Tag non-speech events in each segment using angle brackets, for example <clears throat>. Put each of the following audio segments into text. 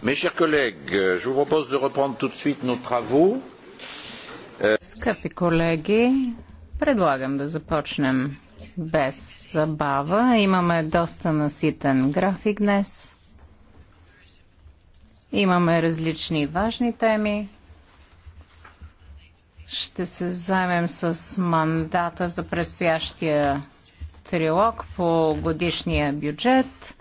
Mes chers collègues, je vous propose de reprendre tout de suite nos travaux. Euh, Скъпи колеги, предлагам да започнем без забава. Имаме доста наситен график днес. Имаме различни важни теми. Ще се займем с мандата за предстоящия трилог по годишния бюджет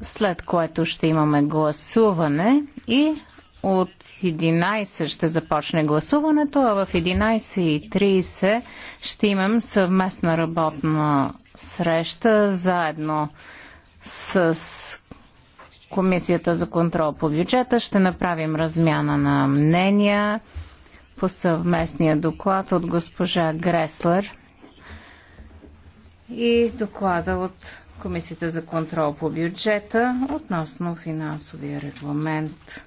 след което ще имаме гласуване и от 11 ще започне гласуването, а в 11.30 ще имам съвместна работна среща заедно с Комисията за контрол по бюджета. Ще направим размяна на мнения по съвместния доклад от госпожа Греслер и доклада от Комисията за контрол по бюджета относно финансовия регламент.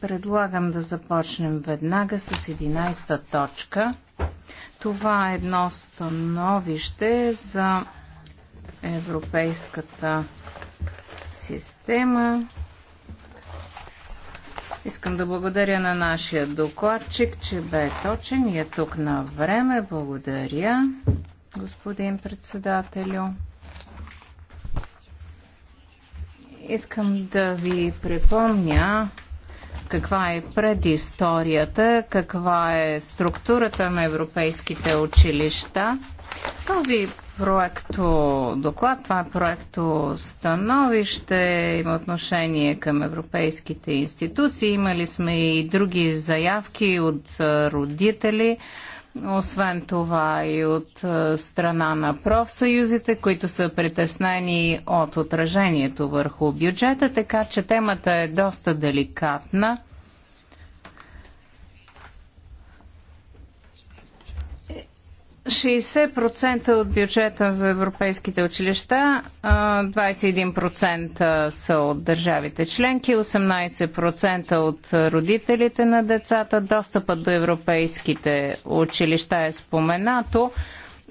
Предлагам да започнем веднага с 11-та точка. Това е едно становище за европейската система. Искам да благодаря на нашия докладчик, че бе точен и е тук на време. Благодаря, господин председателю. Искам да ви припомня каква е предисторията, каква е структурата на европейските училища. Този проекто доклад, това е проекто становище, има отношение към европейските институции. Имали сме и други заявки от родители. Освен това и от е, страна на профсъюзите, които са притеснени от отражението върху бюджета, така че темата е доста деликатна. 60% от бюджета за европейските училища, 21% са от държавите членки, 18% от родителите на децата. Достъпът до европейските училища е споменато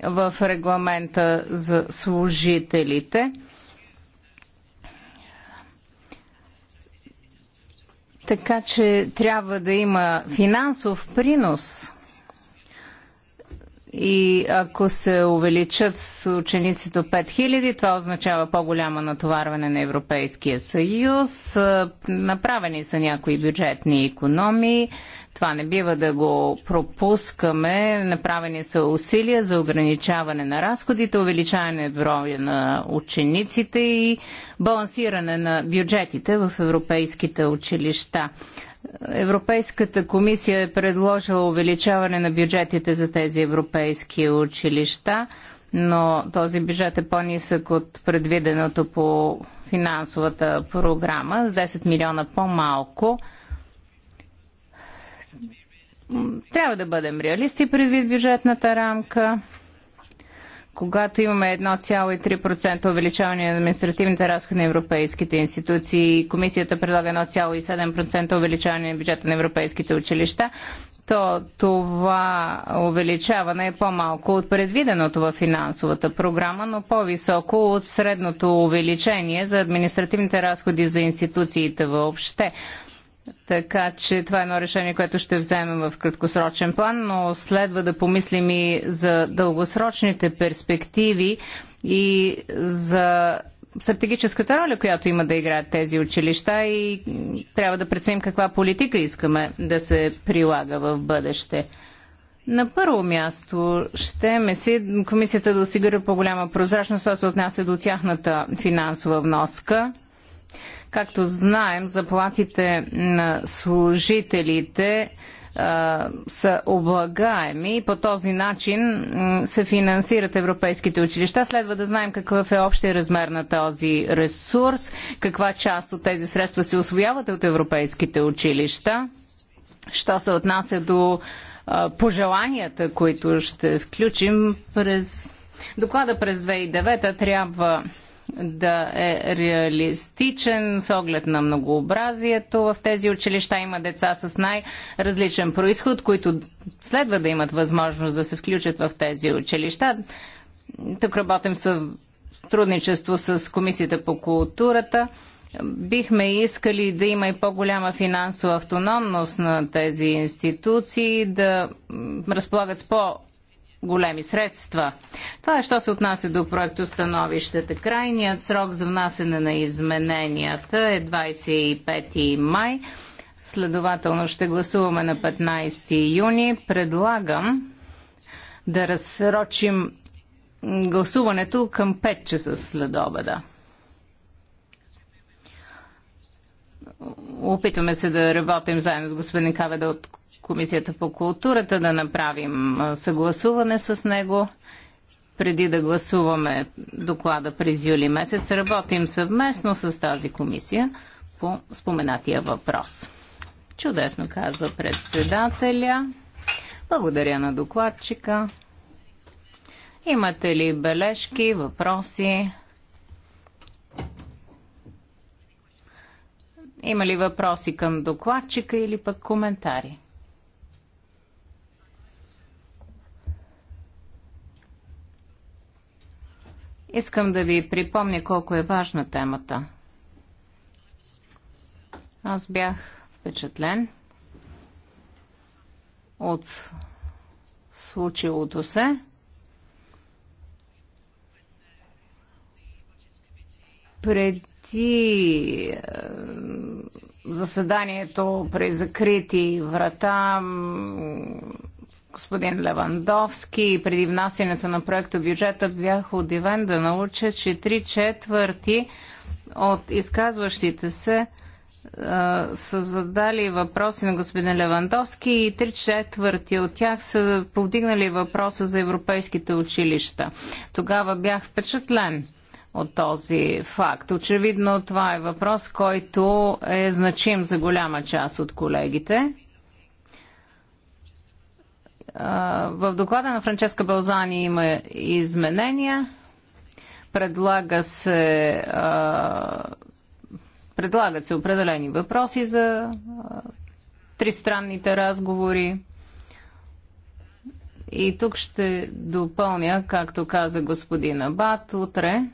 в регламента за служителите. Така че трябва да има финансов принос и ако се увеличат с ученици до 5000, това означава по-голямо натоварване на Европейския съюз. Направени са някои бюджетни економии. Това не бива да го пропускаме. Направени са усилия за ограничаване на разходите, увеличаване броя на учениците и балансиране на бюджетите в европейските училища. Европейската комисия е предложила увеличаване на бюджетите за тези европейски училища, но този бюджет е по-нисък от предвиденото по финансовата програма с 10 милиона по-малко. Трябва да бъдем реалисти предвид бюджетната рамка когато имаме 1,3% увеличаване на административните разходи на европейските институции и комисията предлага 1,7% увеличаване на бюджета на европейските училища, то това увеличаване е по-малко от предвиденото в финансовата програма, но по-високо от средното увеличение за административните разходи за институциите въобще. Така че това е едно решение, което ще вземем в краткосрочен план, но следва да помислим и за дългосрочните перспективи и за стратегическата роля, която има да играят тези училища и трябва да преценим каква политика искаме да се прилага в бъдеще. На първо място ще ме си комисията да осигури по-голяма прозрачност, защото отнася до тяхната финансова вноска Както знаем, заплатите на служителите са облагаеми и по този начин се финансират европейските училища. Следва да знаем какъв е общия размер на този ресурс, каква част от тези средства се освояват от европейските училища. Що се отнася до пожеланията, които ще включим през доклада през 2009 трябва да е реалистичен с оглед на многообразието. В тези училища има деца с най-различен происход, които следва да имат възможност да се включат в тези училища. Тук работим с трудничество с Комисията по културата. Бихме искали да има и по-голяма финансова автономност на тези институции, да разполагат с по големи средства. Това е, що се отнася до проекто становищата. Крайният срок за внасене на измененията е 25 май. Следователно ще гласуваме на 15 юни. Предлагам да разсрочим гласуването към 5 часа след обеда. Опитваме се да работим заедно с господин Каведа от Комисията по културата да направим съгласуване с него преди да гласуваме доклада през юли месец. Работим съвместно с тази комисия по споменатия въпрос. Чудесно казва председателя. Благодаря на докладчика. Имате ли бележки, въпроси? Има ли въпроси към докладчика или пък коментари? Искам да ви припомня колко е важна темата. Аз бях впечатлен от случилото се. Преди заседанието при закрити врата господин Левандовски преди внасянето на проекто бюджета бях удивен да науча, че три четвърти от изказващите се а, са задали въпроси на господин Левандовски и три четвърти от тях са повдигнали въпроса за европейските училища. Тогава бях впечатлен от този факт. Очевидно това е въпрос, който е значим за голяма част от колегите в доклада на Франческа Белзани има изменения. Предлага се, предлагат се определени въпроси за тристранните разговори. И тук ще допълня, както каза господин Абат, утре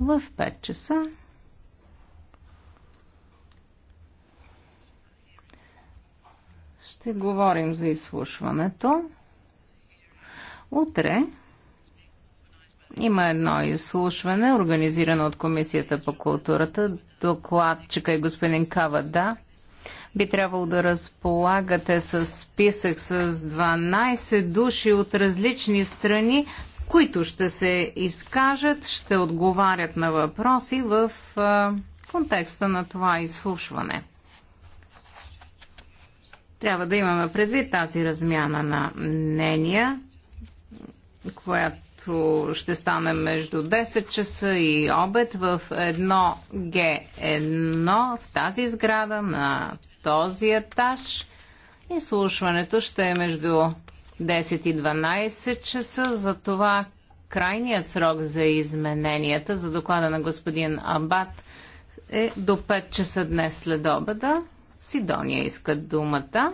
в 5 часа ще говорим за изслушването. Утре има едно изслушване, организирано от Комисията по културата. Докладчика и е господин Кава, да, би трябвало да разполагате с списък с 12 души от различни страни, които ще се изкажат, ще отговарят на въпроси в контекста на това изслушване. Трябва да имаме предвид тази размяна на мнения, която ще стане между 10 часа и обед в 1G1 в тази сграда на този етаж. Изслушването ще е между 10 и 12 часа. За това крайният срок за измененията за доклада на господин Абат е до 5 часа днес след обеда. Сидония искат думата.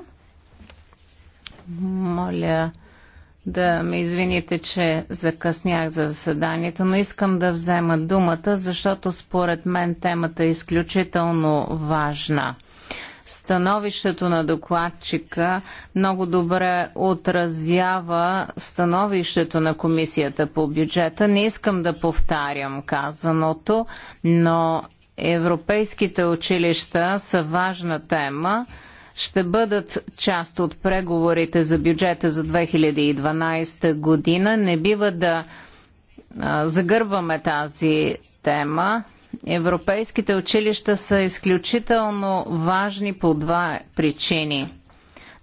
Моля да ме извините, че закъснях за заседанието, но искам да взема думата, защото според мен темата е изключително важна. Становището на докладчика много добре отразява становището на комисията по бюджета. Не искам да повтарям казаното, но европейските училища са важна тема. Ще бъдат част от преговорите за бюджета за 2012 година. Не бива да загърбваме тази тема. Европейските училища са изключително важни по два причини.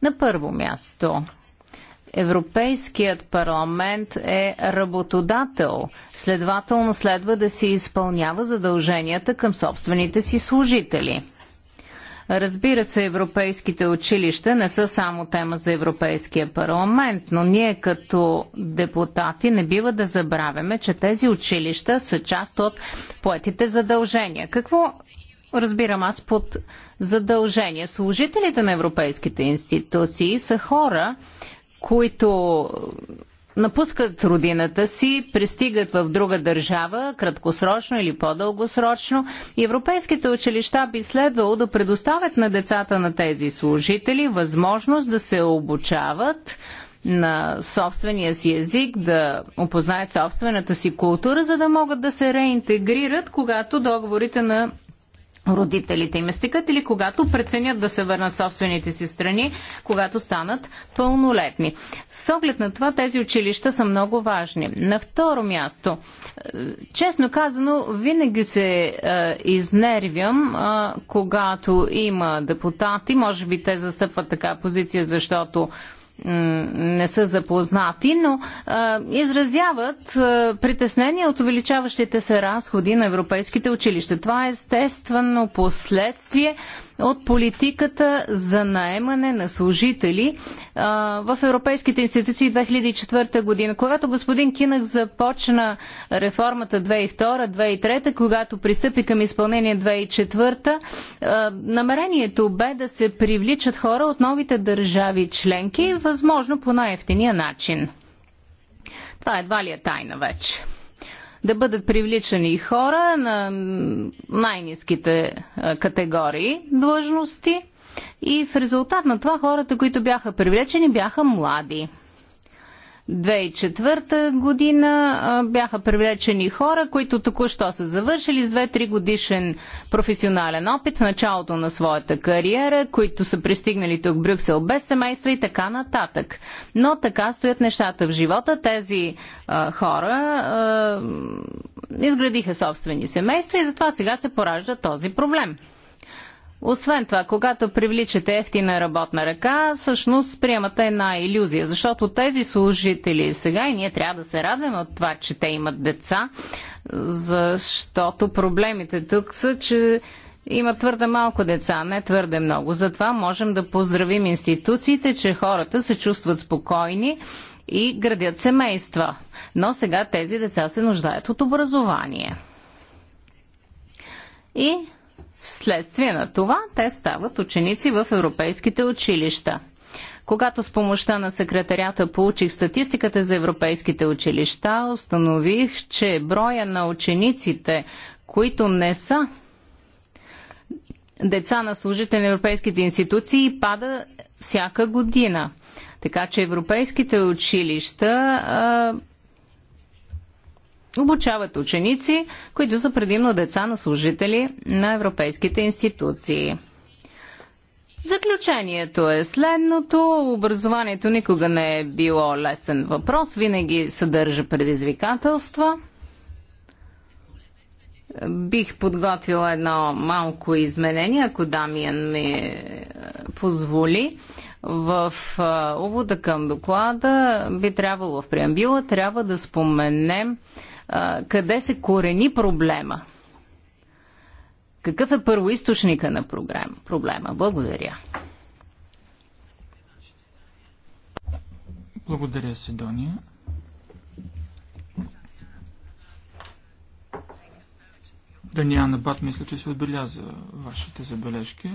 На първо място, Европейският парламент е работодател. Следователно следва да си изпълнява задълженията към собствените си служители. Разбира се, европейските училища не са само тема за Европейския парламент, но ние като депутати не бива да забравяме, че тези училища са част от поетите задължения. Какво разбирам аз под задължения? Служителите на европейските институции са хора, които напускат родината си, пристигат в друга държава, краткосрочно или по-дългосрочно. Европейските училища би следвало да предоставят на децата на тези служители възможност да се обучават на собствения си език, да опознаят собствената си култура, за да могат да се реинтегрират, когато договорите на родителите им стикат или когато преценят да се върнат собствените си страни, когато станат пълнолетни. С оглед на това тези училища са много важни. На второ място, е, честно казано, винаги се е, изнервям, е, когато има депутати, може би те застъпват така позиция, защото не са запознати, но а, изразяват а, притеснение от увеличаващите се разходи на европейските училища. Това е естествено последствие от политиката за наемане на служители а, в европейските институции 2004 година. Когато господин Кинах започна реформата 2002-2003, когато пристъпи към изпълнение 2004, а, намерението бе да се привличат хора от новите държави членки, възможно по най-ефтиния начин. Това едва ли е тайна вече да бъдат привличани хора на най-низките категории длъжности и в резултат на това хората, които бяха привлечени, бяха млади. 2004 година бяха привлечени хора, които току-що са завършили с 2-3 годишен професионален опит в началото на своята кариера, които са пристигнали тук в Брюксел без семейства и така нататък. Но така стоят нещата в живота. Тези а, хора а, изградиха собствени семейства и затова сега се поражда този проблем. Освен това, когато привличате ефтина работна ръка, всъщност приемате една иллюзия, защото тези служители сега и ние трябва да се радваме от това, че те имат деца, защото проблемите тук са, че има твърде малко деца, не твърде много. Затова можем да поздравим институциите, че хората се чувстват спокойни и градят семейства. Но сега тези деца се нуждаят от образование. И Вследствие на това те стават ученици в европейските училища. Когато с помощта на секретарята получих статистиката за европейските училища, установих, че броя на учениците, които не са деца на служители на европейските институции, пада всяка година. Така че европейските училища обучават ученици, които са предимно деца на служители на европейските институции. Заключението е следното. Образованието никога не е било лесен въпрос, винаги съдържа предизвикателства. Бих подготвила едно малко изменение, ако Дамиан ми позволи. В увода към доклада би трябвало в преамбила трябва да споменем къде се корени проблема. Какъв е първоисточника на проблема? Благодаря. Благодаря, Седония. Даниана Бат, мисля, че се отбеляза вашите забележки.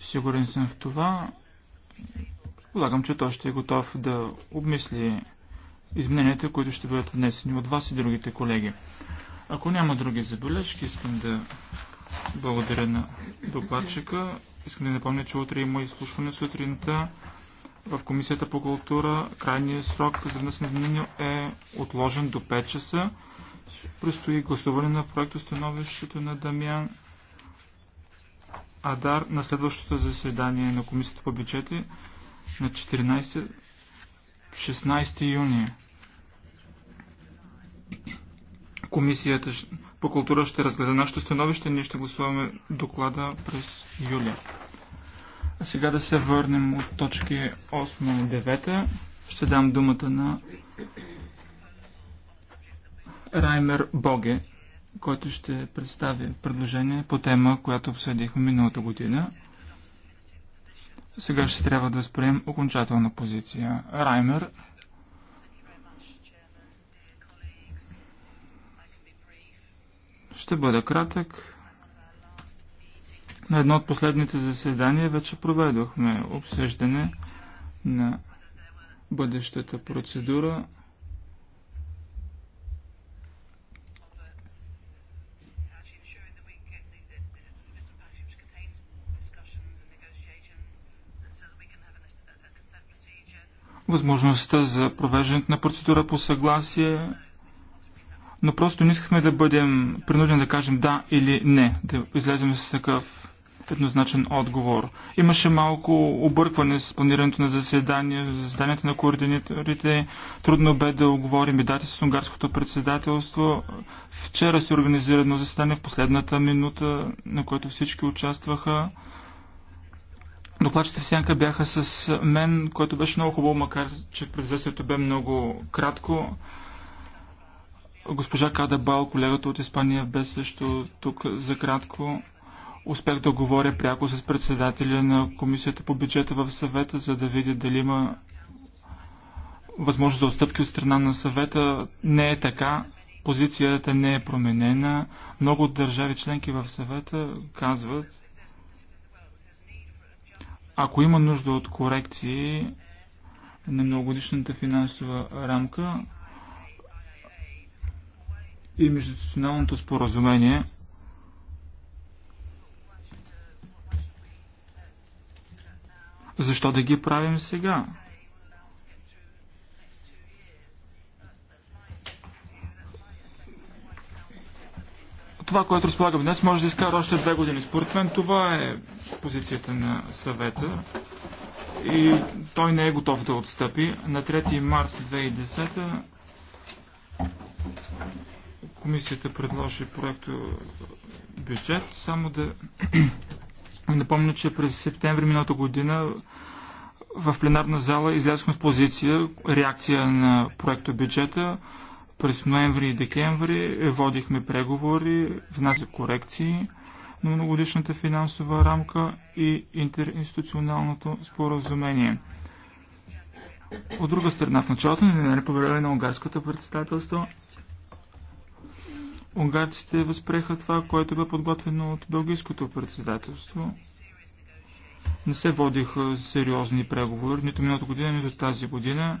Сигурен съм в това. Полагам, че той ще е готов да обмисли измененията, които ще бъдат внесени от вас и другите колеги. Ако няма други забележки, искам да благодаря на докладчика. Искам да напомня, че утре има изслушване сутринта в Комисията по култура. Крайният срок за внасянето е отложен до 5 часа. Престои гласуване на проекто становището на Дамян Адар на следващото заседание на Комисията по бюджети на 14 16 юни. Комисията по култура ще разгледа нашето становище. Ние ще гласуваме доклада през юли. А сега да се върнем от точки 8 и 9. Ще дам думата на Раймер Боге, който ще представи предложение по тема, която обсъдихме миналата година – сега ще трябва да спрем окончателна позиция. Раймер. Ще бъда кратък. На едно от последните заседания вече проведохме обсъждане на бъдещата процедура възможността за провеждането на процедура по съгласие, но просто не искахме да бъдем принудени да кажем да или не, да излезем с такъв еднозначен отговор. Имаше малко объркване с планирането на заседание, заседанието на координаторите. Трудно бе да оговорим и дати с унгарското председателство. Вчера се организира едно заседание в последната минута, на което всички участваха. Докладчите в сянка бяха с мен, което беше много хубаво, макар че предзвестието бе много кратко. Госпожа Када Бал, колегата от Испания, бе също тук за кратко. Успех да говоря пряко с председателя на Комисията по бюджета в съвета, за да видя дали има възможност за отстъпки от страна на съвета. Не е така. Позицията не е променена. Много държави членки в съвета казват, ако има нужда от корекции на многогодишната финансова рамка и междунационалното споразумение, защо да ги правим сега? това, което разполага днес, може да изкара още две години. Според мен това е позицията на съвета и той не е готов да отстъпи. На 3 март 2010 комисията предложи проекто бюджет. Само да <clears throat> напомня, че през септември миналата година в пленарна зала излязохме с позиция, реакция на проекто бюджета. През ноември и декември водихме преговори, внася корекции на многодишната финансова рамка и интеринституционалното споразумение. От друга страна, в началото на по време на унгарското председателство, унгарците възпреха това, което бе подготвено от бългийското председателство. Не се водиха сериозни преговори, нито миналата година, нито тази година.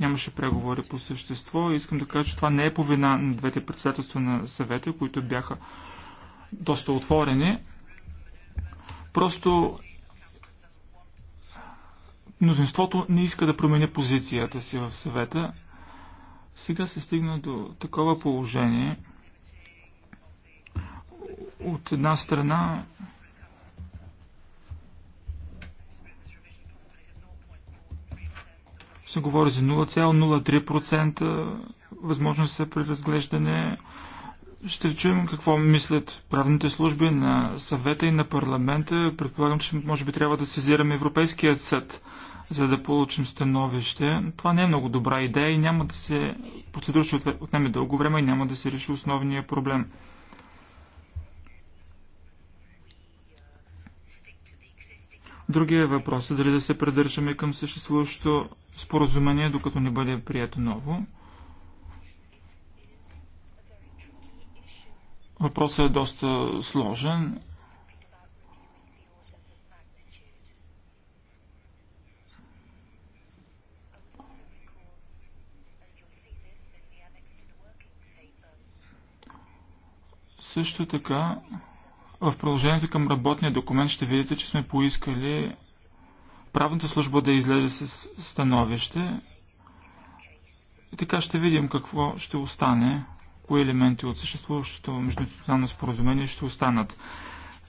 Нямаше преговори по същество. Искам да кажа, че това не е по вина на двете председателства на съвета, които бяха доста отворени. Просто мнозинството не иска да промени позицията си в съвета. Сега се стигна до такова положение. От една страна се говори за 0,03% възможност за преразглеждане. Ще чуем какво мислят правните служби на съвета и на парламента. Предполагам, че може би трябва да сезираме Европейският съд, за да получим становище. Това не е много добра идея и няма да се... Процедура ще отнеме дълго време и няма да се реши основния проблем. Другия въпрос е дали да се придържаме към съществуващото споразумение, докато не бъде прието ново. Въпросът е доста сложен. Също така, в приложението към работния документ ще видите, че сме поискали правната служба да излезе с становище. И така ще видим какво ще остане, кои елементи от съществуващото междунационално споразумение ще останат.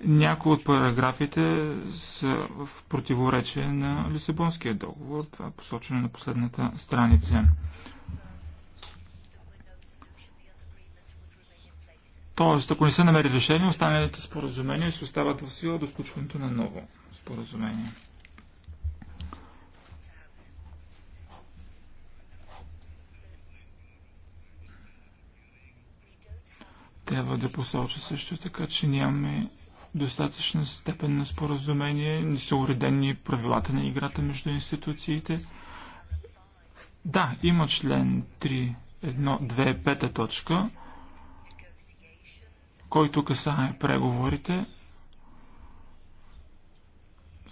Някои от параграфите са в противоречие на Лисабонския договор, това е посочено на последната страница. Тоест, ако не се намери решение, останалите споразумения се остават в сила до сключването на ново споразумение. Трябва да посоча също така, че нямаме достатъчна степен на споразумение, не са уредени правилата на играта между институциите. Да, има член 3, 1, 2, 5 точка, който касае преговорите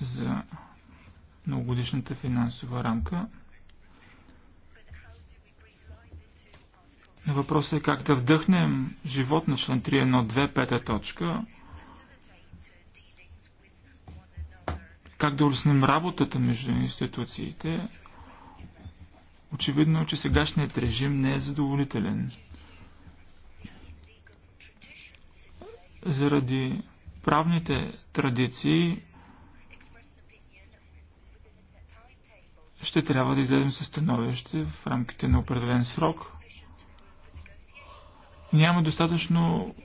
за многогодишната финансова рамка. На въпроса е как да вдъхнем живот на член 3.1.2, пета точка. Как да улесним работата между институциите. Очевидно, е, че сегашният режим не е задоволителен. заради правните традиции ще трябва да излезем със становище в рамките на определен срок. Няма достатъчно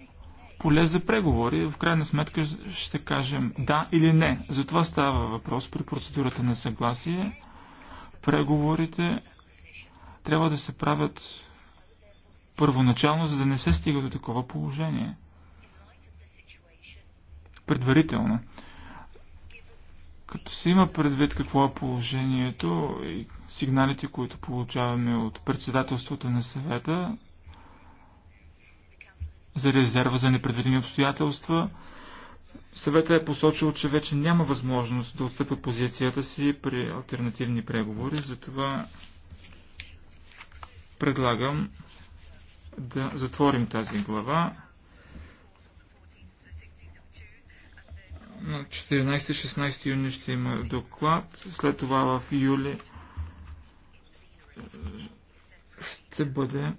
поле за преговори. В крайна сметка ще кажем да или не. За това става въпрос при процедурата на съгласие. Преговорите трябва да се правят първоначално, за да не се стига до такова положение предварително. Като се има предвид какво е положението и сигналите, които получаваме от председателството на съвета за резерва за непредвидени обстоятелства, съвета е посочил, че вече няма възможност да отстъпи позицията си при альтернативни преговори, затова предлагам да затворим тази глава На 14-16 юни ще има доклад. След това в юли е, ще бъде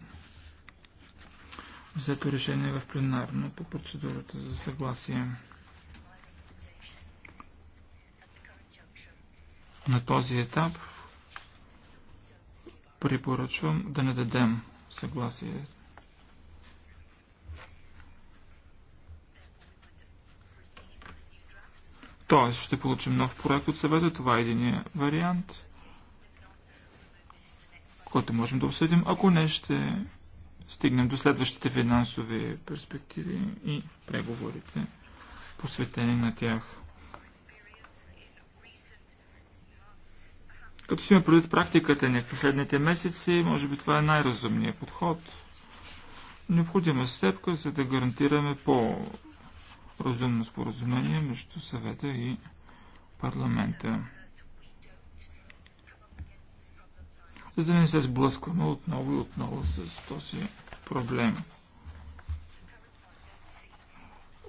взето решение в пленарно по процедурата за съгласие. На този етап препоръчвам да не дадем съгласие Тоест, ще получим нов проект от съвета. Това е един вариант, който можем да обсъдим. Ако не, ще стигнем до следващите финансови перспективи и преговорите, посветени на тях. Като си има предвид практиката ни в последните месеци, може би това е най-разумният подход. Необходима степка, за да гарантираме по разумно споразумение между съвета и парламента. За да не се сблъскваме отново и отново с този проблем.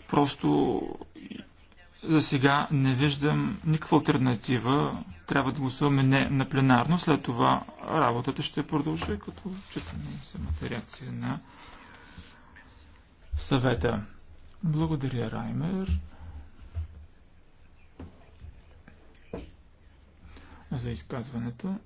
Просто за сега не виждам никаква альтернатива. Трябва да гласуваме не на пленарно. След това работата ще продължи, като четаме самата реакция на съвета. Благодаря, Раймер, за изказването.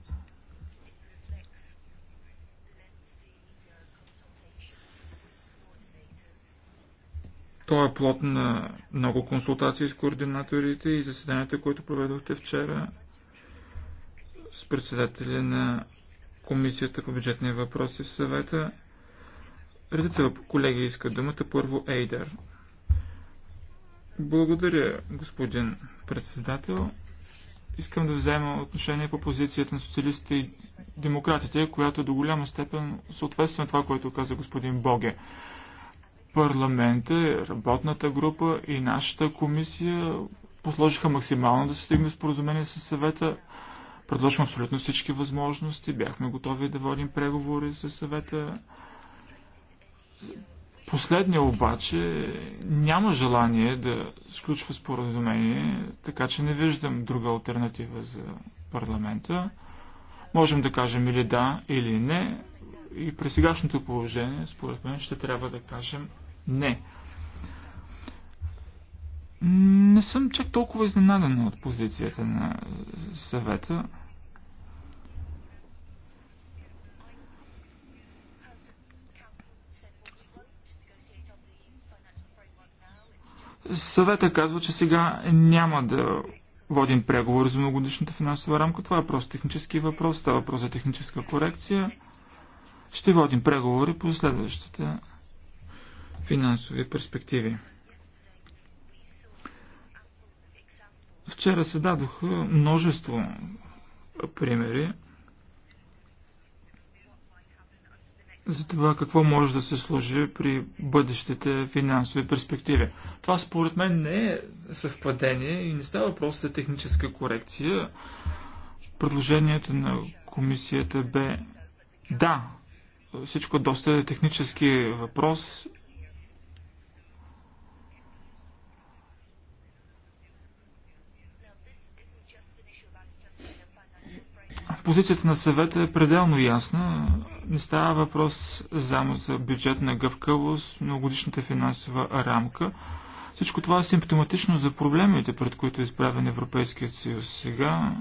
То е плод на много консултации с координаторите и заседанията, които проведохте вчера с председателя на Комисията по бюджетни въпроси в съвета. Редица колеги искат думата. Първо Ейдер. Благодаря, господин председател. Искам да взема отношение по позицията на социалистите и демократите, която до голяма степен съответства на това, което каза господин Боге. Парламента, работната група и нашата комисия посложиха максимално да се стигне споразумение с съвета. Предложихме абсолютно всички възможности, бяхме готови да водим преговори с съвета Последния обаче няма желание да сключва споразумение, така че не виждам друга альтернатива за парламента. Можем да кажем или да, или не. И при сегашното положение, според мен, ще трябва да кажем не. Не съм чак толкова изненадана от позицията на съвета. Съвета казва, че сега няма да водим преговори за многодишната финансова рамка. Това е просто технически въпрос, е въпрос за техническа корекция. Ще водим преговори по следващите финансови перспективи. Вчера се дадох множество примери за това какво може да се служи при бъдещите финансови перспективи. Това според мен не е съвпадение и не става въпрос за техническа корекция. Предложението на комисията бе да, всичко е доста е технически въпрос. Позицията на съвета е пределно ясна не става въпрос само за бюджетна гъвкавост, но годишната финансова рамка. Всичко това е симптоматично за проблемите, пред които е изправен Европейският съюз. Сега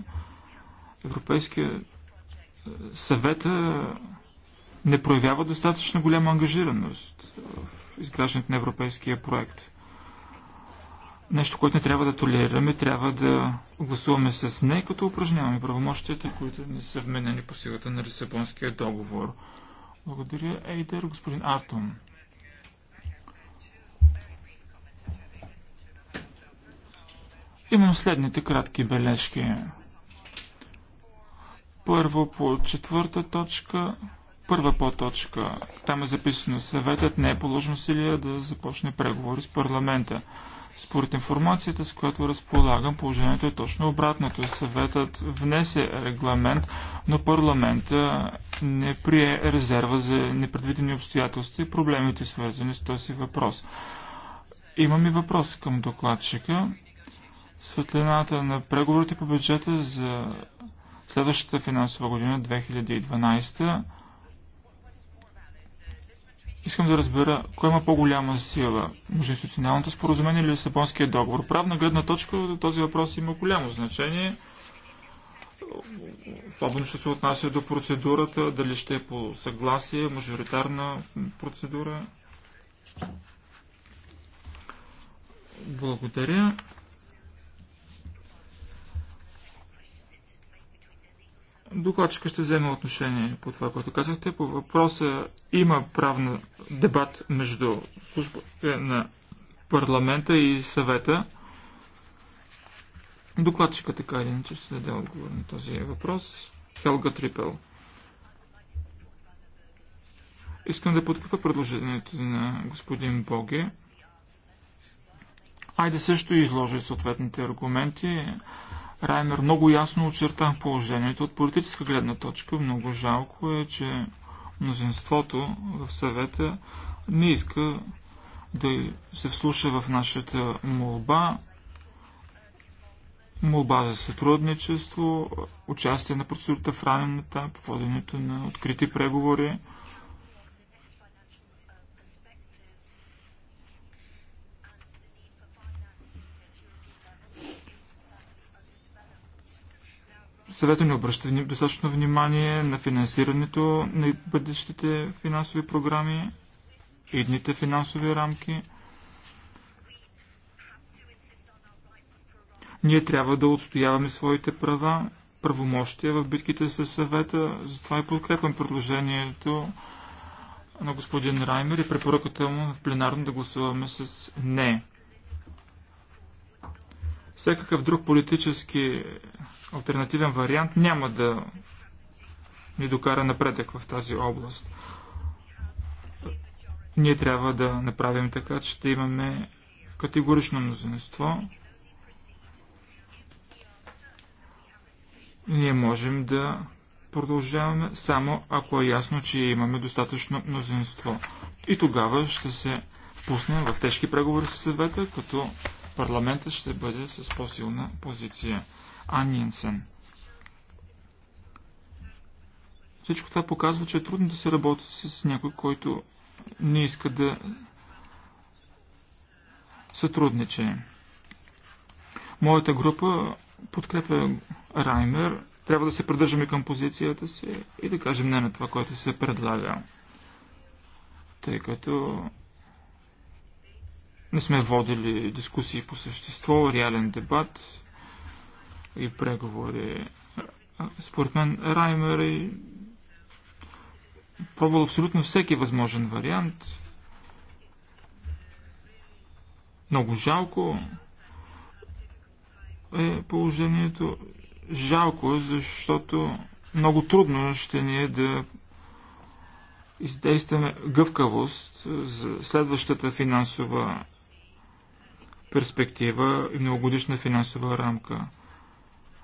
Европейският е, съвет е, не проявява достатъчно голяма ангажираност в изграждането на европейския проект нещо, което не трябва да толерираме, трябва да гласуваме с не, като упражняваме правомощията, които не са вменени по силата на Лисабонския договор. Благодаря, Ейдер, господин Артон. Имам следните кратки бележки. Първо по четвърта точка, първа по-точка. Там е записано съветът не е положено силия да започне преговори с парламента. Според информацията, с която разполагам, положението е точно обратното. Съветът внесе регламент, но парламента не прие резерва за непредвидени обстоятелства и проблемите, свързани с този въпрос. Имам и въпрос към докладчика. Светлината на преговорите по бюджета за следващата финансова година 2012 Искам да разбера, кой има по-голяма сила? институционалното споразумение или Лисабонския договор? Правна гледна точка този въпрос има голямо значение. Особено ще се отнася до процедурата, дали ще е по съгласие, мажоритарна процедура. Благодаря. Докладчика ще вземе отношение по това, което казахте. По въпроса има правна дебат между службата е, на парламента и съвета. Докладчика така или иначе ще даде отговор на този въпрос. Хелга Трипел. Искам да подкрепя предложението на господин Боге. Айде също изложи съответните аргументи. Раймер много ясно очерта положението от политическа гледна точка. Много жалко е, че мнозинството в съвета не иска да се вслуша в нашата молба, молба за сътрудничество, участие на процедурата в ранен етап, воденето на открити преговори. съвета ни обръща достатъчно внимание на финансирането на бъдещите финансови програми, идните финансови рамки. Ние трябва да отстояваме своите права, правомощия в битките с съвета, затова и подкрепям предложението на господин Раймер и препоръката му в пленарно да гласуваме с не. Всякакъв друг политически альтернативен вариант няма да ни докара напредък в тази област. Ние трябва да направим така, че да имаме категорично мнозинство. Ние можем да продължаваме само ако е ясно, че имаме достатъчно мнозинство. И тогава ще се впуснем в тежки преговори с съвета, като парламентът ще бъде с по-силна позиция. Аниенсен. Всичко това показва, че е трудно да се работи с някой, който не иска да сътрудниче. Моята група подкрепя Раймер. Трябва да се придържаме към позицията си и да кажем не на това, което се предлага. Тъй като не сме водили дискусии по същество, реален дебат и преговори. Според мен Раймер е пробвал абсолютно всеки възможен вариант. Много жалко е положението. Жалко, е, защото много трудно ще ни е да издействаме гъвкавост за следващата финансова перспектива и многогодишна финансова рамка.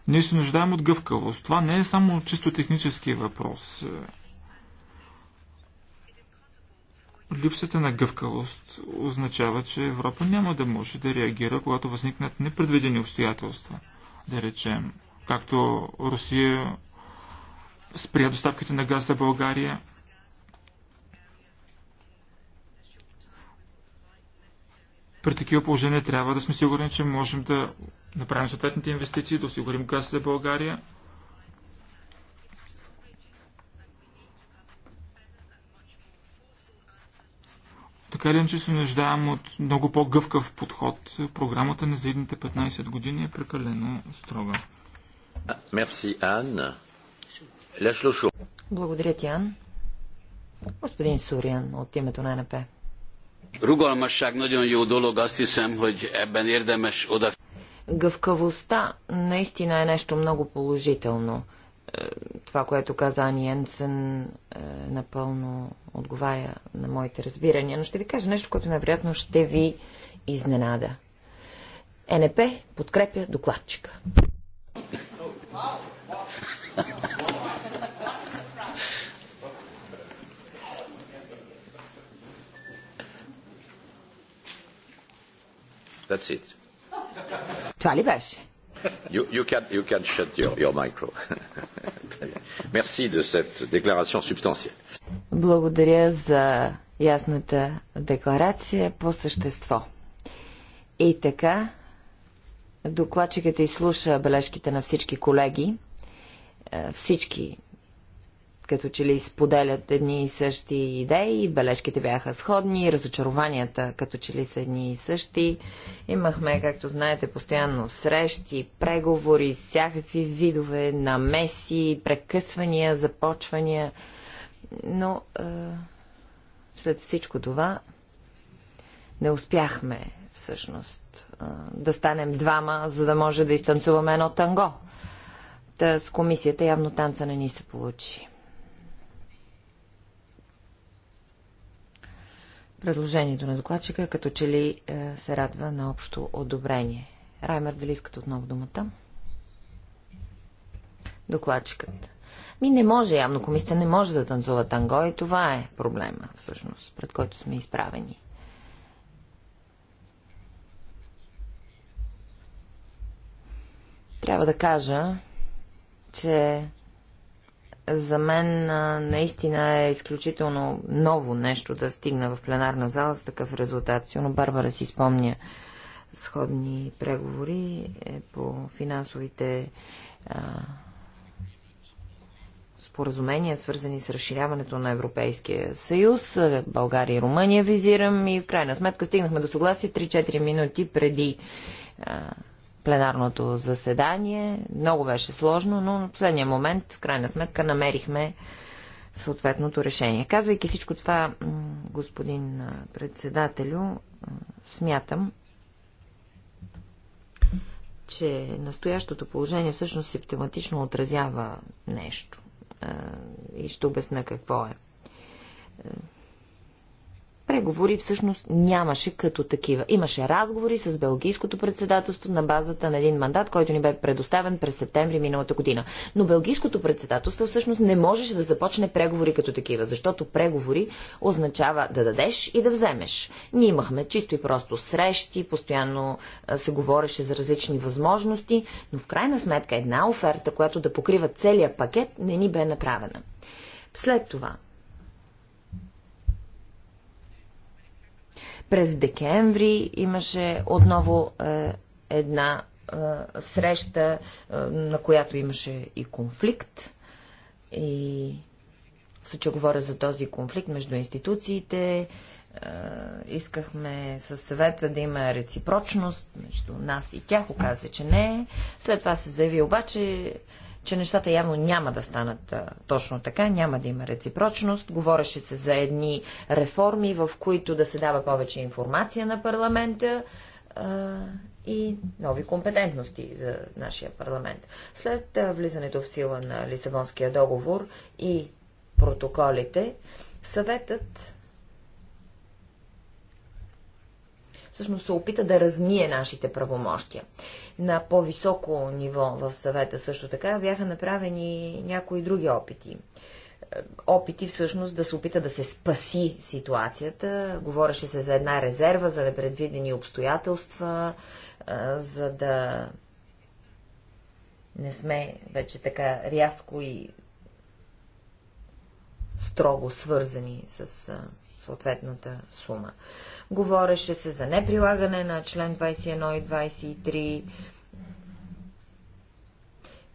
Ние се нуждаем от гъвкавост. Това не е само чисто технически въпрос. Липсата на гъвкавост означава, че Европа няма да може да реагира, когато възникнат непредвидени обстоятелства. Да речем, както Русия спря доставките на газ за България – При такива положения трябва да сме сигурни, че можем да направим съответните инвестиции, да осигурим газ за България. Така ли, че се нуждаем от много по-гъвкав подход. Програмата на заедните 15 години е прекалено строга. Мерси, Ан. Благодаря ти, Ан. Господин Суриан от името на НП. Ругалмашаг nagyon jó dolog, azt hiszem, hogy ebben érdemes oda... Гъвкавостта наистина е нещо много положително. Е, това, което каза Ани Енсен, е, напълно отговаря на моите разбирания, но ще ви кажа нещо, което невероятно ще ви изненада. Е, НП подкрепя докладчика. <laughs> That's it. Това ли беше? You, you, can, you can shut your, your micro. <laughs> Merci de cette déclaration substantielle. Благодаря за ясната декларация по същество. И така, докладчикът изслуша бележките на всички колеги. Е, всички като че ли споделят едни и същи идеи, бележките бяха сходни, разочарованията като че ли са едни и същи. Имахме, както знаете, постоянно срещи, преговори, всякакви видове намеси, прекъсвания, започвания. Но е, след всичко това не успяхме всъщност е, да станем двама, за да може да изтанцуваме едно танго. Та с комисията явно танца не ни се получи. Предложението на докладчика като че ли е, се радва на общо одобрение. Раймер, дали искате отново думата? Докладчикът. Ми не може, явно комисията не може да танцува танго и това е проблема, всъщност, пред който сме изправени. Трябва да кажа, че за мен наистина е изключително ново нещо да стигна в пленарна зала с такъв резултат. Силно Барбара си спомня сходни преговори е, по финансовите а, споразумения, свързани с разширяването на Европейския съюз. България и Румъния визирам и в крайна сметка стигнахме до съгласие 3-4 минути преди а, пленарното заседание. Много беше сложно, но на последния момент, в крайна сметка, намерихме съответното решение. Казвайки всичко това, господин председателю, смятам, че настоящото положение всъщност симптоматично отразява нещо. И ще обясна какво е. е преговори всъщност нямаше като такива. Имаше разговори с Белгийското председателство на базата на един мандат, който ни бе предоставен през септември миналата година. Но Белгийското председателство всъщност не можеше да започне преговори като такива, защото преговори означава да дадеш и да вземеш. Ние имахме чисто и просто срещи, постоянно се говореше за различни възможности, но в крайна сметка една оферта, която да покрива целият пакет, не ни бе направена. След това, През декември имаше отново е, една е, среща, е, на която имаше и конфликт. И в случай говоря за този конфликт между институциите. Е, искахме със съвета да има реципрочност между нас и тях. Оказа, че не е. След това се заяви обаче, че нещата явно няма да станат а, точно така, няма да има реципрочност. Говореше се за едни реформи, в които да се дава повече информация на парламента а, и нови компетентности за нашия парламент. След а, влизането в сила на Лисабонския договор и протоколите, съветът всъщност се опита да размие нашите правомощия. На по-високо ниво в съвета също така бяха направени някои други опити е, опити всъщност да се опита да се спаси ситуацията. Говореше се за една резерва, за непредвидени обстоятелства, е, за да не сме вече така рязко и строго свързани с е, съответната сума. Говореше се за неприлагане на член 21 и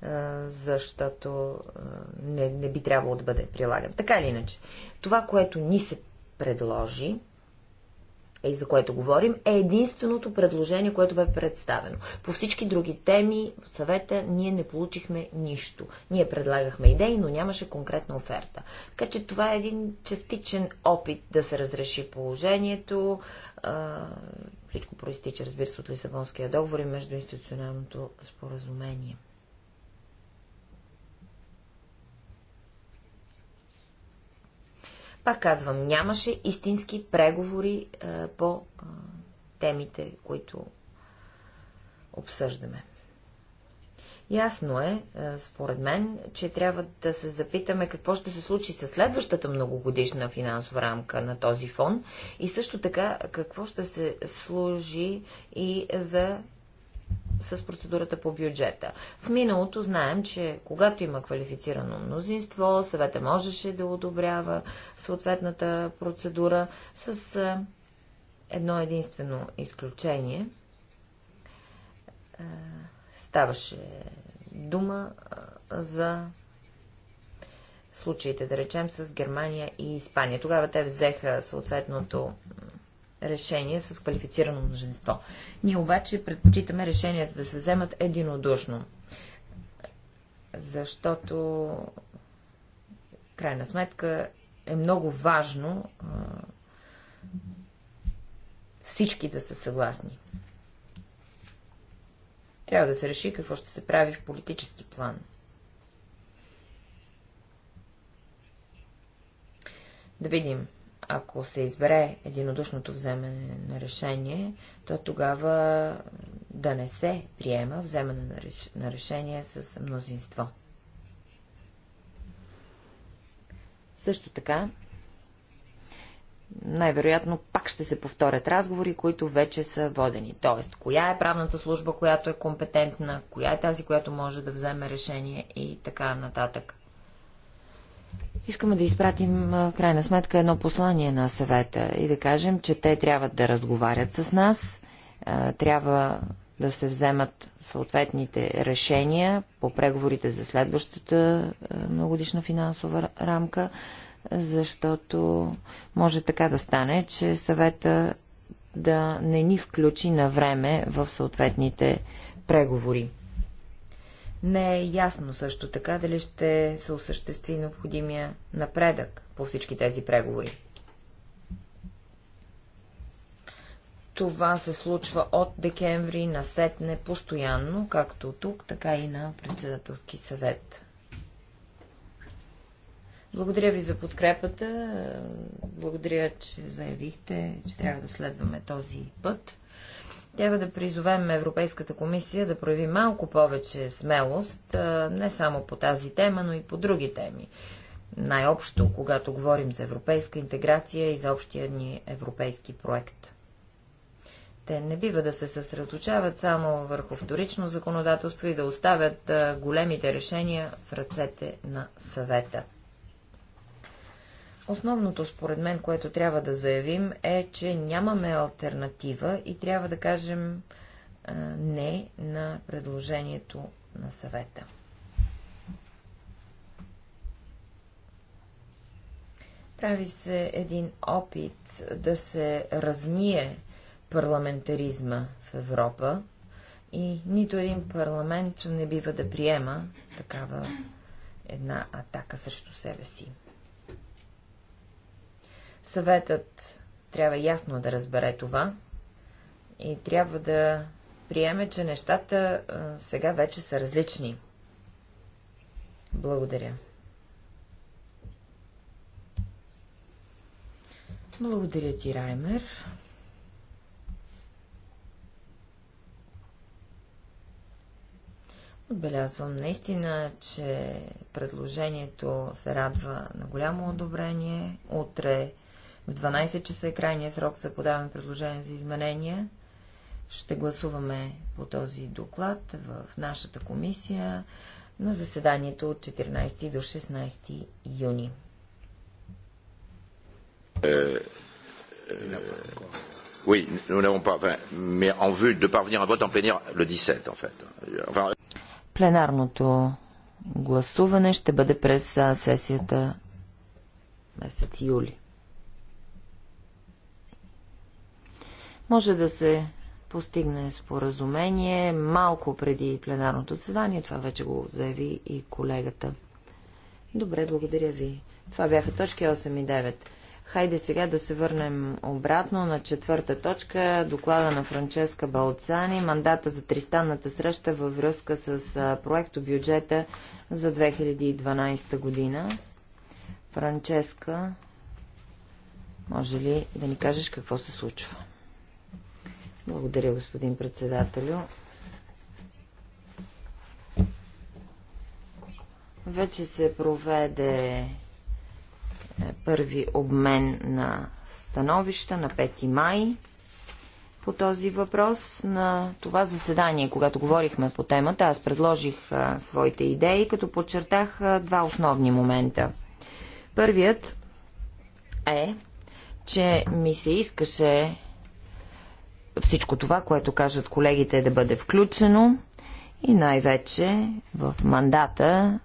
23, защото не, не би трябвало да бъде прилаган. Така или иначе, това, което ни се предложи, и за което говорим, е единственото предложение, което бе представено. По всички други теми, съвета, ние не получихме нищо. Ние предлагахме идеи, но нямаше конкретна оферта. Така че това е един частичен опит да се разреши положението. Всичко проистича, разбира се, от Лисабонския договор и междуинституционалното споразумение. Пак казвам, нямаше истински преговори е, по е, темите, които обсъждаме. Ясно е, е според мен, че трябва да се запитаме какво ще се случи с следващата многогодишна финансова рамка на този фон и също така какво ще се служи и за с процедурата по бюджета. В миналото знаем, че когато има квалифицирано мнозинство, съвета можеше да одобрява съответната процедура с едно единствено изключение. Ставаше дума за случаите, да речем, с Германия и Испания. Тогава те взеха съответното решение с квалифицирано мнозинство. Ние обаче предпочитаме решенията да се вземат единодушно, защото крайна сметка е много важно а, всички да са съгласни. Трябва да се реши какво ще се прави в политически план. Да видим ако се избере единодушното вземане на решение, то тогава да не се приема вземане на, на решение с мнозинство. Също така, най-вероятно пак ще се повторят разговори, които вече са водени. Тоест, коя е правната служба, която е компетентна, коя е тази, която може да вземе решение и така нататък. Искаме да изпратим в крайна сметка едно послание на съвета и да кажем, че те трябва да разговарят с нас, трябва да се вземат съответните решения по преговорите за следващата многодишна финансова рамка, защото може така да стане, че съвета да не ни включи на време в съответните преговори. Не е ясно също така дали ще се осъществи необходимия напредък по всички тези преговори. Това се случва от декември насетне постоянно, както тук, така и на председателски съвет. Благодаря ви за подкрепата. Благодаря, че заявихте, че трябва да следваме този път. Трябва да призовем Европейската комисия да прояви малко повече смелост, не само по тази тема, но и по други теми. Най-общо, когато говорим за европейска интеграция и за общия ни европейски проект. Те не бива да се съсредоточават само върху вторично законодателство и да оставят големите решения в ръцете на съвета. Основното, според мен, което трябва да заявим е, че нямаме альтернатива и трябва да кажем а, не на предложението на съвета. Прави се един опит да се размие парламентаризма в Европа и нито един парламент не бива да приема такава една атака срещу себе си. Съветът трябва ясно да разбере това и трябва да приеме, че нещата сега вече са различни. Благодаря. Благодаря ти, Раймер. Отбелязвам наистина, че предложението се радва на голямо одобрение. Утре в 12 часа е крайния срок за подаване предложения за изменения. Ще гласуваме по този доклад в нашата комисия на заседанието от 14 до 16 юни. Е, е, oui, nous n'avons pas. Enfin, mais en vue de parvenir à vote en plénière le 17, en fait. Enfin... Пленарното гласуване ще бъде през сесията месец юли. Може да се постигне споразумение малко преди пленарното заседание. Това вече го заяви и колегата. Добре, благодаря ви. Това бяха точки 8 и 9. Хайде сега да се върнем обратно на четвърта точка, доклада на Франческа Балцани, мандата за тристанната среща във връзка с проекто бюджета за 2012 година. Франческа, може ли да ни кажеш какво се случва? Благодаря, господин председателю. Вече се проведе е, първи обмен на становища на 5 май по този въпрос. На това заседание, когато говорихме по темата, аз предложих е, своите идеи, като подчертах е, два основни момента. Първият е, че ми се искаше всичко това, което кажат колегите, да бъде включено и най-вече в мандата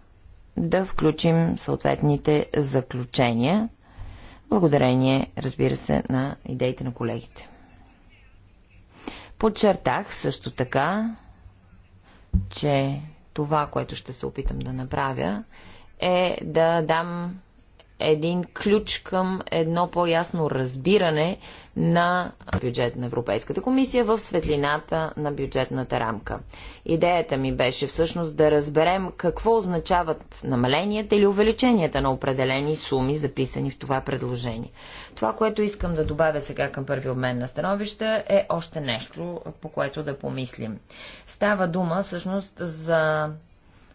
да включим съответните заключения, благодарение, разбира се, на идеите на колегите. Подчертах също така, че това, което ще се опитам да направя, е да дам един ключ към едно по-ясно разбиране на бюджет на Европейската комисия в светлината на бюджетната рамка. Идеята ми беше всъщност да разберем какво означават намаленията или увеличенията на определени суми, записани в това предложение. Това, което искам да добавя сега към първи обмен на становища е още нещо, по което да помислим. Става дума всъщност за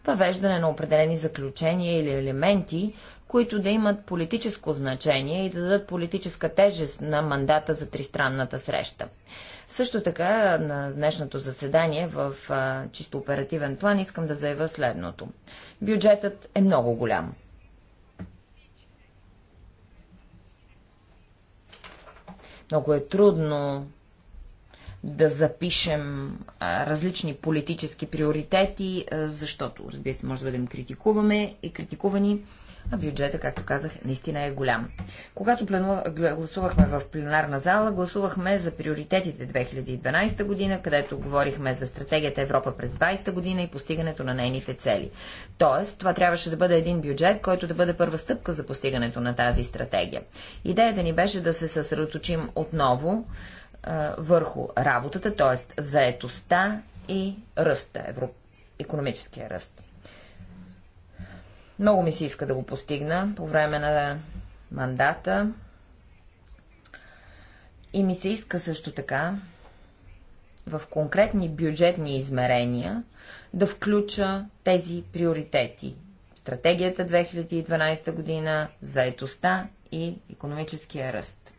въвеждане на определени заключения или елементи, които да имат политическо значение и да дадат политическа тежест на мандата за тристранната среща. Също така на днешното заседание в а, чисто оперативен план искам да заявя следното. Бюджетът е много голям. Много е трудно да запишем а, различни политически приоритети, а, защото, разбира се, може да бъдем критикуваме и критикувани а бюджета, както казах, наистина е голям. Когато гласувахме в пленарна зала, гласувахме за приоритетите 2012 година, където говорихме за стратегията Европа през 20 година и постигането на нейните цели. Тоест, това трябваше да бъде един бюджет, който да бъде първа стъпка за постигането на тази стратегия. Идеята ни беше да се съсредоточим отново а, върху работата, т.е. заетостта и ръста, евро... економическия ръст. Много ми се иска да го постигна по време на мандата. И ми се иска също така в конкретни бюджетни измерения да включа тези приоритети. Стратегията 2012 година, заетостта и економическия ръст.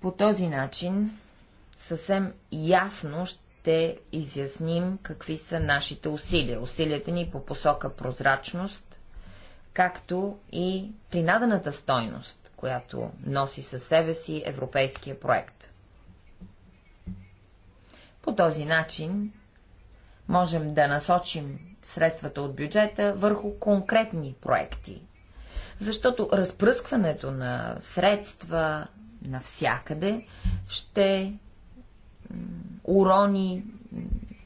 По този начин съвсем ясно ще ще изясним какви са нашите усилия. Усилията ни по посока прозрачност, както и принадената стойност, която носи със себе си европейския проект. По този начин можем да насочим средствата от бюджета върху конкретни проекти. Защото разпръскването на средства навсякъде ще урони,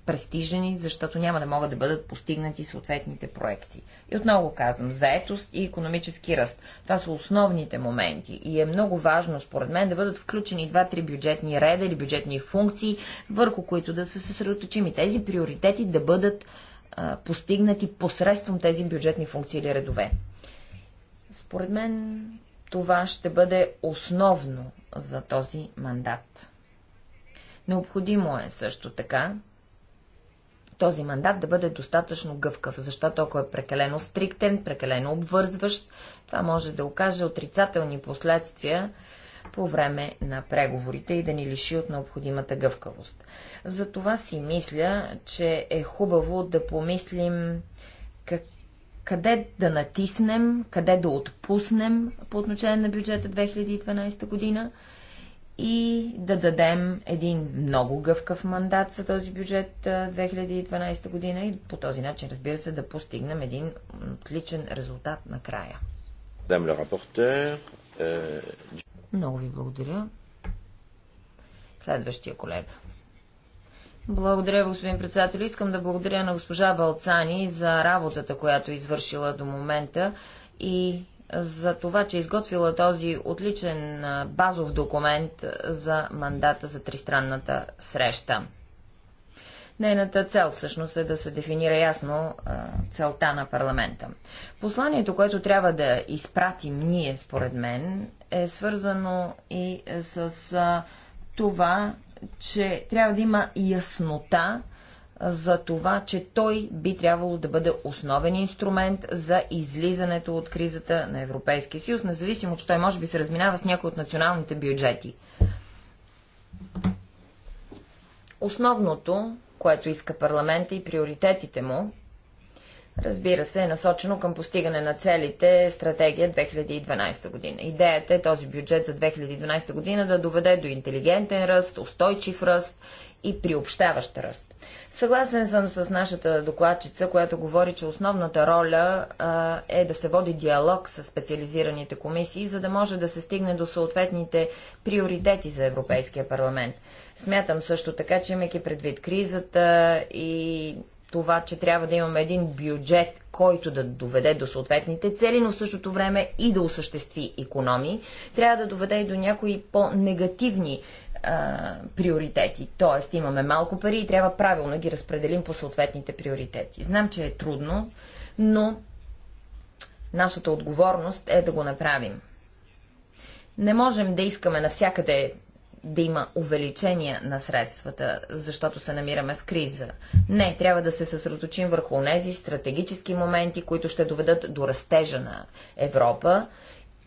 престижени, защото няма да могат да бъдат постигнати съответните проекти. И отново казвам, заетост и економически ръст. Това са основните моменти и е много важно, според мен, да бъдат включени два-три бюджетни реда или бюджетни функции, върху които да се съсредоточим и тези приоритети да бъдат а, постигнати посредством тези бюджетни функции или редове. Според мен това ще бъде основно за този мандат. Необходимо е също така този мандат да бъде достатъчно гъвкав, защото ако е прекалено стриктен, прекалено обвързващ, това може да окаже отрицателни последствия по време на преговорите и да ни лиши от необходимата гъвкавост. За това си мисля, че е хубаво да помислим как, къде да натиснем, къде да отпуснем по отношение на бюджета 2012 година, и да дадем един много гъвкав мандат за този бюджет 2012 година и по този начин, разбира се, да постигнем един отличен резултат накрая. Е, много ви благодаря. Следващия колега. Благодаря, господин председател. Искам да благодаря на госпожа Балцани за работата, която е извършила до момента и за това, че е изготвила този отличен базов документ за мандата за тристранната среща. Нейната цел всъщност е да се дефинира ясно целта на парламента. Посланието, което трябва да изпратим ние, според мен, е свързано и с това, че трябва да има яснота за това, че той би трябвало да бъде основен инструмент за излизането от кризата на Европейския съюз, независимо, че той може би се разминава с някои от националните бюджети. Основното, което иска парламента и приоритетите му, разбира се, е насочено към постигане на целите стратегия 2012 година. Идеята е този бюджет за 2012 година да доведе до интелигентен ръст, устойчив ръст и приобщаващ ръст. Съгласен съм с нашата докладчица, която говори, че основната роля а, е да се води диалог с специализираните комисии, за да може да се стигне до съответните приоритети за Европейския парламент. Смятам също така, че имайки предвид кризата и това, че трябва да имаме един бюджет, който да доведе до съответните цели, но в същото време и да осъществи економии, трябва да доведе и до някои по-негативни приоритети. Тоест имаме малко пари и трябва правилно да ги разпределим по съответните приоритети. Знам, че е трудно, но нашата отговорност е да го направим. Не можем да искаме навсякъде да има увеличение на средствата, защото се намираме в криза. Не, трябва да се съсредоточим върху тези стратегически моменти, които ще доведат до растежа на Европа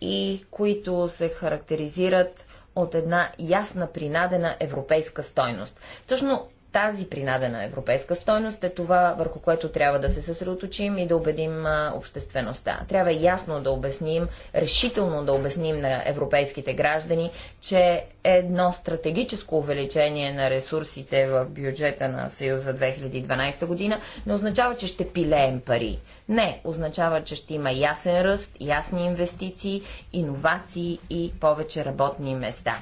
и които се характеризират от една ясна принадена европейска стойност. Точно тази принадена европейска стойност е това, върху което трябва да се съсредоточим и да убедим обществеността. Трябва ясно да обясним, решително да обясним на европейските граждани, че едно стратегическо увеличение на ресурсите в бюджета на Съюза 2012 година не означава, че ще пилеем пари. Не, означава, че ще има ясен ръст, ясни инвестиции, иновации и повече работни места.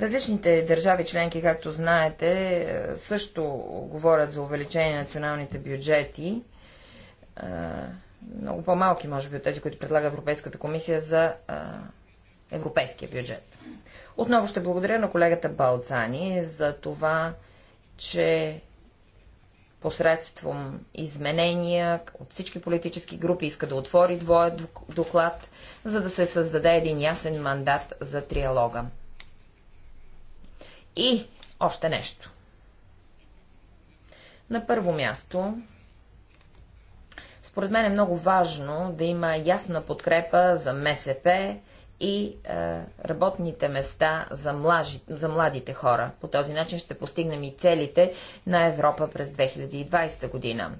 Различните държави членки, както знаете, също говорят за увеличение на националните бюджети. Много по-малки, може би, от тези, които предлага Европейската комисия за европейския бюджет. Отново ще благодаря на колегата Балцани за това, че посредством изменения от всички политически групи иска да отвори двоят доклад, за да се създаде един ясен мандат за триалога. И още нещо. На първо място, според мен е много важно да има ясна подкрепа за МСП и е, работните места за, млажи, за младите хора. По този начин ще постигнем и целите на Европа през 2020 година.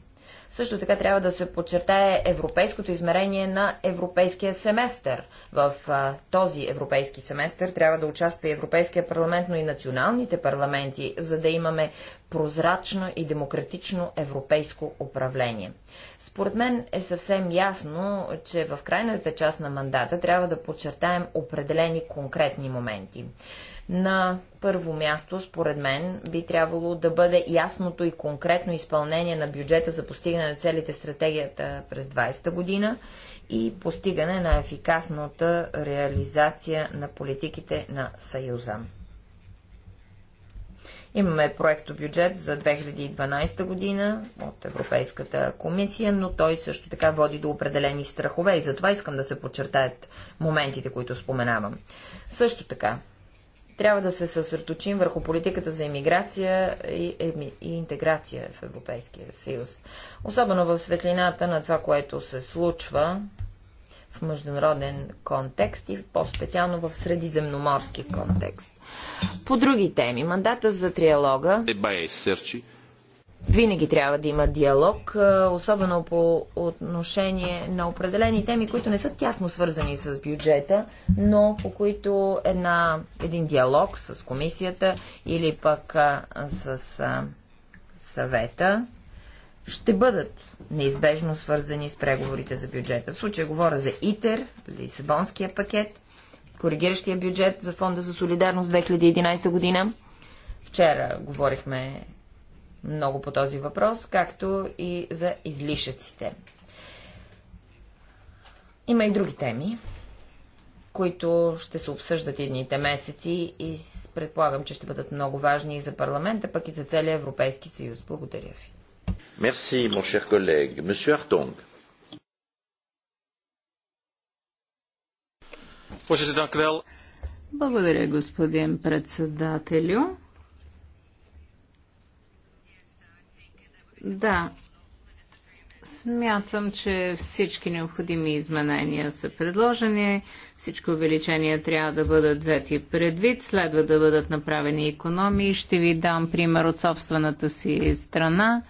Също така трябва да се подчертае европейското измерение на европейския семестър. В а, този европейски семестър трябва да участва и Европейския парламент, но и националните парламенти, за да имаме прозрачно и демократично европейско управление. Според мен е съвсем ясно, че в крайната част на мандата трябва да подчертаем определени конкретни моменти. На първо място, според мен, би трябвало да бъде ясното и конкретно изпълнение на бюджета за постигане на целите стратегията през 20-та година и постигане на ефикасната реализация на политиките на Съюза. Имаме проекто бюджет за 2012 година от Европейската комисия, но той също така води до определени страхове и затова искам да се подчертаят моментите, които споменавам. Също така, трябва да се съсредоточим върху политиката за иммиграция и, и, и интеграция в Европейския съюз. Особено в светлината на това, което се случва в международен контекст и по-специално в средиземноморски контекст. По други теми, мандата за триалога винаги трябва да има диалог, особено по отношение на определени теми, които не са тясно свързани с бюджета, но по които една, един диалог с комисията или пък с съвета ще бъдат неизбежно свързани с преговорите за бюджета. В случая говоря за ИТЕР, Лисабонския пакет, коригиращия бюджет за Фонда за солидарност 2011 година. Вчера говорихме много по този въпрос, както и за излишъците. Има и други теми, които ще се обсъждат едните месеци и предполагам, че ще бъдат много важни и за парламента, пък и за целия Европейски съюз. Благодаря ви. Мерси, mon колег. collègue. Артонг. Благодаря, господин председателю. Да, Смятам, че всички необходими изменения са предложени. Всички увеличения трябва да бъдат взети предвид. Следва да бъдат направени економии. Ще ви дам пример от собствената си страна.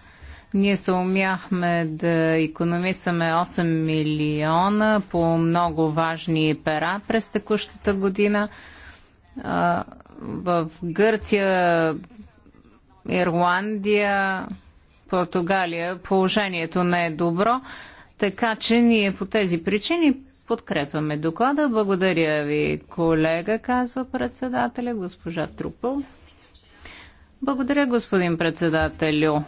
Ние се умяхме да економисаме 8 милиона по много важни пера през текущата година. В Гърция, Ирландия, Португалия положението не е добро, така че ние по тези причини подкрепяме доклада. Благодаря ви, колега, казва председателя, госпожа Трупъл. Благодаря, господин председателю.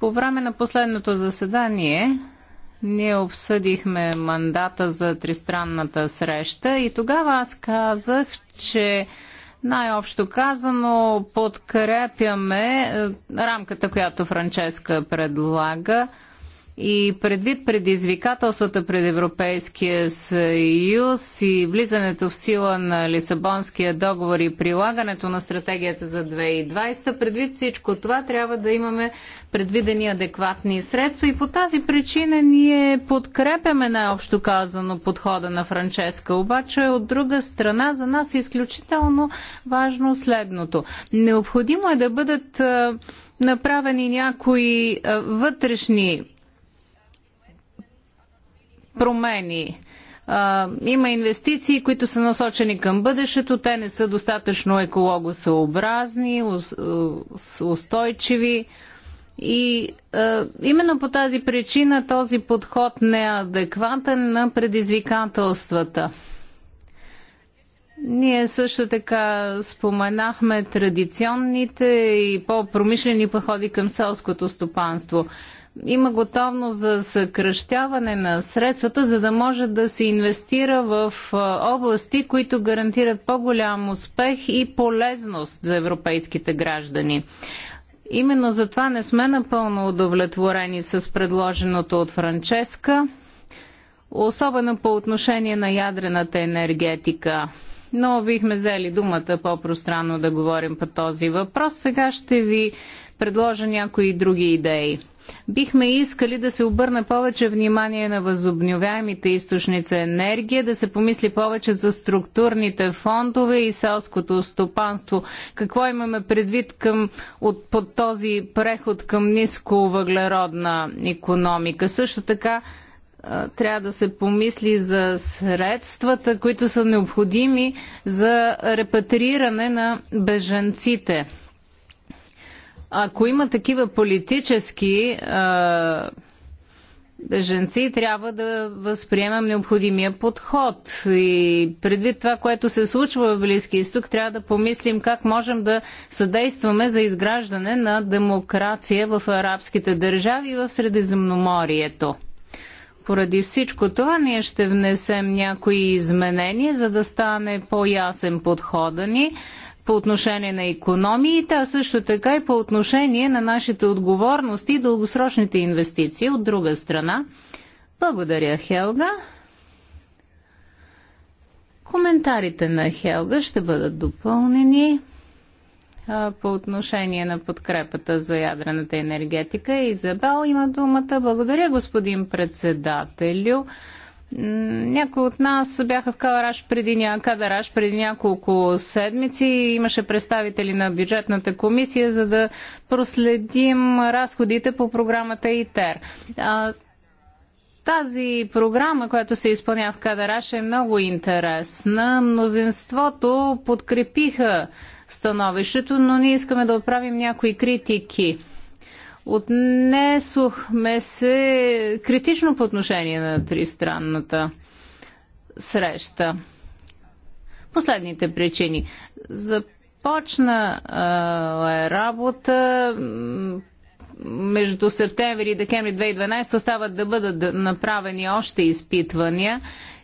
По време на последното заседание ние обсъдихме мандата за тристранната среща и тогава аз казах, че най-общо казано, подкрепяме е, рамката, която Франческа предлага. И предвид предизвикателствата пред Европейския съюз и влизането в сила на Лисабонския договор и прилагането на стратегията за 2020, предвид всичко това трябва да имаме предвидени адекватни средства и по тази причина ние подкрепяме най-общо казано подхода на Франческа. Обаче от друга страна за нас е изключително важно следното. Необходимо е да бъдат направени някои вътрешни промени. А, има инвестиции, които са насочени към бъдещето, те не са достатъчно екологосъобразни, устойчиви. И а, именно по тази причина този подход не е адекватен на предизвикателствата. Ние също така споменахме традиционните и по-промишлени подходи към селското стопанство има готовност за съкръщаване на средствата, за да може да се инвестира в области, които гарантират по-голям успех и полезност за европейските граждани. Именно затова не сме напълно удовлетворени с предложеното от Франческа, особено по отношение на ядрената енергетика но бихме взели думата по-пространно да говорим по този въпрос. Сега ще ви предложа някои други идеи. Бихме искали да се обърне повече внимание на възобновяемите източници енергия, да се помисли повече за структурните фондове и селското стопанство. Какво имаме предвид към, от, под този преход към ниско въглеродна економика? Също така трябва да се помисли за средствата, които са необходими за репатриране на бежанците ако има такива политически а, беженци, трябва да възприемам необходимия подход. И предвид това, което се случва в Близки изток, трябва да помислим как можем да съдействаме за изграждане на демокрация в арабските държави и в Средиземноморието. Поради всичко това ние ще внесем някои изменения, за да стане по-ясен подхода ни по отношение на економиите, а също така и по отношение на нашите отговорности и дългосрочните инвестиции от друга страна. Благодаря, Хелга. Коментарите на Хелга ще бъдат допълнени по отношение на подкрепата за ядрената енергетика. Изабел има думата. Благодаря, господин председателю. Някои от нас бяха в Калараш преди, ня... Кадараш преди няколко седмици. Имаше представители на бюджетната комисия, за да проследим разходите по програмата ИТЕР. А, тази програма, която се изпълнява в Кадараш, е много интересна. Мнозинството подкрепиха становището, но ние искаме да отправим някои критики. Отнесохме се критично по отношение на тристранната среща. Последните причини. Започна е работа между септември и декември 2012 остават да бъдат направени още изпитвания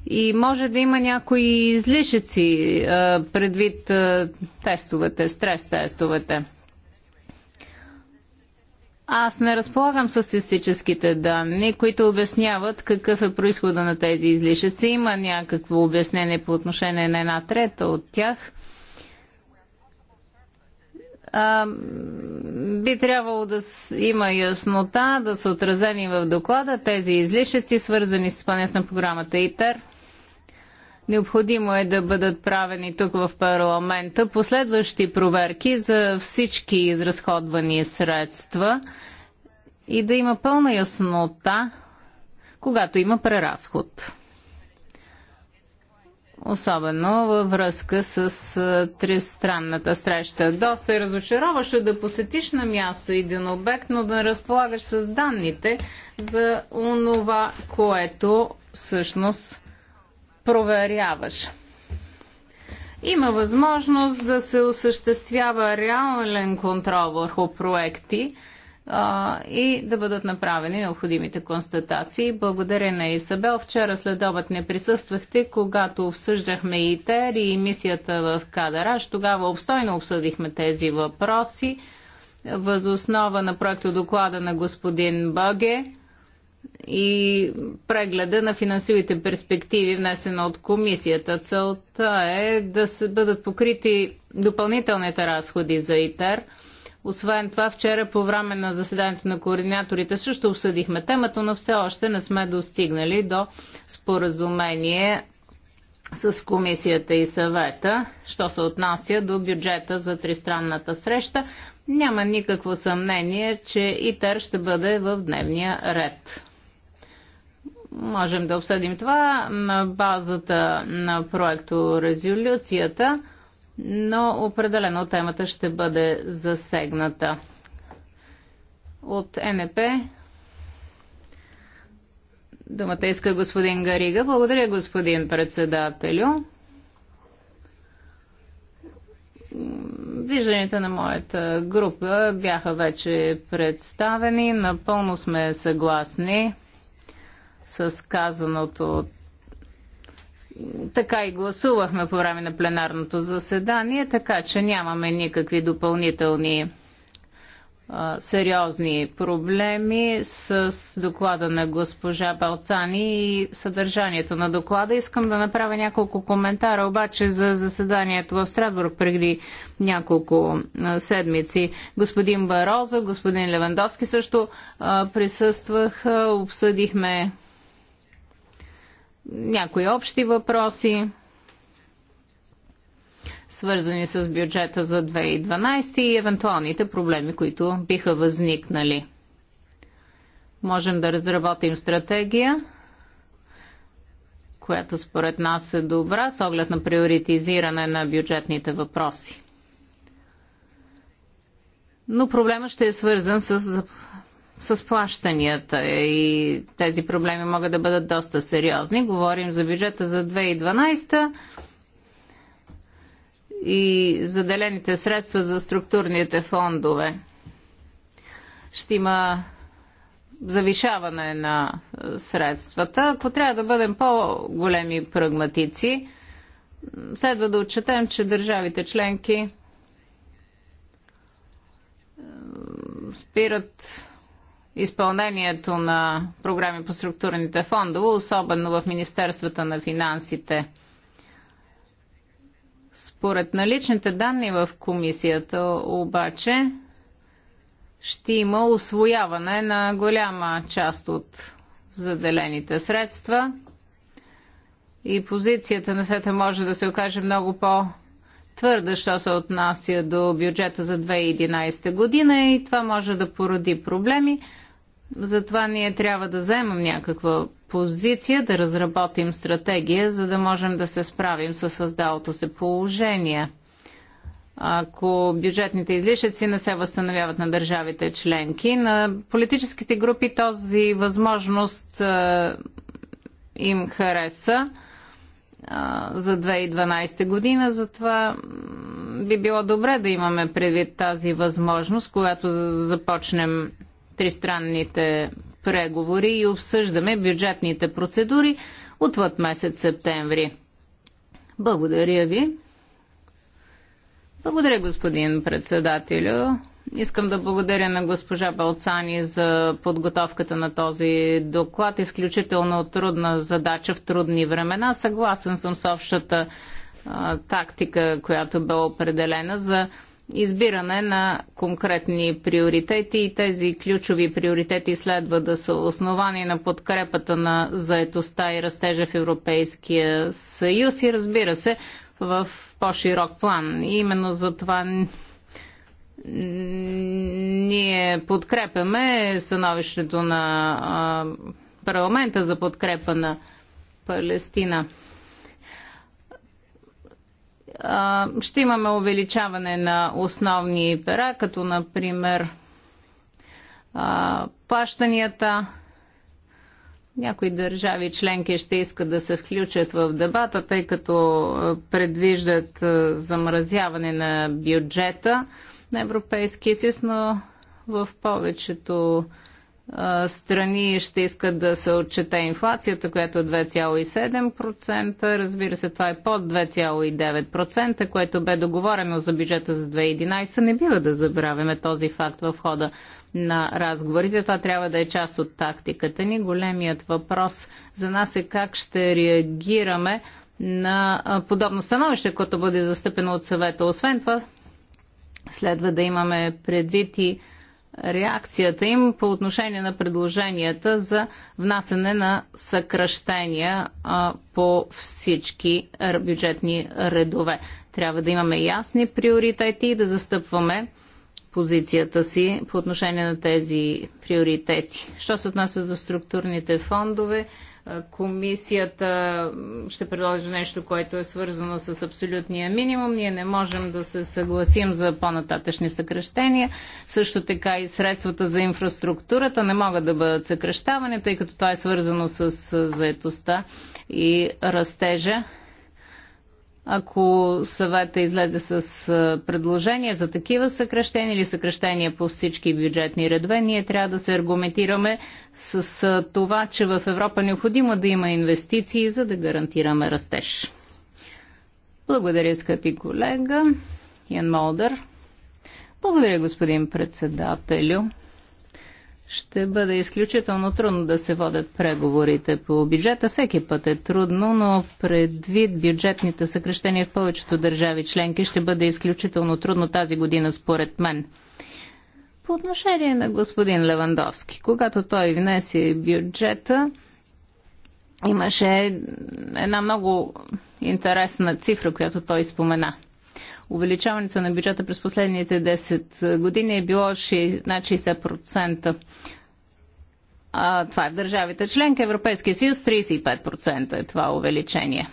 и може да има някои излишици предвид тестовете, стрес тестовете. Аз не разполагам статистическите данни, които обясняват какъв е происхода на тези излишъци. Има някакво обяснение по отношение на една трета от тях. А, би трябвало да има яснота, да са отразени в доклада тези излишъци, свързани с изпълнението на програмата ИТЕР. Необходимо е да бъдат правени тук в парламента последващи проверки за всички изразходвани средства и да има пълна яснота, когато има преразход. Особено във връзка с тристранната среща. Доста е разочароващо да посетиш на място един обект, но да разполагаш с данните за онова, което всъщност проверяваш. Има възможност да се осъществява реален контрол върху проекти а, и да бъдат направени необходимите констатации. Благодаря на Исабел. Вчера след обед не присъствахте, когато обсъждахме ИТЕР и мисията в Кадараш. Тогава обстойно обсъдихме тези въпроси възоснова на проекто доклада на господин Бъге и прегледа на финансовите перспективи, внесена от комисията. Целта е да се бъдат покрити допълнителните разходи за ИТЕР. Освен това, вчера по време на заседанието на координаторите също обсъдихме темата, но все още не сме достигнали до споразумение с комисията и съвета, що се отнася до бюджета за тристранната среща. Няма никакво съмнение, че ИТЕР ще бъде в дневния ред. Можем да обсъдим това на базата на проекто резолюцията, но определено темата ще бъде засегната. От НП думата иска господин Гарига. Благодаря, господин председателю. Вижданията на моята група бяха вече представени. Напълно сме съгласни с казаното от така и гласувахме по време на пленарното заседание, така че нямаме никакви допълнителни а, сериозни проблеми с доклада на госпожа Балцани и съдържанието на доклада. Искам да направя няколко коментара обаче за заседанието в Страсбург преди няколко а, седмици. Господин Барозо, господин Левандовски също а, присъствах, обсъдихме някои общи въпроси, свързани с бюджета за 2012 и евентуалните проблеми, които биха възникнали. Можем да разработим стратегия, която според нас е добра с оглед на приоритизиране на бюджетните въпроси. Но проблема ще е свързан с с плащанията и тези проблеми могат да бъдат доста сериозни. Говорим за бюджета за 2012 и заделените средства за структурните фондове. Ще има завишаване на средствата. Ако трябва да бъдем по-големи прагматици, следва да отчетем, че държавите членки спират изпълнението на програми по структурните фондове, особено в Министерствата на финансите. Според наличните данни в комисията обаче ще има освояване на голяма част от заделените средства и позицията на света може да се окаже много по- твърда, що се отнася до бюджета за 2011 година и това може да породи проблеми. Затова ние трябва да вземем някаква позиция, да разработим стратегия, за да можем да се справим с създалото се положение. Ако бюджетните излишъци не се възстановяват на държавите членки, на политическите групи този възможност е, им хареса е, за 2012 година, затова би било добре да имаме предвид тази възможност, когато започнем тристранните преговори и обсъждаме бюджетните процедури отвъд месец септември. Благодаря ви. Благодаря, господин председателю. Искам да благодаря на госпожа Балцани за подготовката на този доклад. Изключително трудна задача в трудни времена. Съгласен съм с общата а, тактика, която бе определена за избиране на конкретни приоритети и тези ключови приоритети следва да са основани на подкрепата на заетостта и растежа в Европейския съюз и разбира се в по-широк план. И именно за това ние подкрепяме становището на парламента за подкрепа на Палестина ще имаме увеличаване на основни пера, като например плащанията. Някои държави членки ще искат да се включат в дебата, тъй като предвиждат замразяване на бюджета на Европейския съюз, но в повечето страни ще искат да се отчете инфлацията, която е 2,7%. Разбира се, това е под 2,9%, което бе договорено за бюджета за 2011. Не бива да забравяме този факт в хода на разговорите. Това трябва да е част от тактиката ни. Големият въпрос за нас е как ще реагираме на подобно становище, което бъде застъпено от съвета. Освен това, следва да имаме предвид и реакцията им по отношение на предложенията за внасене на съкръщения по всички бюджетни редове. Трябва да имаме ясни приоритети и да застъпваме позицията си по отношение на тези приоритети. Що се отнася до структурните фондове, комисията ще предложи нещо, което е свързано с абсолютния минимум. Ние не можем да се съгласим за по-нататъчни съкръщения. Също така и средствата за инфраструктурата не могат да бъдат съкръщавани, тъй като това е свързано с заетостта и растежа ако съвета излезе с предложение за такива съкрещения или съкрещения по всички бюджетни редове, ние трябва да се аргументираме с това, че в Европа е необходимо да има инвестиции, за да гарантираме растеж. Благодаря, скъпи колега. Ян Молдър. Благодаря, господин председателю ще бъде изключително трудно да се водят преговорите по бюджета. Всеки път е трудно, но предвид бюджетните съкрещения в повечето държави членки ще бъде изключително трудно тази година, според мен. По отношение на господин Левандовски, когато той внесе бюджета, имаше една много интересна цифра, която той спомена – увеличаването на бюджета през последните 10 години е било над значи 60%. А, това е в държавите членка. Европейския съюз 35% е това увеличение.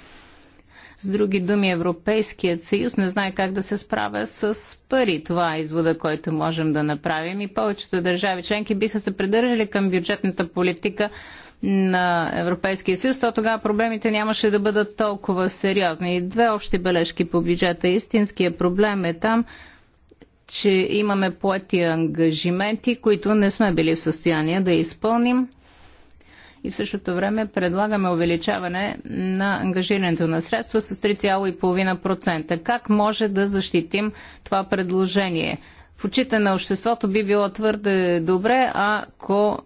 С други думи, Европейският съюз не знае как да се справя с пари. Това е извода, който можем да направим. И повечето държави членки биха се придържали към бюджетната политика на Европейския съюз, то тогава проблемите нямаше да бъдат толкова сериозни. И две общи бележки по бюджета. Истинския проблем е там, че имаме поети ангажименти, които не сме били в състояние да изпълним и в същото време предлагаме увеличаване на ангажирането на средства с 3,5%. Как може да защитим това предложение? В очите на обществото би било твърде добре, ако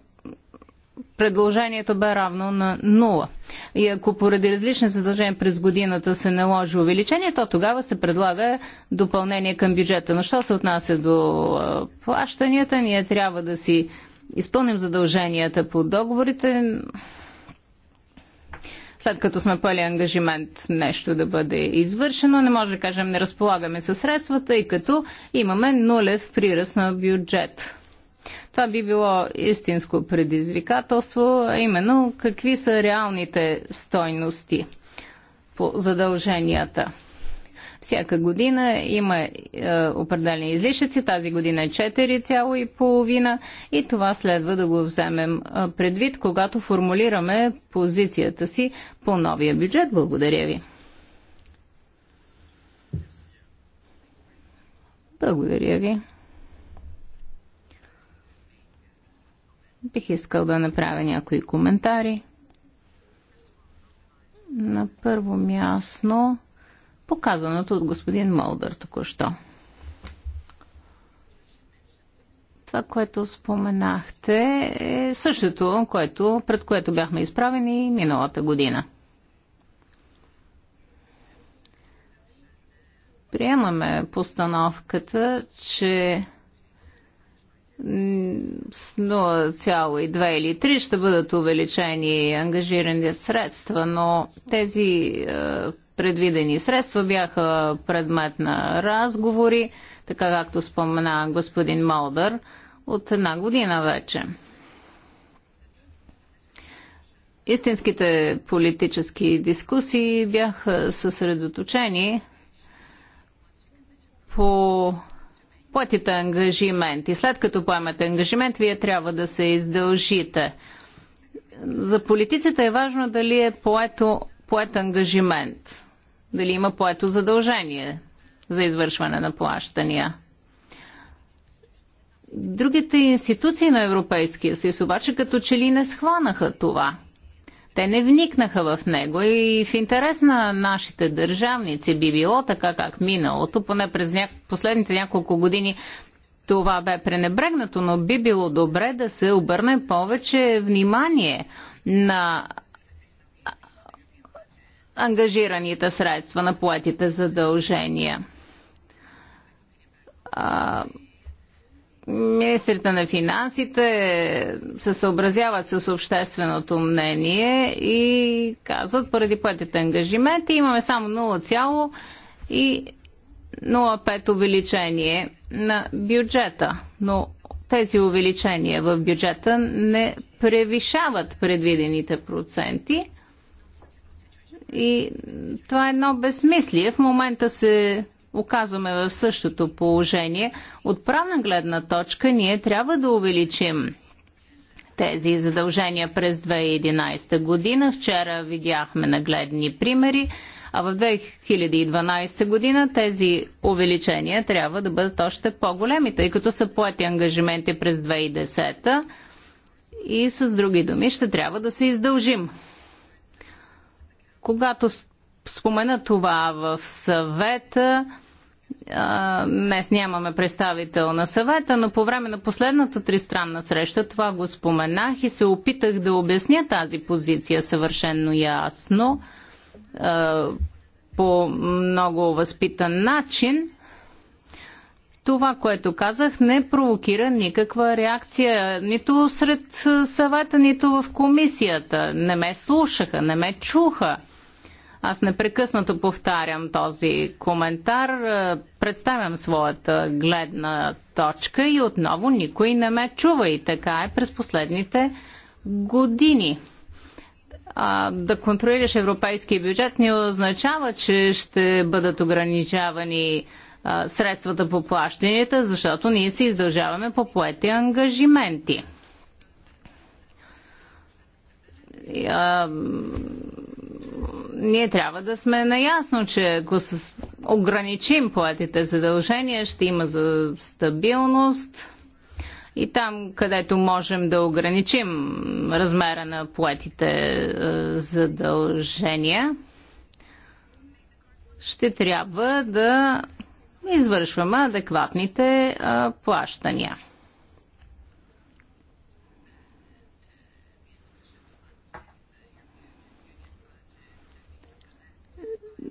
предложението бе равно на 0. И ако поради различни задължения през годината се наложи увеличение, то тогава се предлага допълнение към бюджета. Но що се отнася до плащанията, ние трябва да си изпълним задълженията по договорите, след като сме пали ангажимент нещо да бъде извършено, не може да кажем не разполагаме със средствата, и като имаме нулев приръст на бюджет. Това би било истинско предизвикателство, а именно какви са реалните стойности по задълженията. Всяка година има е, определени излишъци, тази година е 4,5 и това следва да го вземем е, предвид, когато формулираме позицията си по новия бюджет. Благодаря ви. Благодаря ви. Бих искал да направя някои коментари. На първо място, показаното от господин Молдър току-що. Това, което споменахте, е същото, което, пред което бяхме изправени миналата година. Приемаме постановката, че с 0,2 или 3 ще бъдат увеличени ангажирани средства, но тези е, предвидени средства бяха предмет на разговори, така както спомена господин Молдър, от една година вече. Истинските политически дискусии бяха съсредоточени по поетите ангажименти. След като поемете ангажимент, вие трябва да се издължите. За политиците е важно дали е поето, поет ангажимент, дали има поето задължение за извършване на плащания. Другите институции на Европейския съюз обаче като че ли не схванаха това – те не вникнаха в него и в интерес на нашите държавници би било така как миналото, поне през ня... последните няколко години това бе пренебрегнато, но би било добре да се обърне повече внимание на ангажираните средства на платите задължения. А, министрите на финансите се съобразяват с общественото мнение и казват поради пътите ангажименти имаме само 0,5 и 0,5 увеличение на бюджета. Но тези увеличения в бюджета не превишават предвидените проценти. И това е едно безсмислие. В момента се оказваме в същото положение. От правна гледна точка ние трябва да увеличим тези задължения през 2011 година. Вчера видяхме нагледни примери, а в 2012 година тези увеличения трябва да бъдат още по-големи, тъй като са поети ангажименти през 2010 и с други думи ще трябва да се издължим. Когато спомена това в съвета. Днес нямаме представител на съвета, но по време на последната тристранна среща това го споменах и се опитах да обясня тази позиция съвършенно ясно, по много възпитан начин. Това, което казах, не провокира никаква реакция нито сред съвета, нито в комисията. Не ме слушаха, не ме чуха. Аз непрекъснато повтарям този коментар, е, представям своята гледна точка и отново никой не ме чува. И така е през последните години. А, да контролираш европейския бюджет не означава, че ще бъдат ограничавани а, е, средствата по плащанията, защото ние се издължаваме по поети ангажименти. А, е, ние трябва да сме наясно, че ако с... ограничим платите задължения, ще има за стабилност и там, където можем да ограничим размера на платите е, задължения, ще трябва да извършваме адекватните е, плащания.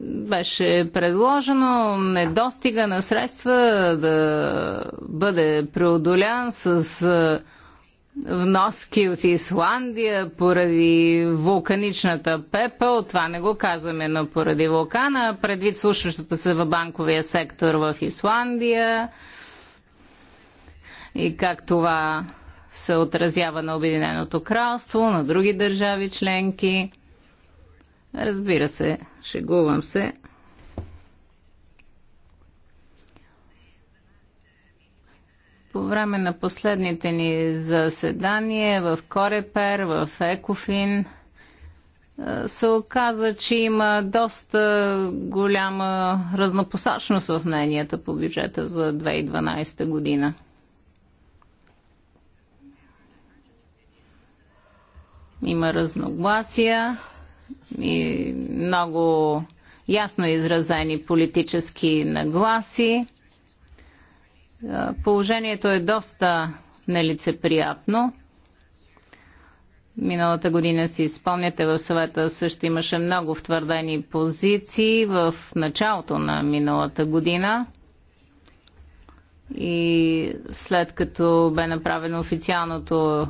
беше предложено недостига на средства да бъде преодолян с вноски от Исландия поради вулканичната пепел. Това не го казваме, но поради вулкана, предвид слушащата се в банковия сектор в Исландия и как това се отразява на Обединеното кралство, на други държави членки. Разбира се, шегувам се. По време на последните ни заседания в Корепер, в Екофин, се оказа, че има доста голяма разнопосочност в мненията по бюджета за 2012 година. Има разногласия и много ясно изразени политически нагласи. Е, положението е доста нелицеприятно. Миналата година си спомняте в съвета също имаше много втвърдени позиции в началото на миналата година. И след като бе направено официалното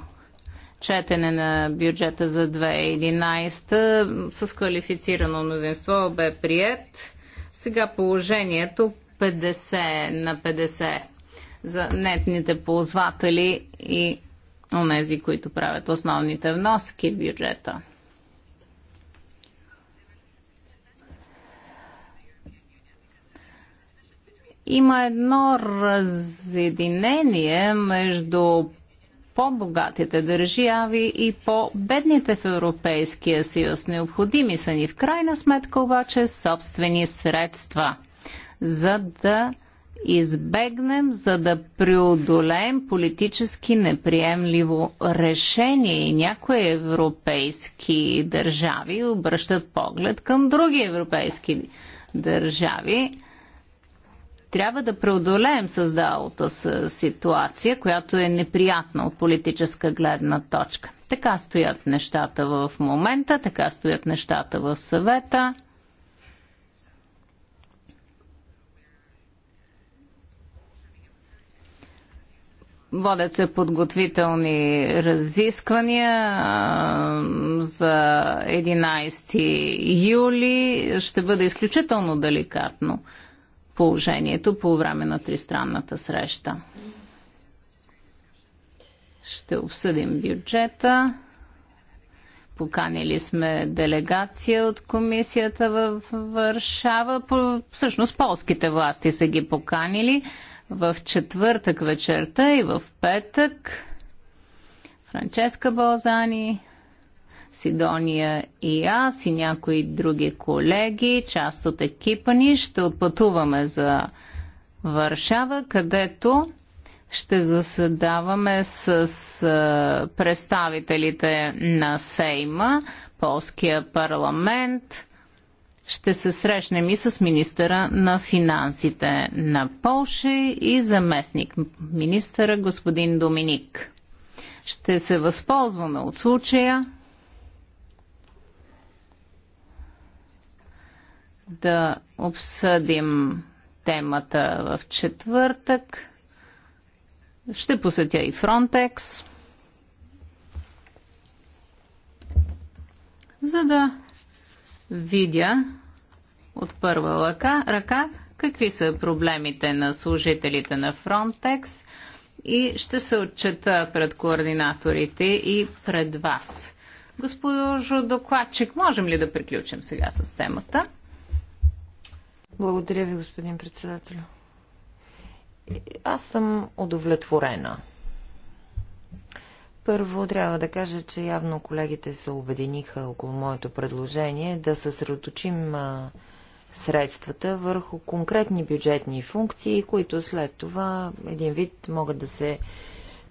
четене на бюджета за 2011 с квалифицирано мнозинство бе прият. Сега положението 50 на 50 за нетните ползватели и онези, които правят основните вноски в бюджета. Има едно разединение между по-богатите държави и по-бедните в Европейския съюз. Необходими са ни в крайна сметка обаче собствени средства, за да избегнем, за да преодолеем политически неприемливо решение и някои европейски държави обръщат поглед към други европейски държави трябва да преодолеем създалата ситуация, която е неприятна от политическа гледна точка. Така стоят нещата в момента, така стоят нещата в съвета. Водят се подготвителни разисквания за 11 юли. Ще бъде изключително деликатно положението по време на тристранната среща. Ще обсъдим бюджета. Поканили сме делегация от комисията в Варшава. Всъщност полските власти са ги поканили в четвъртък вечерта и в петък. Франческа Балзани Сидония и аз и някои други колеги, част от екипа ни, ще отпътуваме за Варшава, където ще заседаваме с представителите на Сейма, полския парламент. Ще се срещнем и с министъра на финансите на Полша и заместник министъра господин Доминик. Ще се възползваме от случая да обсъдим темата в четвъртък. Ще посетя и Фронтекс, за да видя от първа ръка, ръка какви са проблемите на служителите на Фронтекс и ще се отчета пред координаторите и пред вас. Госпожо докладчик, можем ли да приключим сега с темата? Благодаря ви, господин председател. Аз съм удовлетворена. Първо трябва да кажа, че явно колегите се обединиха около моето предложение да съсредоточим средствата върху конкретни бюджетни функции, които след това един вид могат да се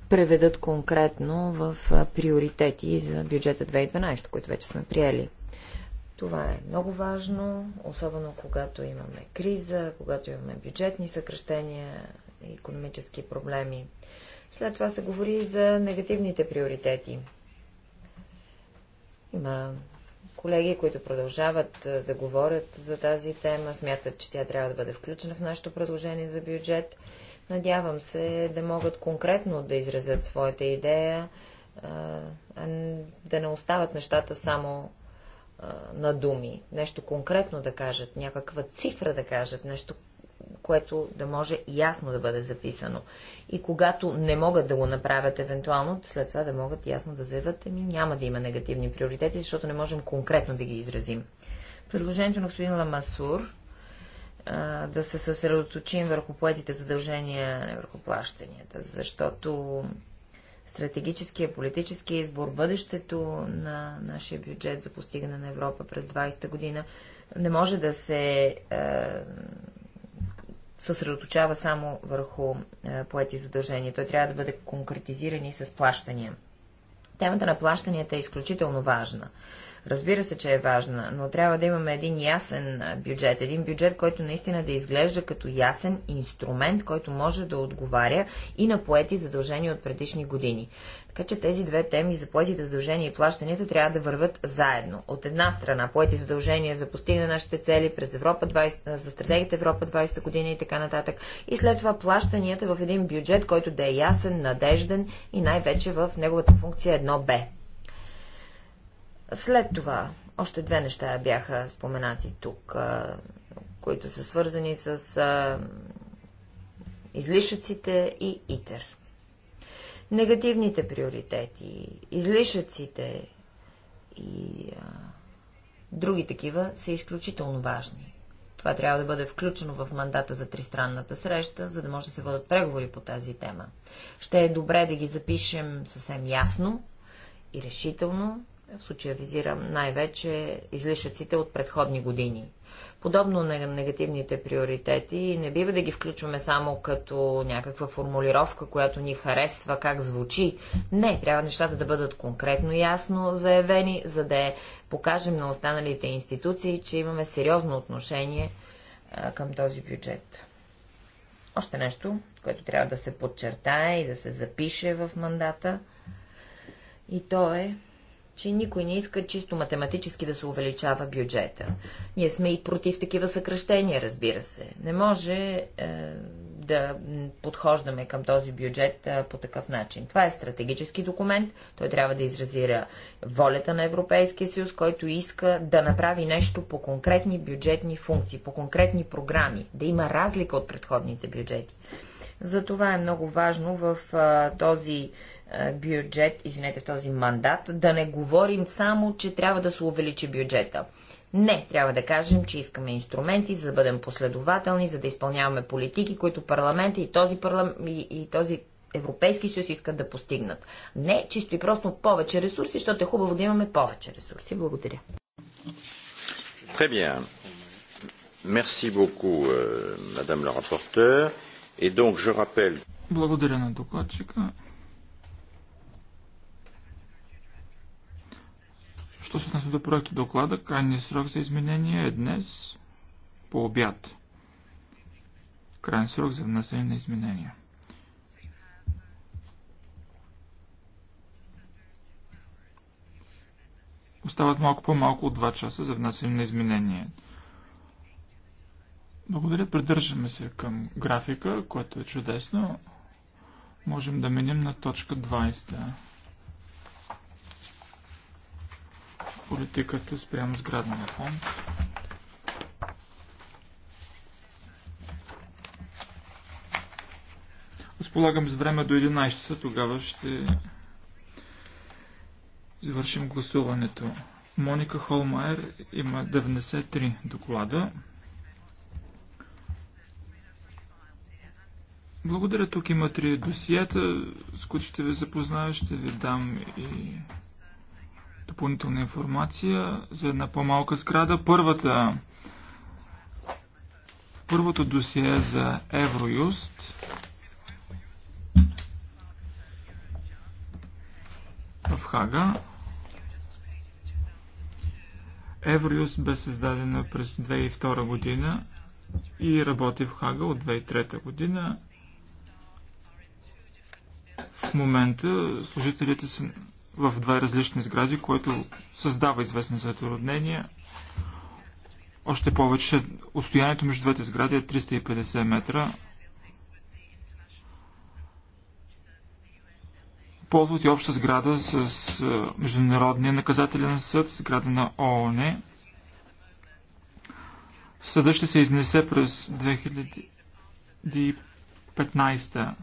преведат конкретно в приоритети за бюджета 2012, които вече сме приели. Това е много важно, особено когато имаме криза, когато имаме бюджетни съкръщения, економически проблеми. След това се говори и за негативните приоритети. Има колеги, които продължават да говорят за тази тема, смятат, че тя трябва да бъде включена в нашето предложение за бюджет. Надявам се да могат конкретно да изразят своята идея, да не остават нещата само на думи, нещо конкретно да кажат, някаква цифра да кажат, нещо, което да може ясно да бъде записано. И когато не могат да го направят евентуално, след това да могат ясно да заявят, еми няма да има негативни приоритети, защото не можем конкретно да ги изразим. Предложението на господин Ламасур да се съсредоточим върху поетите задължения, не върху плащанията, защото стратегическия, политическия избор, бъдещето на нашия бюджет за постигане на Европа през 20-та година не може да се е, съсредоточава само върху е, поети задължения. Той трябва да бъде конкретизиран и с плащания. Темата на плащанията е изключително важна разбира се, че е важна, но трябва да имаме един ясен бюджет, един бюджет, който наистина да изглежда като ясен инструмент, който може да отговаря и на поети задължения от предишни години. Така че тези две теми за поетите задължения и плащанията трябва да върват заедно. От една страна поети задължения за постигане на нашите цели през Европа 20, за стратегията Европа 20 година и така нататък. И след това плащанията в един бюджет, който да е ясен, надежден и най-вече в неговата функция 1Б. След това, още две неща бяха споменати тук, които са свързани с излишъците и ИТЕР. Негативните приоритети, излишъците и а, други такива са изключително важни. Това трябва да бъде включено в мандата за тристранната среща, за да може да се водят преговори по тази тема. Ще е добре да ги запишем съвсем ясно и решително, в случая визирам най-вече излишъците от предходни години. Подобно на негативните приоритети, не бива да ги включваме само като някаква формулировка, която ни харесва, как звучи. Не, трябва нещата да бъдат конкретно ясно заявени, за да е покажем на останалите институции, че имаме сериозно отношение към този бюджет. Още нещо, което трябва да се подчертае и да се запише в мандата, и то е че никой не иска чисто математически да се увеличава бюджета. Ние сме и против такива съкръщения, разбира се. Не може е, да подхождаме към този бюджет е, по такъв начин. Това е стратегически документ. Той трябва да изразира волята на Европейския съюз, който иска да направи нещо по конкретни бюджетни функции, по конкретни програми, да има разлика от предходните бюджети. Затова е много важно в е, този е, бюджет, извинете, в този мандат, да не говорим само, че трябва да се увеличи бюджета. Не, трябва да кажем, че искаме инструменти, за да бъдем последователни, за да изпълняваме политики, които парламента и този, парлам... и, и този Европейски съюз искат да постигнат. Не, чисто и просто повече ресурси, защото е хубаво да имаме повече ресурси. Благодаря. Très bien. Merci beaucoup, euh, madame la rapporteure. Et donc, je rappelle... Благодаря на докладчика. Що се отнася до проекта доклада, крайният срок за изменение е днес по обяд. Крайният срок за внасяне на изменения. Остават малко по-малко от 2 часа за внасяне на изменения. Благодаря, придържаме се към графика, което е чудесно. Можем да минем на точка 20. политиката спрямо сградния фонд. Разполагам с време до 11 часа, тогава ще извършим гласуването. Моника Холмайер има 93 доклада. Благодаря, тук има три досиета, с които ще ви запозная, ще ви дам и допълнителна информация за една по-малка сграда. Първата, първото досие за Евроюст в Хага. Евроюст бе създадена през 2002 година и работи в Хага от 2003 година. В момента служителите са в две различни сгради, което създава известни затруднения. Още повече, отстоянието между двете сгради е 350 метра. Ползват и обща сграда с е, Международния наказателен съд, сграда на ООН. Съда ще се изнесе през 2015 -та.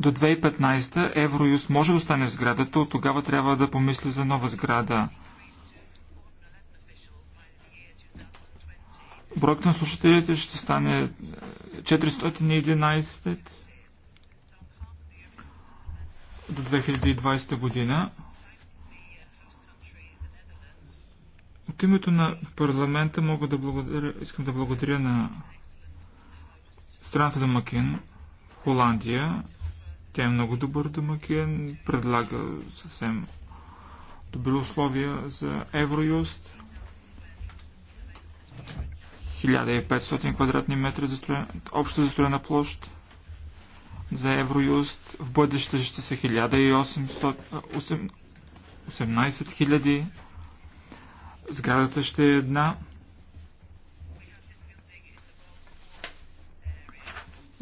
До 2015 Евроюз може да остане в сградата, от тогава трябва да помисли за нова сграда. Броят на слушателите ще стане 411 е, до 2020 година. От името на парламента мога да благодаря, искам да благодаря на страната Домакин Макин, Холандия тя е много добър домакин, предлага съвсем добри условия за Евроюст. 1500 квадратни метра обща застроена площ за Евроюст. В бъдеще ще са 1800, 18 000. Сградата ще е една.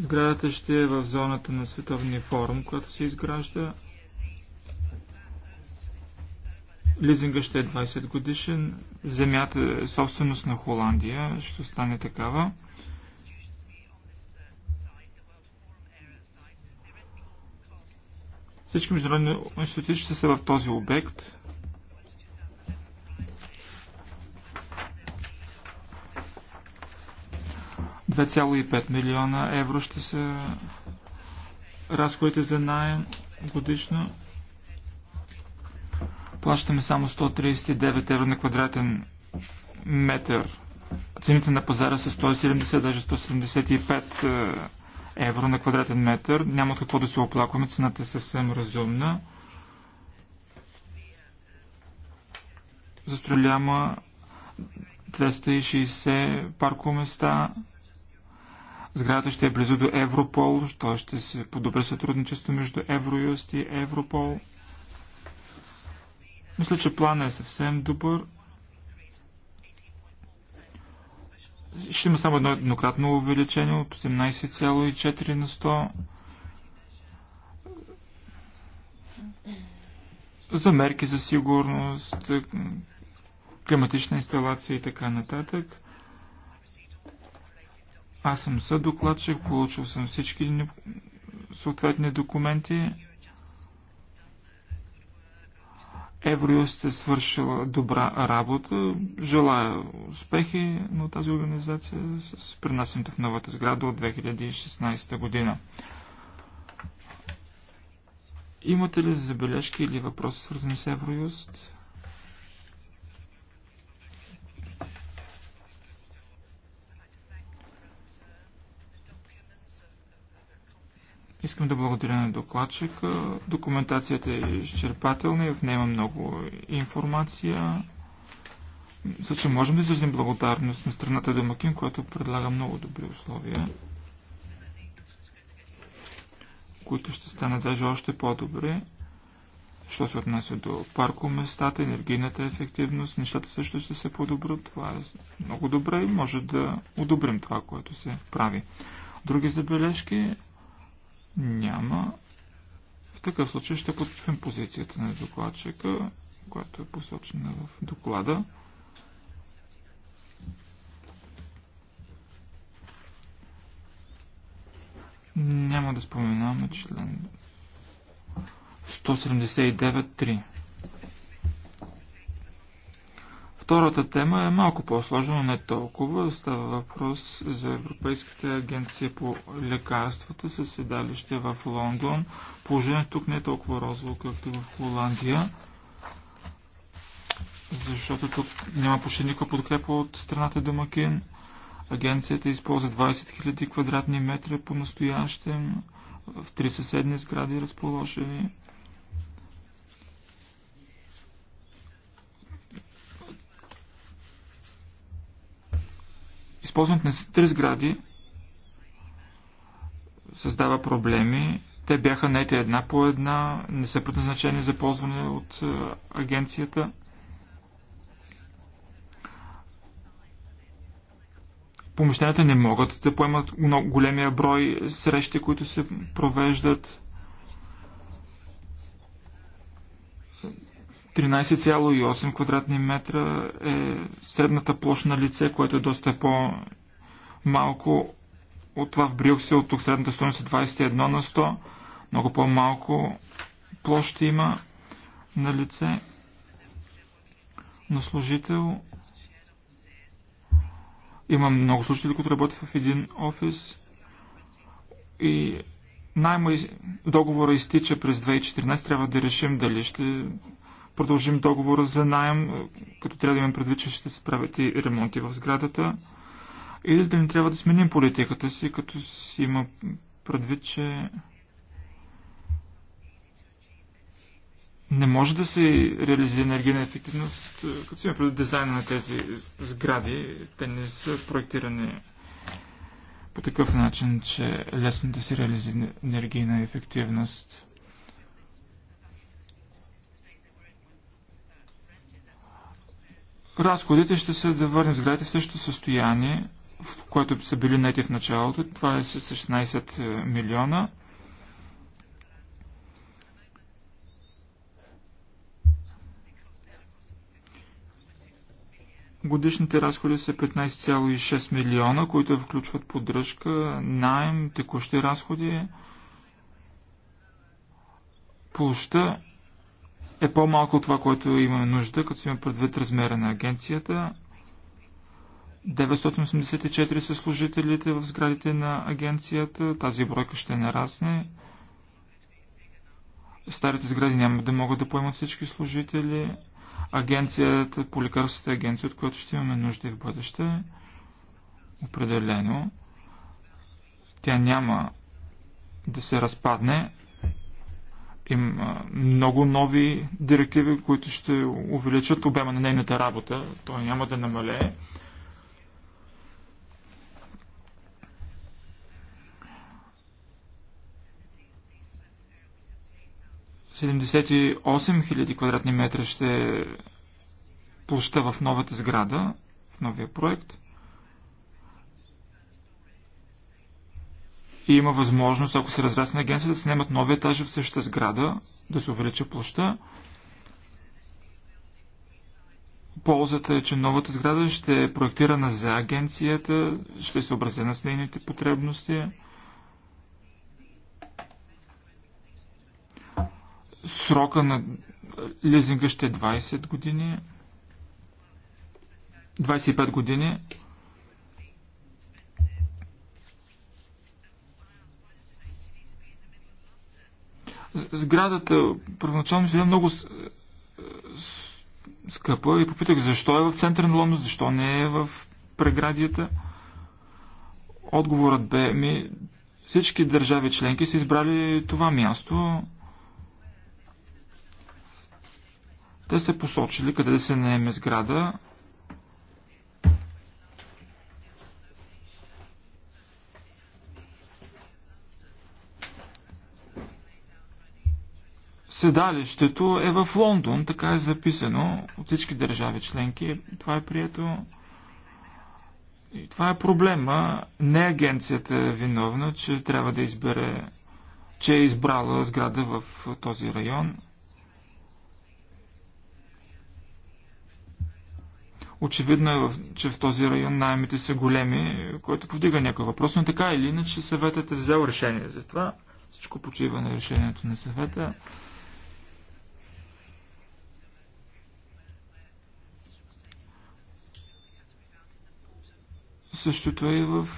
Сградата ще е в зоната на Световния форум, която се изгражда. Лизинга ще е 20 годишен. Земята е собственост на Холандия, ще стане такава. Всички международни институти ще са в този обект. 2,5 милиона евро ще са разходите за найем годишно. Плащаме само 139 евро на квадратен метър. Цените на пазара са 170, даже 175 е, евро на квадратен метър. Няма какво да се оплакваме, цената е съвсем разумна. Застроляма 260 паркоместа, Сградата ще е близо до Европол, що ще се подобри сътрудничество между Евроюст и Европол. Мисля, че планът е съвсем добър. Ще има само едно еднократно увеличение от 18,4 на 100 за мерки за сигурност, климатична инсталация и така нататък. Аз съм съдокладчик, получил съм всички съответни документи. Евроюст е свършила добра работа. Желая успехи на тази организация с пренасенето в новата сграда от 2016 година. Имате ли забележки или въпроси свързани с Евроюст? Искам да благодаря на докладчика. Документацията е изчерпателна и в нея има много информация. Също можем да изразим благодарност на страната Домакин, която предлага много добри условия, които ще станат даже още по-добри. Що се отнася до паркоместата, енергийната ефективност, нещата също ще се подобрят. Това е много добре и може да одобрим това, което се прави. Други забележки няма. В такъв случай ще подкрепим позицията на докладчика, която е посочена в доклада. Няма да споменаваме член 179.3. Втората тема е малко по-сложна, но не толкова. Става въпрос за Европейската агенция по лекарствата със седалище в Лондон. Положението тук не е толкова розово, както в Холандия, защото тук няма почти никаква подкрепа от страната Домакин. Агенцията използва 20 000 квадратни метра по настоящем в три съседни сгради разположени. Използването на три сгради създава проблеми. Те бяха наети една по една, не са предназначени за ползване от агенцията. Помещенията не могат да поемат много големия брой срещи, които се провеждат. 13,8 квадратни метра е средната площ на лице, което е доста по-малко от това в Брюксел. Тук средната стоеност е 21 на 100. Много по-малко площ има на лице на служител. Има много служители, които работят в един офис и най договора изтича през 2014. Трябва да решим дали ще продължим договора за найем, като трябва да имам предвид, че ще се правят и ремонти в сградата. Или да не трябва да сменим политиката си, като си има предвид, че не може да се реализира енергийна ефективност, е, като си има предвид дизайна на тези сгради. Те не са проектирани по такъв начин, че е лесно да се реализира енергийна ефективност. Разходите ще се да върнем сградите в същото състояние, в което са били нети в началото. Това е 16 е, милиона. Годишните разходи са 15,6 милиона, които включват поддръжка, найем, текущи разходи. Площа е по-малко от това, което имаме нужда, като си има предвид размера на агенцията. 984 са служителите в сградите на агенцията. Тази бройка ще нарасне. Старите сгради няма да могат да поемат всички служители. Агенцията по лекарствата е агенция, от която ще имаме нужда в бъдеще. Определено. Тя няма да се разпадне, има много нови директиви, които ще увеличат обема на нейната работа. Той няма да намалее. хиляди квадратни метра ще площа в новата сграда, в новия проект. И има възможност, ако се разрасне агенция, да се снимат нови етажи в същата сграда, да се увеличи площа. Ползата е, че новата сграда ще е проектирана за агенцията, ще е съобразена с нейните потребности. Срока на лизинга ще е 20 години. 25 години. Сградата първоначално се много е, скъпа и попитах защо е в центъра на Лондон, защо не е в преградията. Отговорът бе ми, всички държави членки са избрали това място. Те са посочили къде да се наеме сграда, Седалището е в Лондон, така е записано от всички държави членки. Това е прието. И това е проблема. Не агенцията е виновна, че трябва да избере, че е избрала сграда в този район. Очевидно е, че в този район найемите са големи, което повдига някой въпрос, но така или иначе съветът е взел решение за това. Всичко почива на решението на съвета. Същото е и в...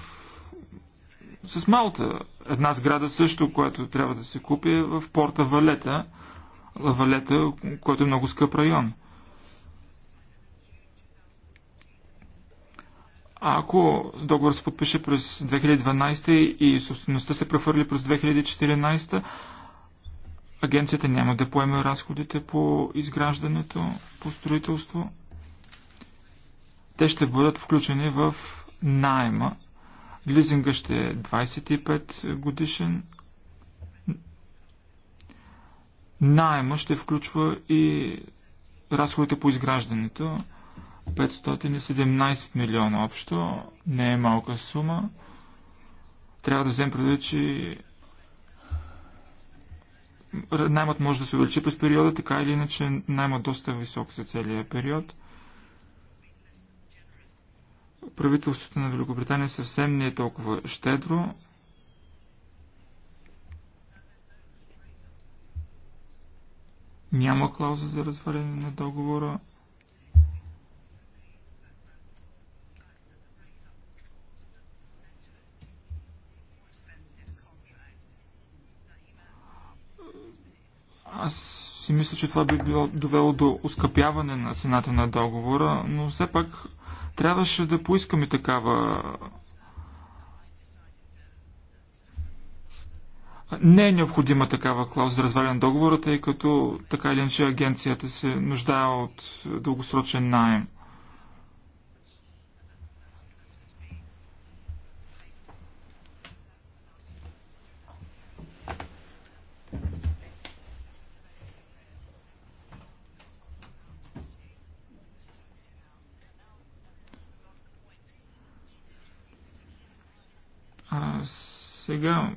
с Малта. Една сграда също, която трябва да се купи е в порта Валета, Валета, който е много скъп район. А ако договор се подпише през 2012 и собствеността се прехвърли през 2014, агенцията няма да поеме разходите по изграждането, по строителство. Те ще бъдат включени в найма. Лизинга ще е 25 годишен. Найма ще включва и разходите по изграждането. 517 милиона общо. Не е малка сума. Трябва да вземем предвид, че наймът може да се увеличи през периода, така или иначе наймът доста висок за целия период правителството на Великобритания съвсем не е толкова щедро. Няма клауза за разваляне на договора. Аз си мисля, че това би било довело до ускъпяване на цената на договора, но все пак Трябваше да поискаме такава. Не е необходима такава клауза за разваляне на договора, тъй като така или иначе агенцията се нуждае от дългосрочен найем. А, сега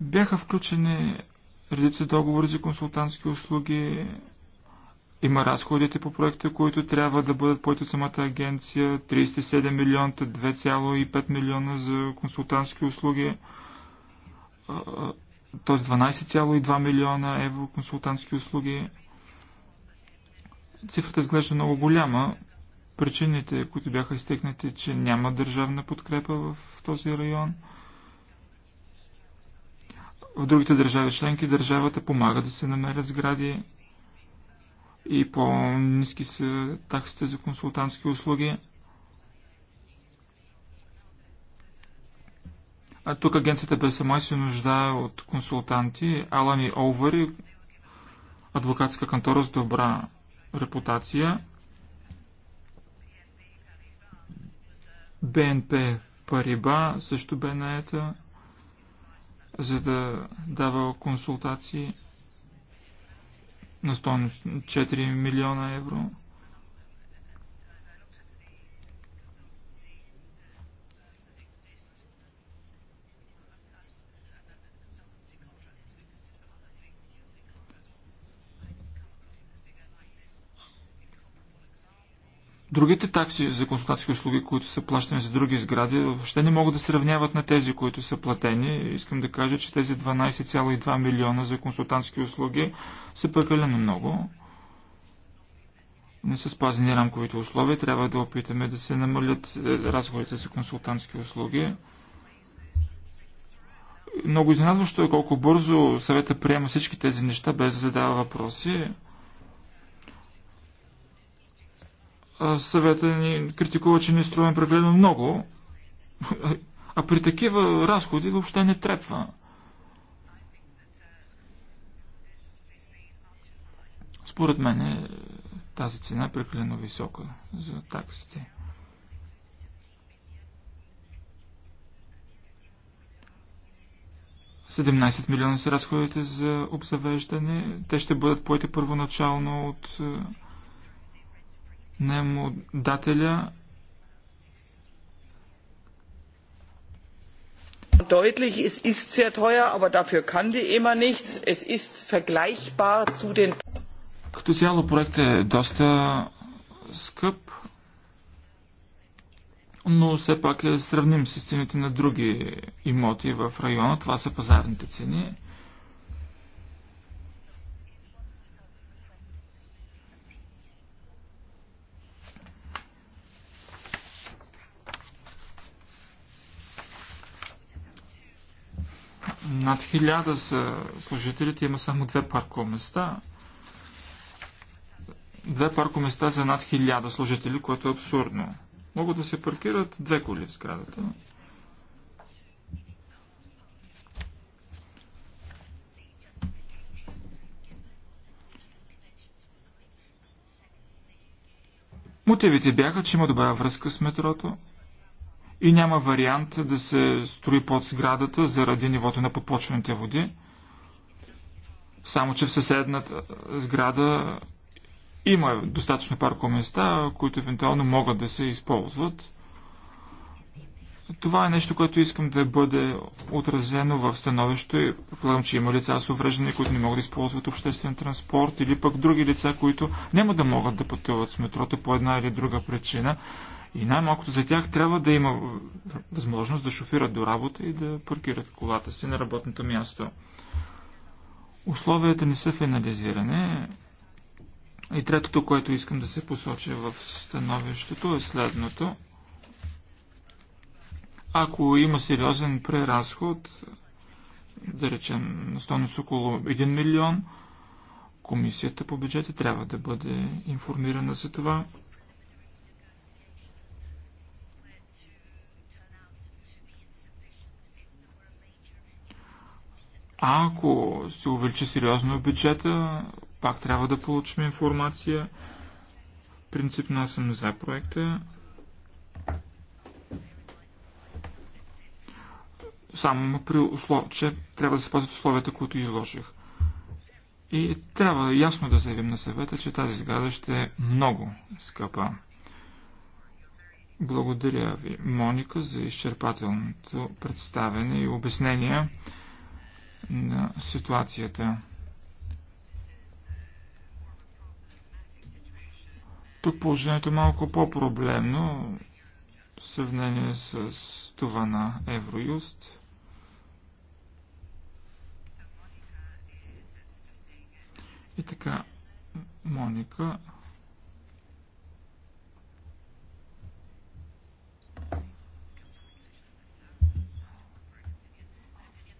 бяха включени редица договори за консултантски услуги. Има разходите по проекта, които трябва да бъдат поети от самата агенция. 37 милиона, 2,5 милиона за консултантски услуги. Т.е. 12,2 милиона евро консултантски услуги. Цифрата изглежда много голяма. Причините, които бяха изтекнати, че няма държавна подкрепа в този район. В другите държави членки държавата помага да се намерят сгради и по-низки са таксите за консултантски услуги. А тук агенцията БСМА се нуждае от консултанти. Алан и Олвари, адвокатска кантора с добра репутация. БНП Париба също бе наета, за да дава консултации на стоеност 4 милиона евро. Другите такси за консултантски услуги, които са плащани за други сгради, въобще не могат да се равняват на тези, които са платени. Искам да кажа, че тези 12,2 милиона за консултантски услуги са прекалено много. Не са спазени рамковите условия. Трябва да опитаме да се намалят е, разходите за консултантски услуги. Много изненадващо е колко бързо съвета приема всички тези неща, без да задава въпроси. съвета ни критикува, че ни струваме прекалено много, а при такива разходи въобще не трябва. Според мен е, тази цена е прекалено висока за таксите. Седемнайсет милиона са разходите за обзавеждане. Те ще бъдат поети първоначално от е, наемодателя deutlich es ist sehr teuer aber dafür kann die EMA nichts es ist vergleichbar zu den Като цяло проектът е доста скъп но все пак е сравним с цените на други имоти в района това са пазарните цени Над хиляда са служителите, има само две паркоместа. Две паркоместа за над хиляда служители, което е абсурдно. Могат да се паркират две коли в сградата. Мотивите бяха, че има добра връзка с метрото, и няма вариант да се строи под сградата заради нивото на подпочвените води. Само, че в съседната сграда има достатъчно парко места, които евентуално могат да се използват. Това е нещо, което искам да бъде отразено в становището и предполагам, че има лица с увреждане, които не могат да използват обществен транспорт или пък други лица, които няма да могат да пътуват с метрото по една или друга причина. И най-малкото за тях трябва да има възможност да шофират до работа и да паркират колата си на работното място. Условията не са финализиране. И третото, което искам да се посоча в становището е следното. Ако има сериозен преразход, да речем на стойност около 1 милион, комисията по бюджета трябва да бъде информирана за това. А ако се увеличи сериозно бюджета, пак трябва да получим информация. Принципно аз съм за проекта. Само при услов... че трябва да се спазват условията, които изложих. И трябва ясно да заявим на съвета, че тази сграда ще е много скъпа. Благодаря ви, Моника, за изчерпателното представене и обяснение на ситуацията. Тук положението е малко по-проблемно в сравнение с това на Евроюст. И така, Моника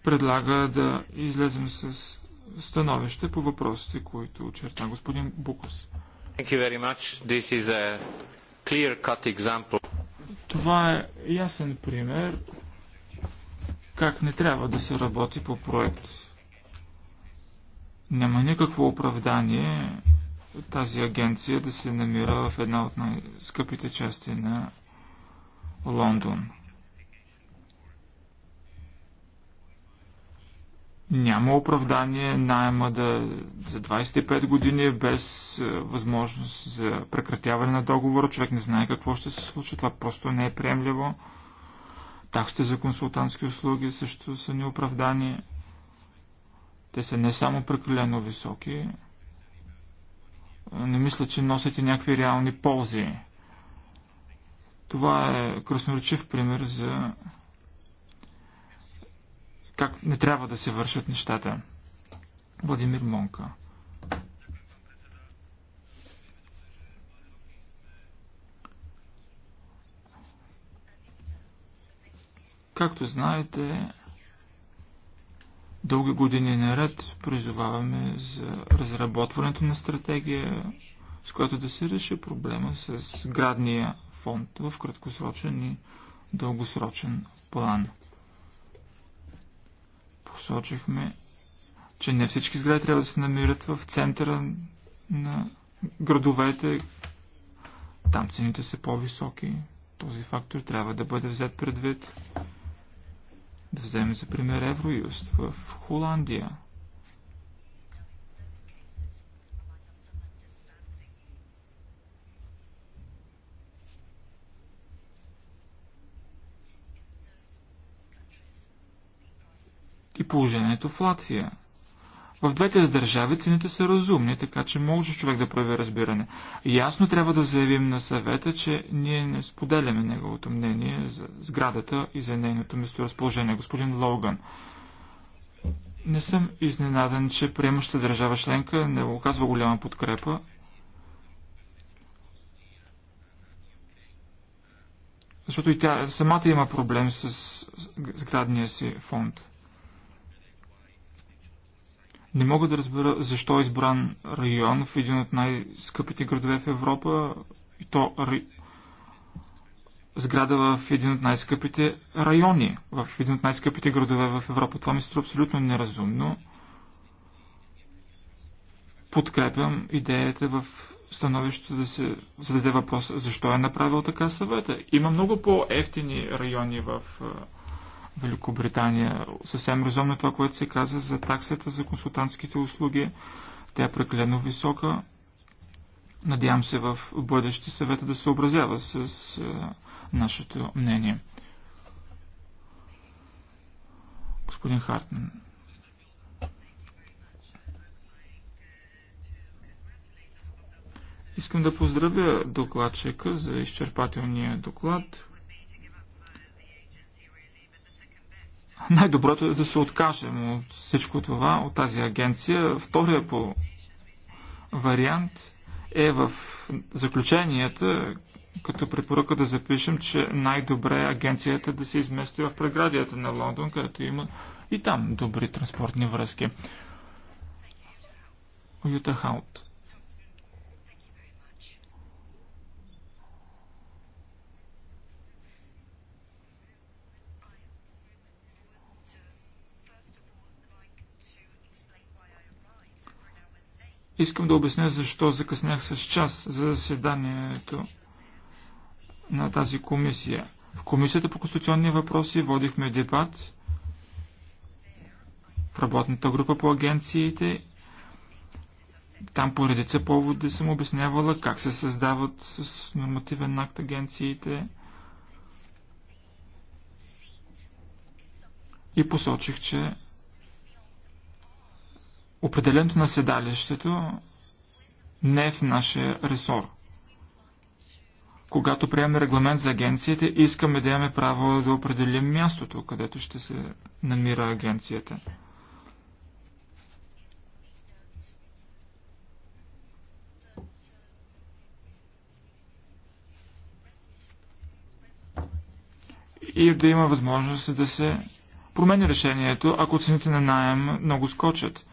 предлага да излезем с становище по въпросите, които очерта господин Букус. Това е ясен пример как не трябва да се работи по проект. Няма никакво оправдание тази агенция да се намира в една от най-скъпите части на Лондон. Няма оправдание найема да за 25 години без е, възможност за прекратяване на договора. Човек не знае какво ще се случи. Това просто не е приемливо. Таксите за консултантски услуги също са неоправдани. Те са не само прекалено високи, не мисля, че носят и някакви реални ползи. Това е красноречив пример за как не трябва да се вършат нещата. Владимир Монка. Както знаете, дълги години наред призоваваме за разработването на стратегия, с която да се реши проблема с градния фонд в краткосрочен и дългосрочен план посочихме, че не всички сгради трябва да се намират в центъра на градовете. Там цените са по-високи. Този фактор трябва да бъде взет предвид. Да вземем за пример Евроюст в Холандия. и положението в Латвия. В двете държави цените са разумни, така че може човек да прояви разбиране. Ясно трябва да заявим на съвета, че ние не споделяме неговото мнение за сградата и за нейното месторазположение. Господин Логан, не съм изненадан, че приемаща държава членка не оказва голяма подкрепа. Защото и тя самата има проблем с сградния си фонд. Не мога да разбера защо е избран район в един от най-скъпите градове в Европа и то сграда в един от най-скъпите райони, в един от най-скъпите градове в Европа. Това ми се струва абсолютно неразумно. Подкрепям идеята в становището да се зададе въпрос защо е направил така съвета. Има много по-ефтини райони в Великобритания. Съвсем разумно е това, което се каза за таксата за консултантските услуги. Тя е прекалено висока. Надявам се в бъдеще съвета да се образява с е, нашето мнение. Господин Хартман. Искам да поздравя докладчика за изчерпателния доклад. най-доброто е да се откажем от всичко това, от тази агенция. Втория по вариант е в заключенията, като препоръка да запишем, че най-добре е агенцията да се измести в преградията на Лондон, където има и там добри транспортни връзки. Юта Хаут. Искам да обясня защо закъснях с час за заседанието на тази комисия. В комисията по конституционни въпроси водихме дебат в работната група по агенциите. Там по редица поводи съм обяснявала как се създават с нормативен акт агенциите. И посочих, че Определенето на седалището не е в нашия ресор. Когато приемем регламент за агенциите, искаме да имаме право да определим мястото, където ще се намира агенцията. и да има възможност да се промени решението, ако цените на найем много скочат.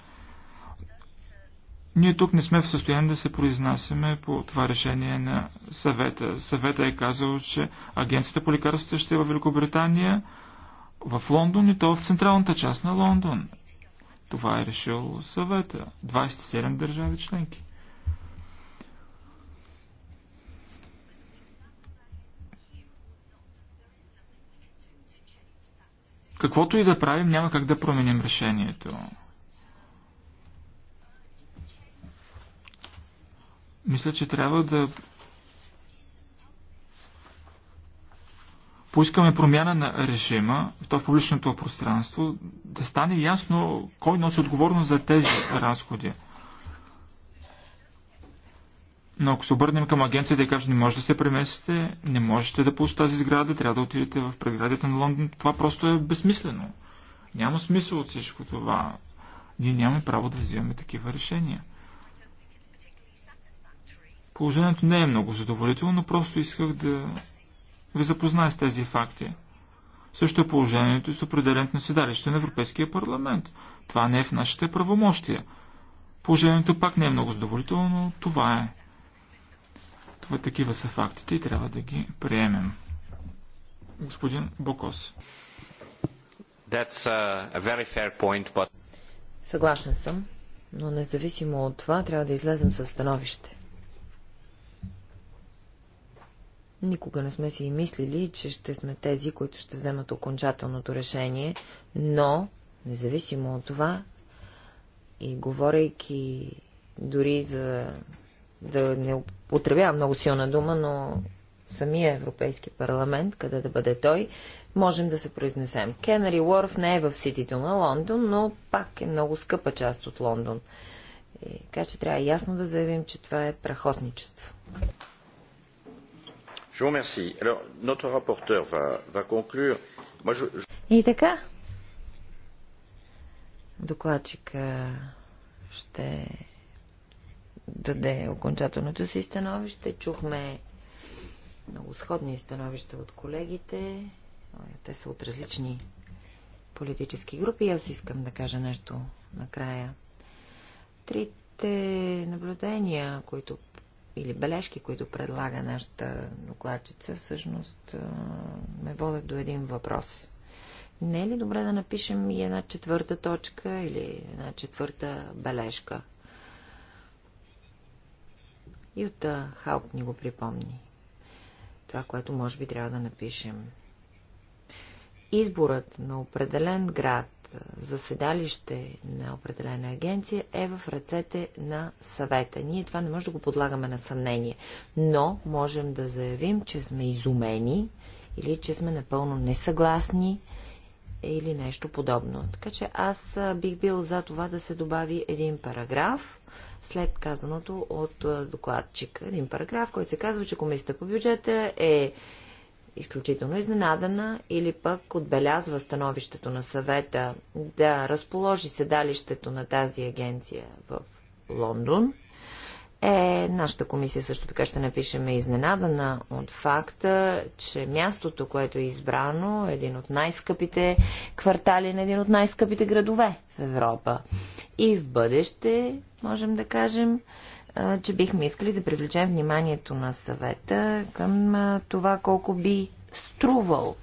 Ние тук не сме в състояние да се произнасяме по това решение на съвета. Съвета е казал, че агенцията по лекарствата ще е в Великобритания, в Лондон и то в централната част на Лондон. Това е решил съвета. 27 държави членки. Каквото и да правим, няма как да променим решението. Мисля, че трябва да поискаме промяна на режима, то в публичното пространство, да стане ясно кой носи отговорност за тези разходи. Но ако се обърнем към агенцията и кажем, не можете да се преместите, не можете да пусте тази сграда, трябва да отидете в преградите на Лондон, това просто е безсмислено. Няма смисъл от всичко това. Ние нямаме право да взимаме такива решения. Положението не е много задоволително, но просто исках да ви запозная с тези факти. Също е положението и с определенето на седалище на Европейския парламент. Това не е в нашите правомощия. Положението пак не е много задоволително, но това е. Това такива са фактите и трябва да ги приемем. Господин Бокос. That's uh, a very fair point, but... Съгласен съм, но независимо от това трябва да излезем със становище. Никога не сме си и мислили, че ще сме тези, които ще вземат окончателното решение, но, независимо от това, и говорейки дори за да не употребявам много силна дума, но самия Европейски парламент, къде да бъде той, можем да се произнесем. Кенери Уорф не е в ситито на Лондон, но пак е много скъпа част от Лондон. Така че трябва ясно да заявим, че това е прахосничество. Je vous remercie. Alors, notre rapporteur va, va conclure. Moi, je, je... И така, Докладчика ще даде окончателното си становище. Чухме много сходни становища от колегите. Те са от различни политически групи. Аз искам да кажа нещо накрая. Трите наблюдения, които или бележки, които предлага нашата докладчица, всъщност ме водят до един въпрос. Не е ли добре да напишем и една четвърта точка или една четвърта бележка? Юта Халп ни го припомни. Това, което може би трябва да напишем. Изборът на определен град за седалище на определена агенция е в ръцете на съвета. Ние това не може да го подлагаме на съмнение, но можем да заявим, че сме изумени или че сме напълно несъгласни или нещо подобно. Така че аз бих бил за това да се добави един параграф след казаното от докладчика. Един параграф, който се казва, че комисията по бюджета е изключително изненадана или пък отбелязва становището на съвета да разположи седалището на тази агенция в Лондон, е, нашата комисия също така ще напишеме изненадана от факта, че мястото, което е избрано, е един от най-скъпите квартали на един от най-скъпите градове в Европа. И в бъдеще, можем да кажем, че бихме искали да привлечем вниманието на съвета към това колко би струвал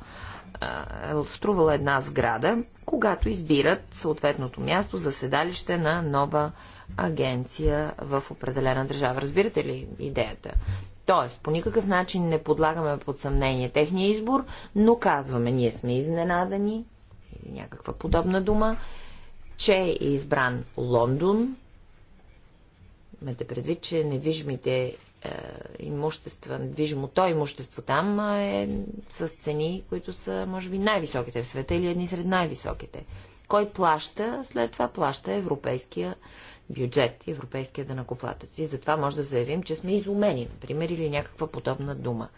е, струвала една сграда, когато избират съответното място за седалище на нова агенция в определена държава. Разбирате ли идеята? Тоест, по никакъв начин не подлагаме под съмнение техния избор, но казваме, ние сме изненадани, или някаква подобна дума, че е избран Лондон Имате предвид, че недвижимите е, имущества, недвижимото имущество там е с цени, които са, може би, най-високите в света или едни сред най-високите. Кой плаща? След това плаща Европейския бюджет, европейския данакоплатец. И затова може да заявим, че сме изумени, например, или някаква подобна дума.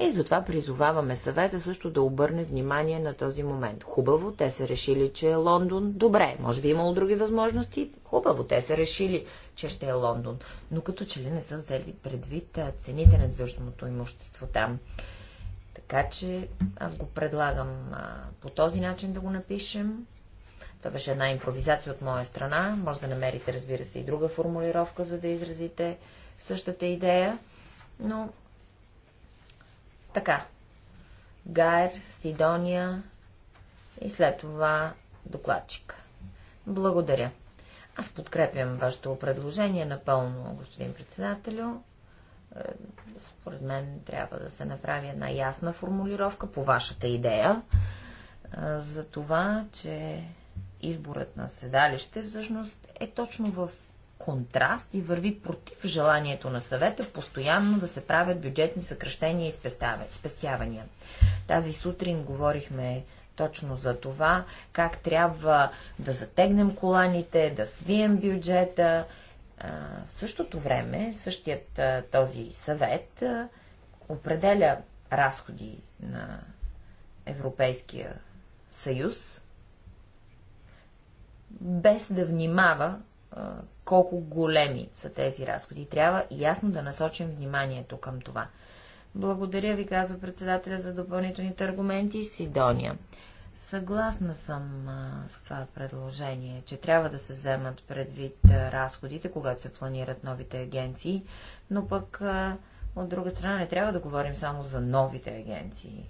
И затова призоваваме съвета също да обърне внимание на този момент. Хубаво, те са решили, че е Лондон. Добре, може би е имало други възможности. Хубаво, те са решили, че ще е Лондон. Но като че ли не са взели предвид цените на движимото имущество там. Така че аз го предлагам а, по този начин да го напишем това беше една импровизация от моя страна. Може да намерите, разбира се, и друга формулировка, за да изразите същата идея. Но така. Гайер, Сидония и след това докладчика. Благодаря. Аз подкрепям вашето предложение напълно, господин председателю. Е, според мен трябва да се направи една ясна формулировка по вашата идея е, за това, че изборът на седалище всъщност е точно в контраст и върви против желанието на съвета постоянно да се правят бюджетни съкръщения и спестявания. Тази сутрин говорихме точно за това, как трябва да затегнем коланите, да свием бюджета. В същото време, същият този съвет определя разходи на Европейския съюз без да внимава колко големи са тези разходи. Трябва ясно да насочим вниманието към това. Благодаря ви, казва председателя, за допълнителните аргументи. Сидония. Съгласна съм с това предложение, че трябва да се вземат предвид разходите, когато се планират новите агенции, но пък от друга страна не трябва да говорим само за новите агенции.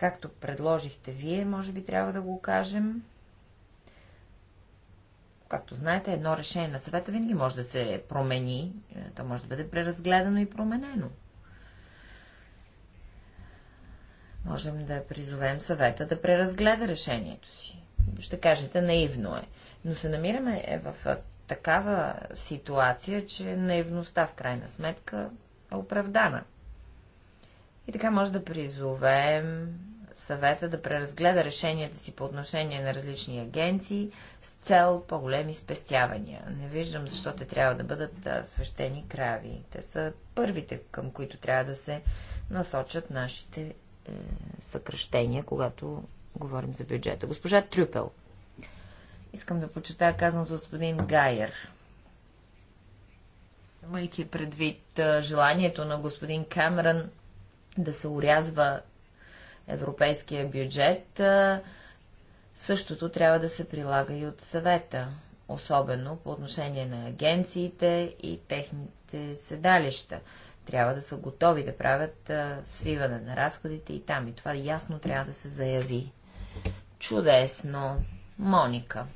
както предложихте вие, може би трябва да го кажем. Както знаете, едно решение на съвета винаги може да се промени, е, то може да бъде преразгледано и променено. Можем да призовем съвета да преразгледа решението си. Ще кажете, наивно е. Но се намираме е, в такава ситуация, че наивността в крайна сметка е оправдана. И така може да призовем съвета да преразгледа решенията си по отношение на различни агенции с цел по-големи спестявания. Не виждам защо те трябва да бъдат свещени крави. Те са първите, към които трябва да се насочат нашите е, съкръщения, когато говорим за бюджета. Госпожа Трюпел. Искам да почитая казаното господин Гайер. Майки предвид желанието на господин Камерън да се урязва европейския бюджет, същото трябва да се прилага и от съвета, особено по отношение на агенциите и техните седалища. Трябва да са готови да правят свиване на разходите и там. И това ясно трябва да се заяви. Чудесно! Моника.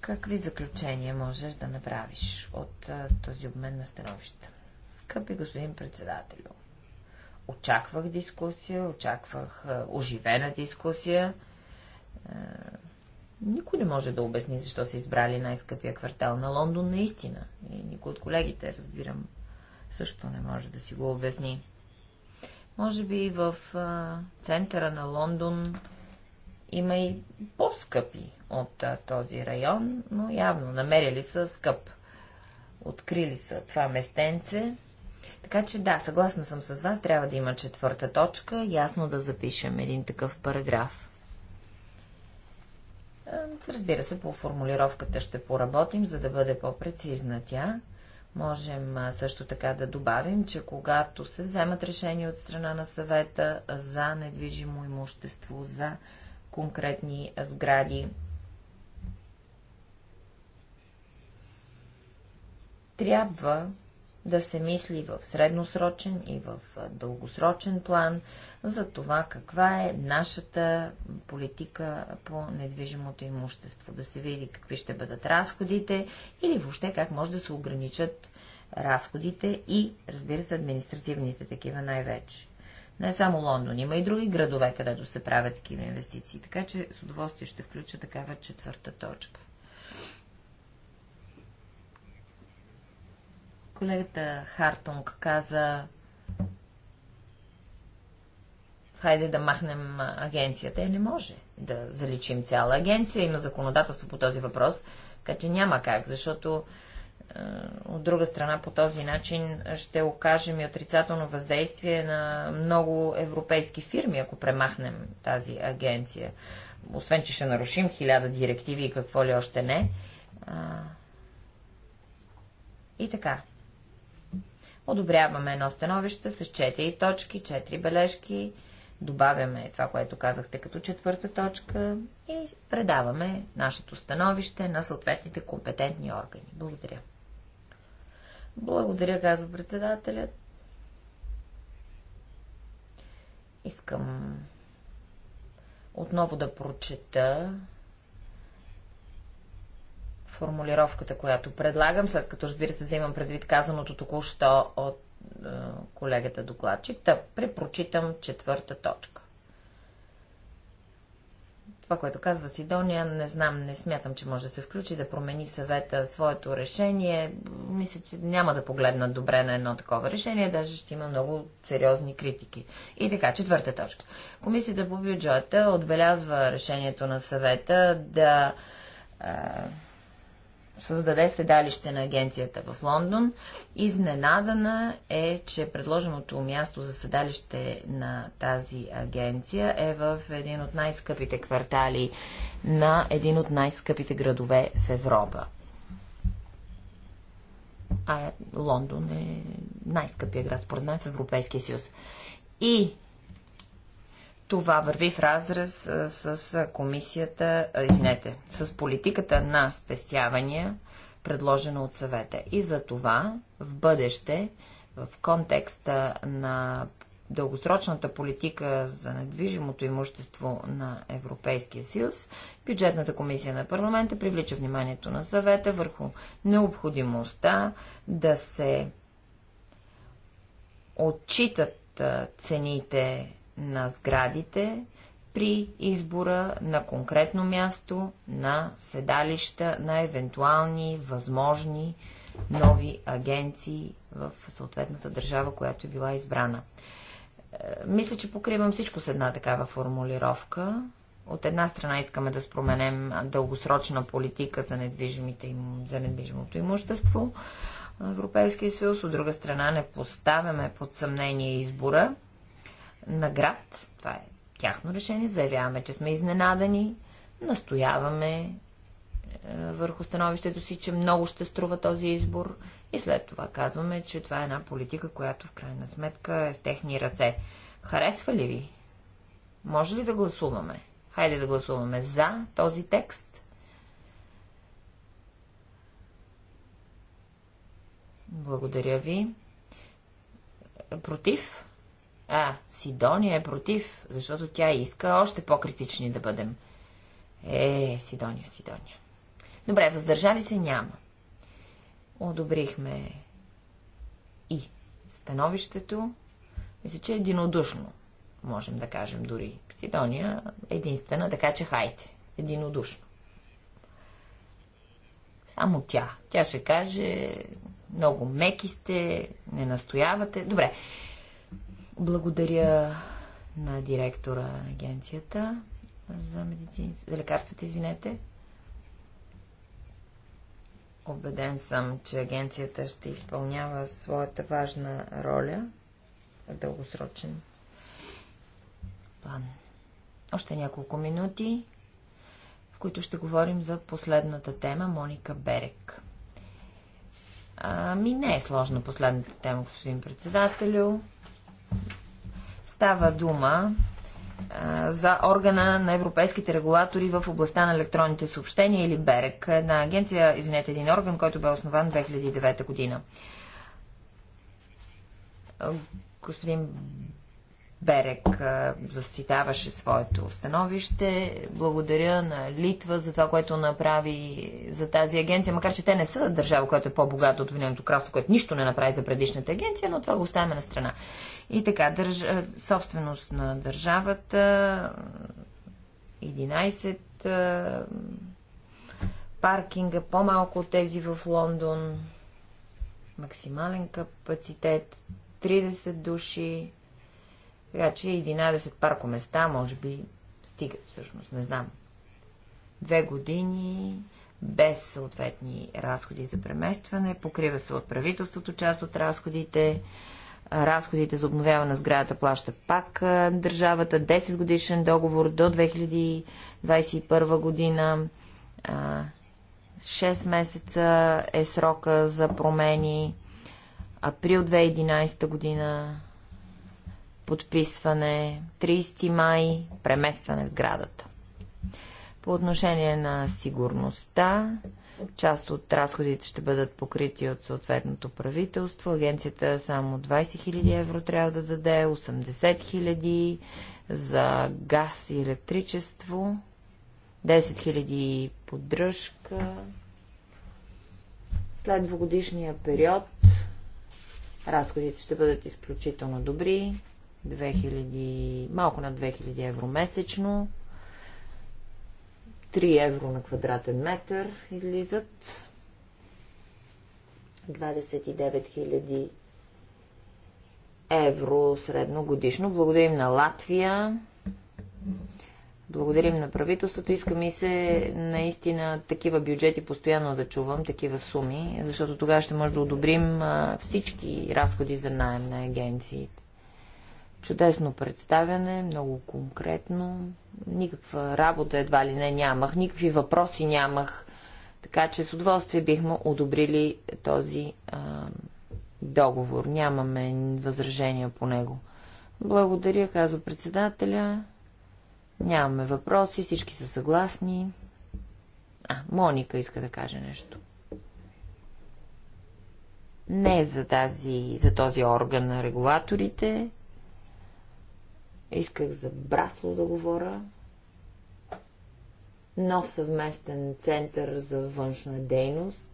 Какви заключения можеш да направиш от този обмен на становища? Скъпи господин председателю, очаквах дискусия, очаквах е, оживена дискусия. Е, никой не може да обясни, защо са избрали най-скъпия квартал на Лондон, наистина. И никой от колегите, разбирам, също не може да си го обясни. Може би в е, центъра на Лондон има и по-скъпи от този район, но явно намерили са скъп. Открили са това местенце. Така че да, съгласна съм с вас, трябва да има четвърта точка, ясно да запишем един такъв параграф. Разбира се, по формулировката ще поработим, за да бъде по-прецизна тя. Можем също така да добавим, че когато се вземат решения от страна на съвета за недвижимо имущество, за конкретни сгради, трябва да се мисли в средносрочен и в дългосрочен план за това каква е нашата политика по недвижимото имущество. Да се види какви ще бъдат разходите или въобще как може да се ограничат разходите и, разбира се, административните такива най-вече. Не само Лондон, има и други градове, където се правят такива инвестиции. Така че с удоволствие ще включа такава четвърта точка. Колегата Хартунг каза, хайде да махнем агенцията. Е, не може да заличим цяла агенция. Има законодателство по този въпрос, така че няма как, защото от друга страна по този начин ще окажем и отрицателно въздействие на много европейски фирми, ако премахнем тази агенция. Освен, че ще нарушим хиляда директиви и какво ли още не. И така. Одобряваме едно становище с 4 точки, 4 бележки, добавяме това, което казахте като четвърта точка и предаваме нашето становище на съответните компетентни органи. Благодаря. Благодаря, казва председателят. Искам отново да прочета формулировката, която предлагам, след като разбира се взимам предвид казаното току-що от е, колегата докладчик. да препрочитам четвърта точка. Това, което казва Сидония, не знам, не смятам, че може да се включи, да промени съвета своето решение. Мисля, че няма да погледна добре на едно такова решение, даже ще има много сериозни критики. И така, четвърта точка. Комисията по бюджета отбелязва решението на съвета да е, създаде седалище на агенцията в Лондон. Изненадана е, че предложеното място за седалище на тази агенция е в един от най-скъпите квартали на един от най-скъпите градове в Европа. А Лондон е най-скъпия град, според мен, в Европейския съюз. И това върви в разрез с комисията, извинете, с политиката на спестявания, предложена от съвета. И за това в бъдеще, в контекста на дългосрочната политика за недвижимото имущество на Европейския съюз, бюджетната комисия на парламента привлича вниманието на съвета върху необходимостта да се отчитат цените на сградите при избора на конкретно място, на седалища, на евентуални възможни нови агенции в съответната държава, която е била избрана. Е, мисля, че покривам всичко с една такава формулировка. От една страна искаме да споменем дългосрочна политика за, недвижимите им, за недвижимото имущество на Европейския съюз, от друга страна не поставяме под съмнение избора наград. Това е тяхно решение. Заявяваме, че сме изненадани. Настояваме е, върху становището си, че много ще струва този избор и след това казваме, че това е една политика, която в крайна сметка е в техни ръце. Харесва ли ви? Може ли да гласуваме? Хайде да гласуваме за този текст. Благодаря ви. Против? А, Сидония е против, защото тя иска още по-критични да бъдем. Е, Сидония, Сидония. Добре, въздържали се няма. Одобрихме и становището. Мисля, че единодушно, можем да кажем дори. Сидония е единствена, така че хайте. Единодушно. Само тя. Тя ще каже, много меки сте, не настоявате. Добре. Благодаря на директора на агенцията за, медицин... за лекарствата, извинете. Обеден съм, че агенцията ще изпълнява своята важна роля в дългосрочен план. Още няколко минути, в които ще говорим за последната тема Моника Берек. Ами не е сложна последната тема, господин председателю. Става дума за органа на европейските регулатори в областта на електронните съобщения или БЕРЕК, една агенция, извинете, един орган, който бе основан 2009 година. Господин Берек защитаваше своето становище. Благодаря на Литва за това, което направи за тази агенция, макар че те не са държава, която е по-богата от Обединеното кралство, което нищо не направи за предишната агенция, но това го оставяме на страна. И така, държ... собственост на държавата, 11 паркинга, по-малко от тези в Лондон, максимален капацитет, 30 души, така че 11 парко места, може би, стигат всъщност, не знам. Две години без съответни разходи за преместване, покрива се от правителството част от разходите, разходите за обновяване на сградата плаща пак държавата, 10 годишен договор до 2021 година, 6 месеца е срока за промени, април 2011 година подписване 30 май, преместване в сградата. По отношение на сигурността, част от разходите ще бъдат покрити от съответното правителство. Агенцията само 20 000 евро трябва да даде, 80 000 за газ и електричество, 10 000 поддръжка. След двогодишния период разходите ще бъдат изключително добри. 2000, малко над 2000 евро месечно. 3 евро на квадратен метър излизат. 29 000 евро средно годишно. Благодарим на Латвия. Благодарим на правителството. Иска ми се наистина такива бюджети постоянно да чувам, такива суми, защото тогава ще може да одобрим всички разходи за найем на агенциите. Чудесно представяне, много конкретно. Никаква работа едва ли не нямах, никакви въпроси нямах. Така че с удоволствие бихме одобрили този а, договор. Нямаме възражения по него. Благодаря, казва председателя. Нямаме въпроси, всички са съгласни. А, Моника иска да каже нещо. Не за, тази, за този орган на регулаторите, Исках за Брасло да говоря. Нов съвместен център за външна дейност.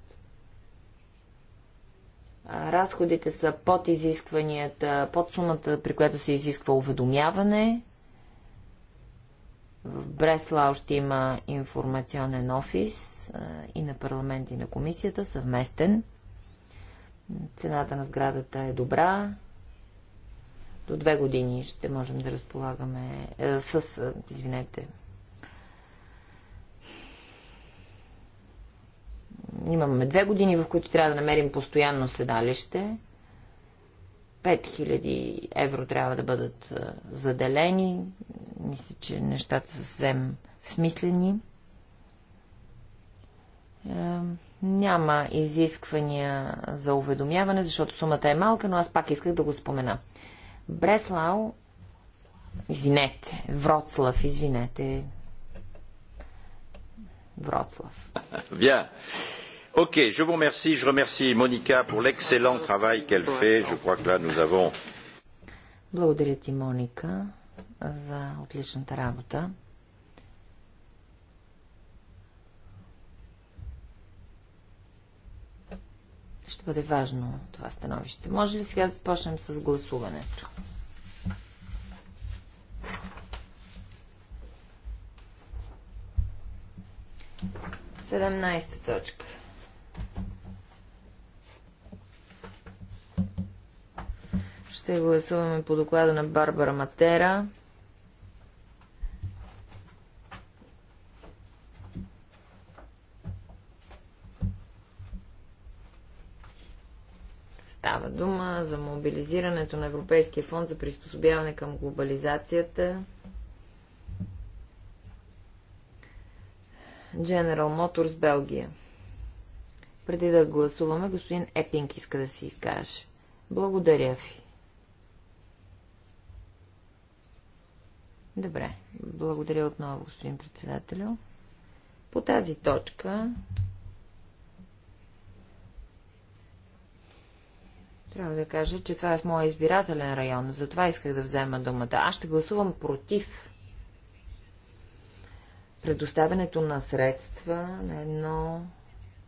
Разходите са под изискванията, под сумата, при която се изисква уведомяване. В Бресла още има информационен офис и на парламент и на комисията, съвместен. Цената на сградата е добра. До две години ще можем да разполагаме е, с, е, извинете, имаме две години, в които трябва да намерим постоянно седалище. 5000 евро трябва да бъдат е, заделени. Мисля, че нещата са съвсем смислени. Е, няма изисквания за уведомяване, защото сумата е малка, но аз пак исках да го спомена. Бреслау, извинете, Вроцлав, извинете, Вроцлав. Bien. Ok, je vous remercie. Je remercie Monica pour l'excellent travail qu'elle fait. Je crois que là nous avons. Благодаря ти, Моника, за отличната работа. Ще бъде важно това становище. Може ли сега да започнем с гласуването? Седемнайста точка. Ще гласуваме по доклада на Барбара Матера. Става дума за мобилизирането на Европейския фонд за приспособяване към глобализацията. General Motors, Белгия. Преди да гласуваме, господин Епинг иска да се изкаже. Благодаря ви. Добре. Благодаря отново, господин председател. По тази точка Трябва да кажа, че това е в моя избирателен район, затова исках да взема думата. Аз ще гласувам против предоставянето на средства на, едно,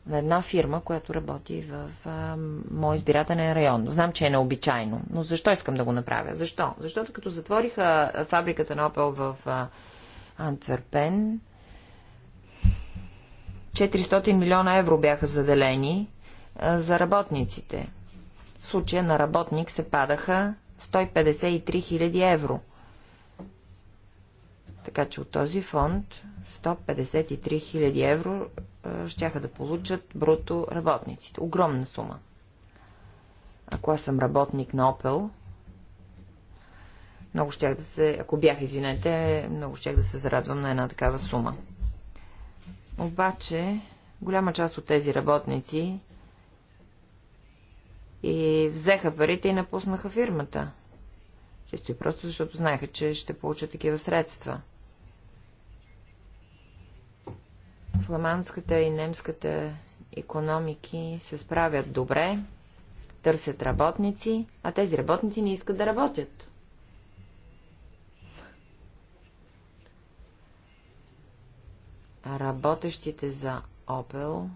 на една фирма, която работи в а, мой избирателен район. Знам, че е необичайно, но защо искам да го направя? Защо? Защото като затвориха фабриката на Опел в а, Антверпен, 400 милиона евро бяха заделени за работниците. В случая на работник се падаха 153 000 евро. Така че от този фонд 153 000 евро ще да получат бруто работниците. Огромна сума. Ако аз съм работник на Опел, много щях да се, ако бях, извинете, много щях да се зарадвам на една такава сума. Обаче, голяма част от тези работници и взеха парите и напуснаха фирмата. Чисто и просто, защото знаеха, че ще получат такива средства. Фламандската и немската економики се справят добре, търсят работници, а тези работници не искат да работят. работещите за Опел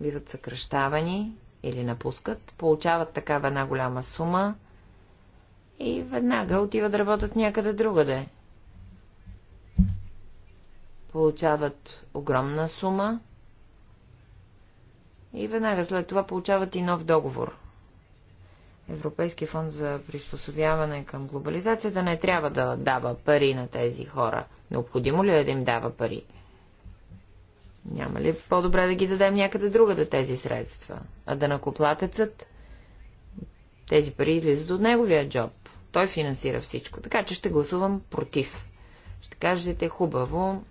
биват съкръщавани или напускат, получават такава една голяма сума и веднага отиват да работят някъде другаде. Получават огромна сума и веднага след това получават и нов договор. Европейски фонд за приспособяване към глобализацията не трябва да дава пари на тези хора. Необходимо ли е да им дава пари? Няма ли по-добре да ги дадем някъде друга да тези средства? А да накоплатецът? Тези пари излизат от неговия джоб. Той финансира всичко. Така че ще гласувам против. Ще кажете хубаво.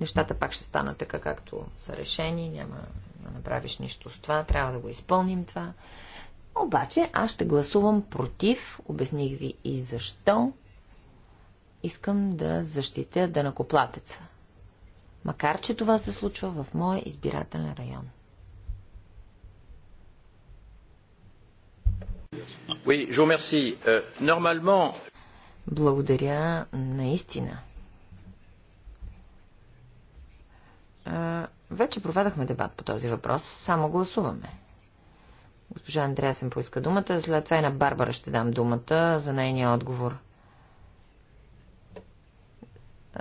Нещата пак ще станат така, както са решени. Няма да направиш нищо с това. Трябва да го изпълним това. Обаче аз ще гласувам против. Обясних ви и защо. Искам да защитя накоплатеца макар че това се случва в моя избирателен район. Oui, je vous remercie. Euh, normalement... Благодаря наистина. А, вече проведахме дебат по този въпрос, само гласуваме. Госпожа Андреасен поиска думата, след това и на Барбара ще дам думата за нейния отговор.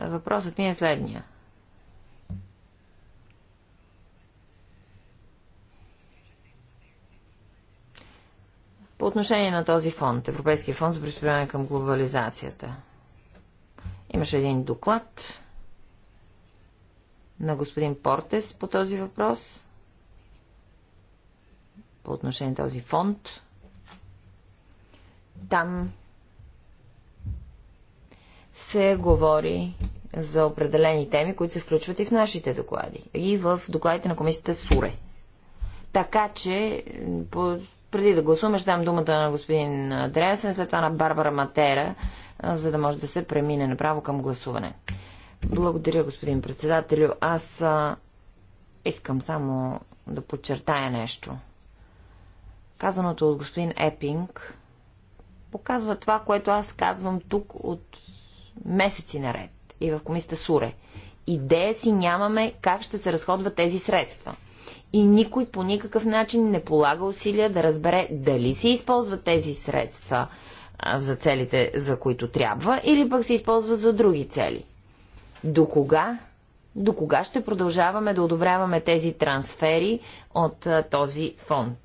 Въпросът ми е следния. По отношение на този фонд, Европейския фонд за приспособяване към глобализацията, имаше един доклад на господин Портес по този въпрос, по отношение на този фонд. Там се говори за определени теми, които се включват и в нашите доклади, и в докладите на комисията СУРЕ. Така че по преди да гласуваме, ще дам думата на господин Дресен, след това на Барбара Матера, за да може да се премине направо към гласуване. Благодаря, господин председателю. Аз а, искам само да подчертая нещо. Казаното от господин Епинг показва това, което аз казвам тук от месеци наред и в комисията Суре. Идея си нямаме как ще се разходват тези средства и никой по никакъв начин не полага усилия да разбере дали се използват тези средства за целите, за които трябва, или пък се използва за други цели. До кога? До кога ще продължаваме да одобряваме тези трансфери от а, този фонд?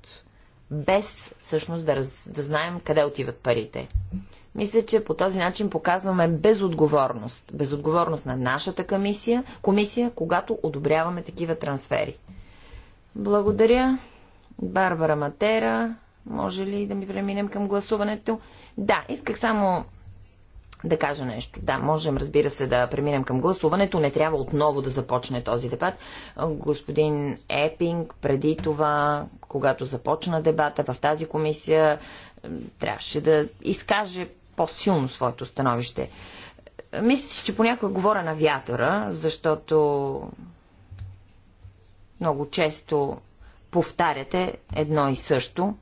Без всъщност да, раз, да знаем къде отиват парите. Мисля, че по този начин показваме безотговорност. Безотговорност на нашата комисия, комисия, когато одобряваме такива трансфери. Благодаря. Барбара Матера, може ли да ми преминем към гласуването? Да, исках само да кажа нещо. Да, можем, разбира се, да преминем към гласуването. Не трябва отново да започне този дебат. Господин Епинг, преди това, когато започна дебата в тази комисия, трябваше да изкаже по-силно своето становище. Мисля, че понякога говоря на вятъра, защото много често повтаряте едно и също.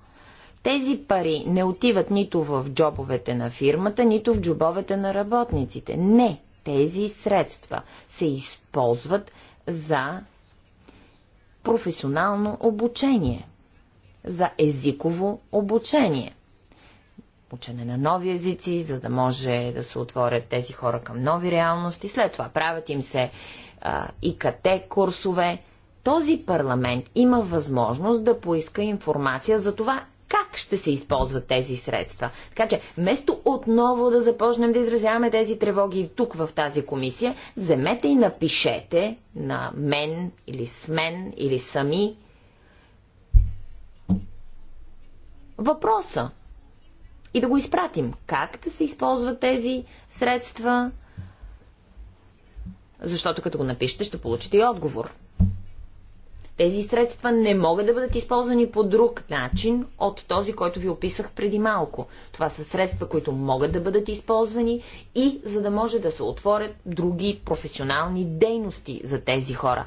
Тези пари не отиват нито в джобовете на фирмата, нито в джобовете на работниците. Не, тези средства се използват за професионално обучение, за езиково обучение учене на нови езици, за да може да се отворят тези хора към нови реалности. След това правят им се а, ИКТ курсове, този парламент има възможност да поиска информация за това как ще се използват тези средства. Така че, вместо отново да започнем да изразяваме тези тревоги тук в тази комисия, вземете и напишете на мен или с мен или сами въпроса и да го изпратим. Как да се използват тези средства? Защото като го напишете, ще получите и отговор. Тези средства не могат да бъдат използвани по друг начин от този, който ви описах преди малко. Това са средства, които могат да бъдат използвани и за да може да се отворят други професионални дейности за тези хора.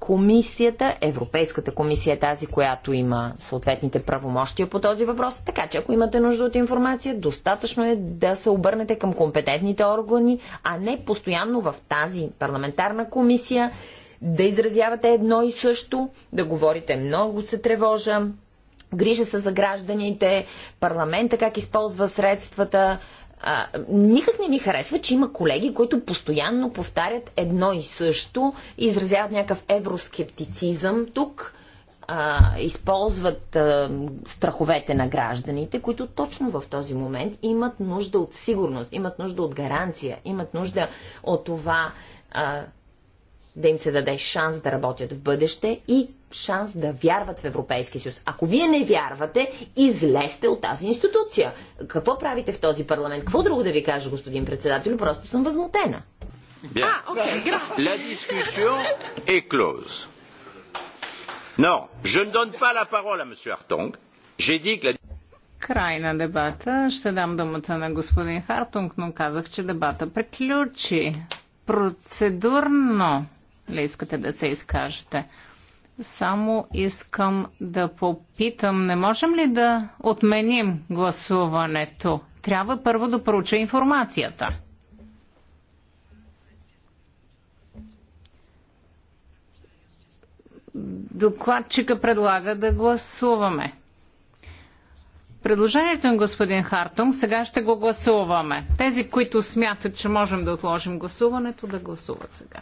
Комисията, Европейската комисия е тази, която има съответните правомощия по този въпрос, така че ако имате нужда от информация, достатъчно е да се обърнете към компетентните органи, а не постоянно в тази парламентарна комисия да изразявате едно и също, да говорите много се тревожа, грижа се за гражданите, парламента как използва средствата. А, никак не ми харесва, че има колеги, които постоянно повтарят едно и също, изразяват някакъв евроскептицизъм тук, а, използват а, страховете на гражданите, които точно в този момент имат нужда от сигурност, имат нужда от гаранция, имат нужда от това а, да им се даде шанс да работят в бъдеще и шанс да вярват в Европейския съюз. Ако вие не вярвате, излезте от тази институция. Какво правите в този парламент? Какво друго да ви кажа, господин председател? Просто съм възмутена. Bien. Ah, okay, gracias. La discussion est close. Non, je ne donne pas la parole à M. Hartong. J'ai dit que la... Край на дебата. Ще дам думата на господин Хартунг, но казах, че дебата приключи процедурно ли искате да се изкажете? Само искам да попитам, не можем ли да отменим гласуването? Трябва първо да проуча информацията. Докладчика предлага да гласуваме. Предложението на господин Хартунг сега ще го гласуваме. Тези, които смятат, че можем да отложим гласуването, да гласуват сега.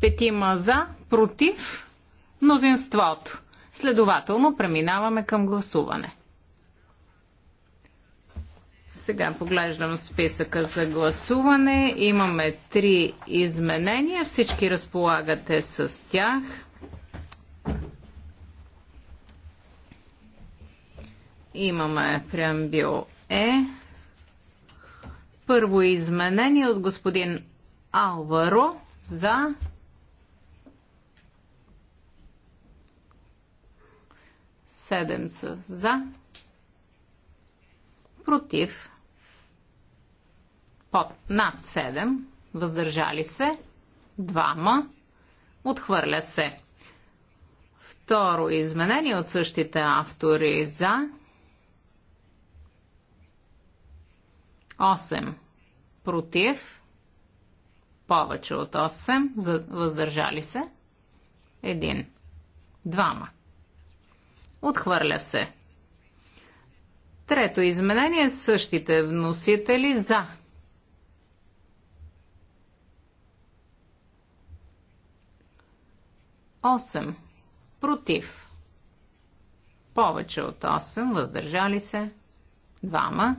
Петима за, против, мнозинството. Следователно преминаваме към гласуване. Сега поглеждам списъка за гласуване. Имаме три изменения. Всички разполагате с тях. Имаме преамбил Е. Първо изменение от господин Алваро за 7 са за, против, под, над 7, въздържали се, двама, отхвърля се. Второ изменение от същите автори за 8 против, повече от 8, въздържали се, 1, двама. Отхвърля се. Трето изменение същите вносители за. Осем. Против. Повече от 8. Въздържали се. Двама.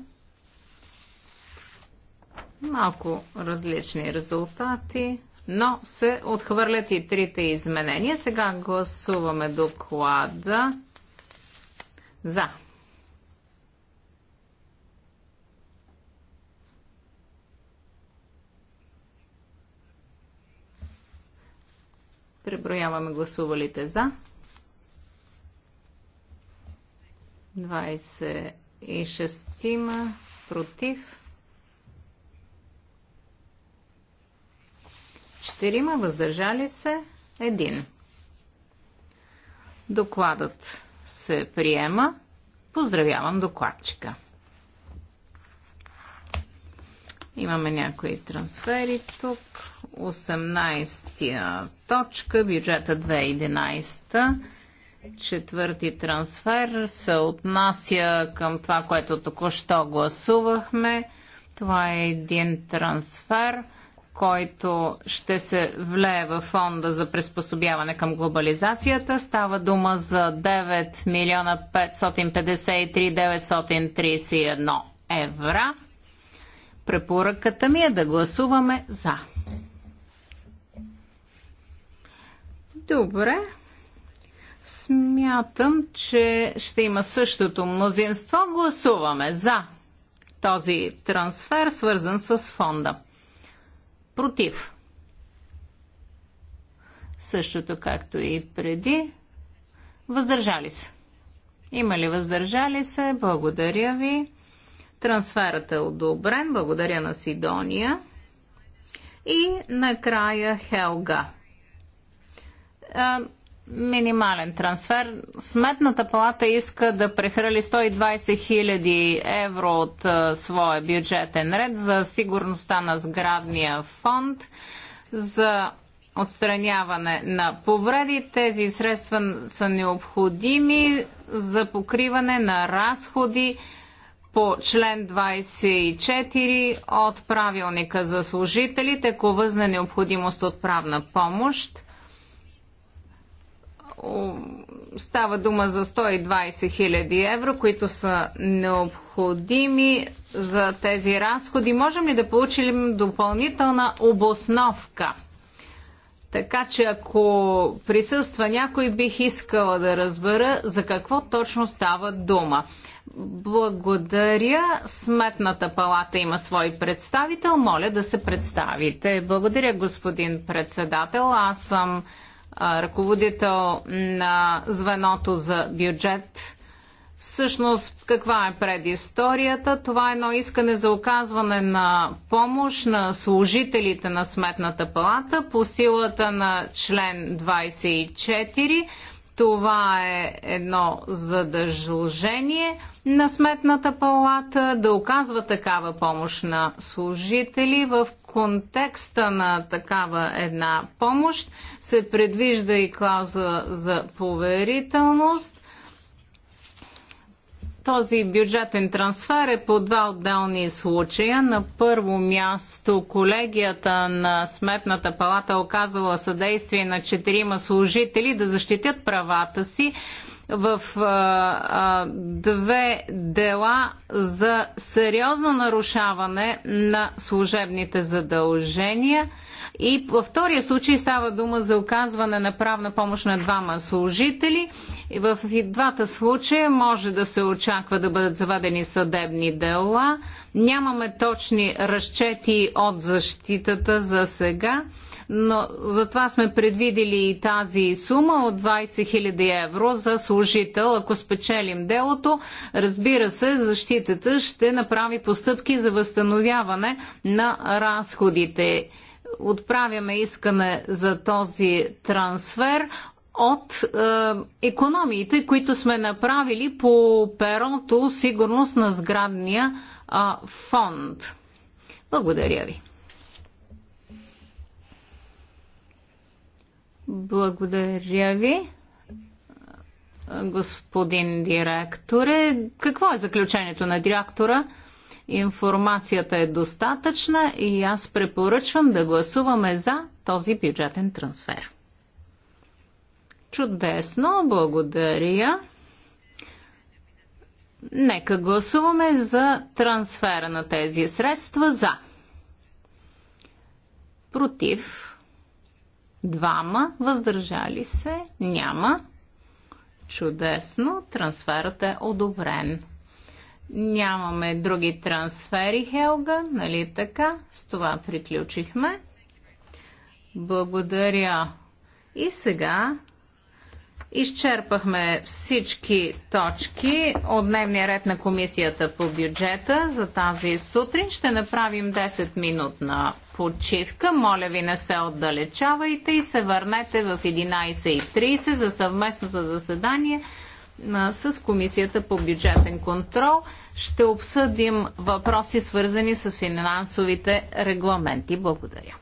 Малко различни резултати, но се отхвърлят и трите изменения. Сега гласуваме доклада за. Преброяваме гласувалите за. 26 против. 4 въздържали се. 1. Докладът се приема. Поздравявам докладчика. Имаме някои трансфери тук. 18 точка, бюджета 2011. Четвърти трансфер се отнася към това, което току-що гласувахме. Това е един трансфер – който ще се влее в фонда за приспособяване към глобализацията. Става дума за 9 милиона 553 931 евра. Препоръката ми е да гласуваме за. Добре. Смятам, че ще има същото мнозинство. Гласуваме за този трансфер, свързан с фонда. Против. Същото както и преди. Въздържали се. Има ли въздържали се? Благодаря ви. Трансферът е одобрен. Благодаря на Сидония. И накрая Хелга минимален трансфер. Сметната палата иска да прехрали 120 хиляди евро от а, своя бюджетен ред за сигурността на сградния фонд, за отстраняване на повреди. Тези средства са необходими за покриване на разходи по член 24 от правилника за служителите, ако възне необходимост от правна помощ става дума за 120 хиляди евро, които са необходими за тези разходи. Можем ли да получим допълнителна обосновка? Така че ако присъства някой, бих искала да разбера за какво точно става дума. Благодаря. Сметната палата има свой представител. Моля да се представите. Благодаря, господин председател. Аз съм ръководител на звеното за бюджет. Всъщност, каква е предисторията? Това е едно искане за оказване на помощ на служителите на Сметната палата по силата на член 24. Това е едно задължение на Сметната палата да оказва такава помощ на служители в контекста на такава една помощ се предвижда и клауза за поверителност. Този бюджетен трансфер е по два отделни случая. На първо място колегията на Сметната палата оказала съдействие на четирима служители да защитят правата си в а, а, две дела за сериозно нарушаване на служебните задължения. И във втория случай става дума за оказване на правна помощ на двама служители. И в и двата случая може да се очаква да бъдат заведени съдебни дела. Нямаме точни разчети от защитата за сега но затова сме предвидили и тази сума от 20 000 евро за служител, ако спечелим делото. Разбира се, защитата ще направи постъпки за възстановяване на разходите. Отправяме искане за този трансфер от е, економиите, които сме направили по перото сигурност на сградния е, фонд. Благодаря ви. Благодаря ви. Господин директоре, какво е заключението на директора? Информацията е достатъчна и аз препоръчвам да гласуваме за този бюджетен трансфер. Чудесно, благодаря. Нека гласуваме за трансфера на тези средства за. Против. Двама. Въздържали се? Няма. Чудесно. Трансферът е одобрен. Нямаме други трансфери, Хелга, нали така? С това приключихме. Благодаря. И сега изчерпахме всички точки от дневния ред на комисията по бюджета за тази сутрин. Ще направим 10 на почивка. Моля ви, не се отдалечавайте и се върнете в 11.30 за съвместното заседание с Комисията по бюджетен контрол. Ще обсъдим въпроси, свързани с финансовите регламенти. Благодаря.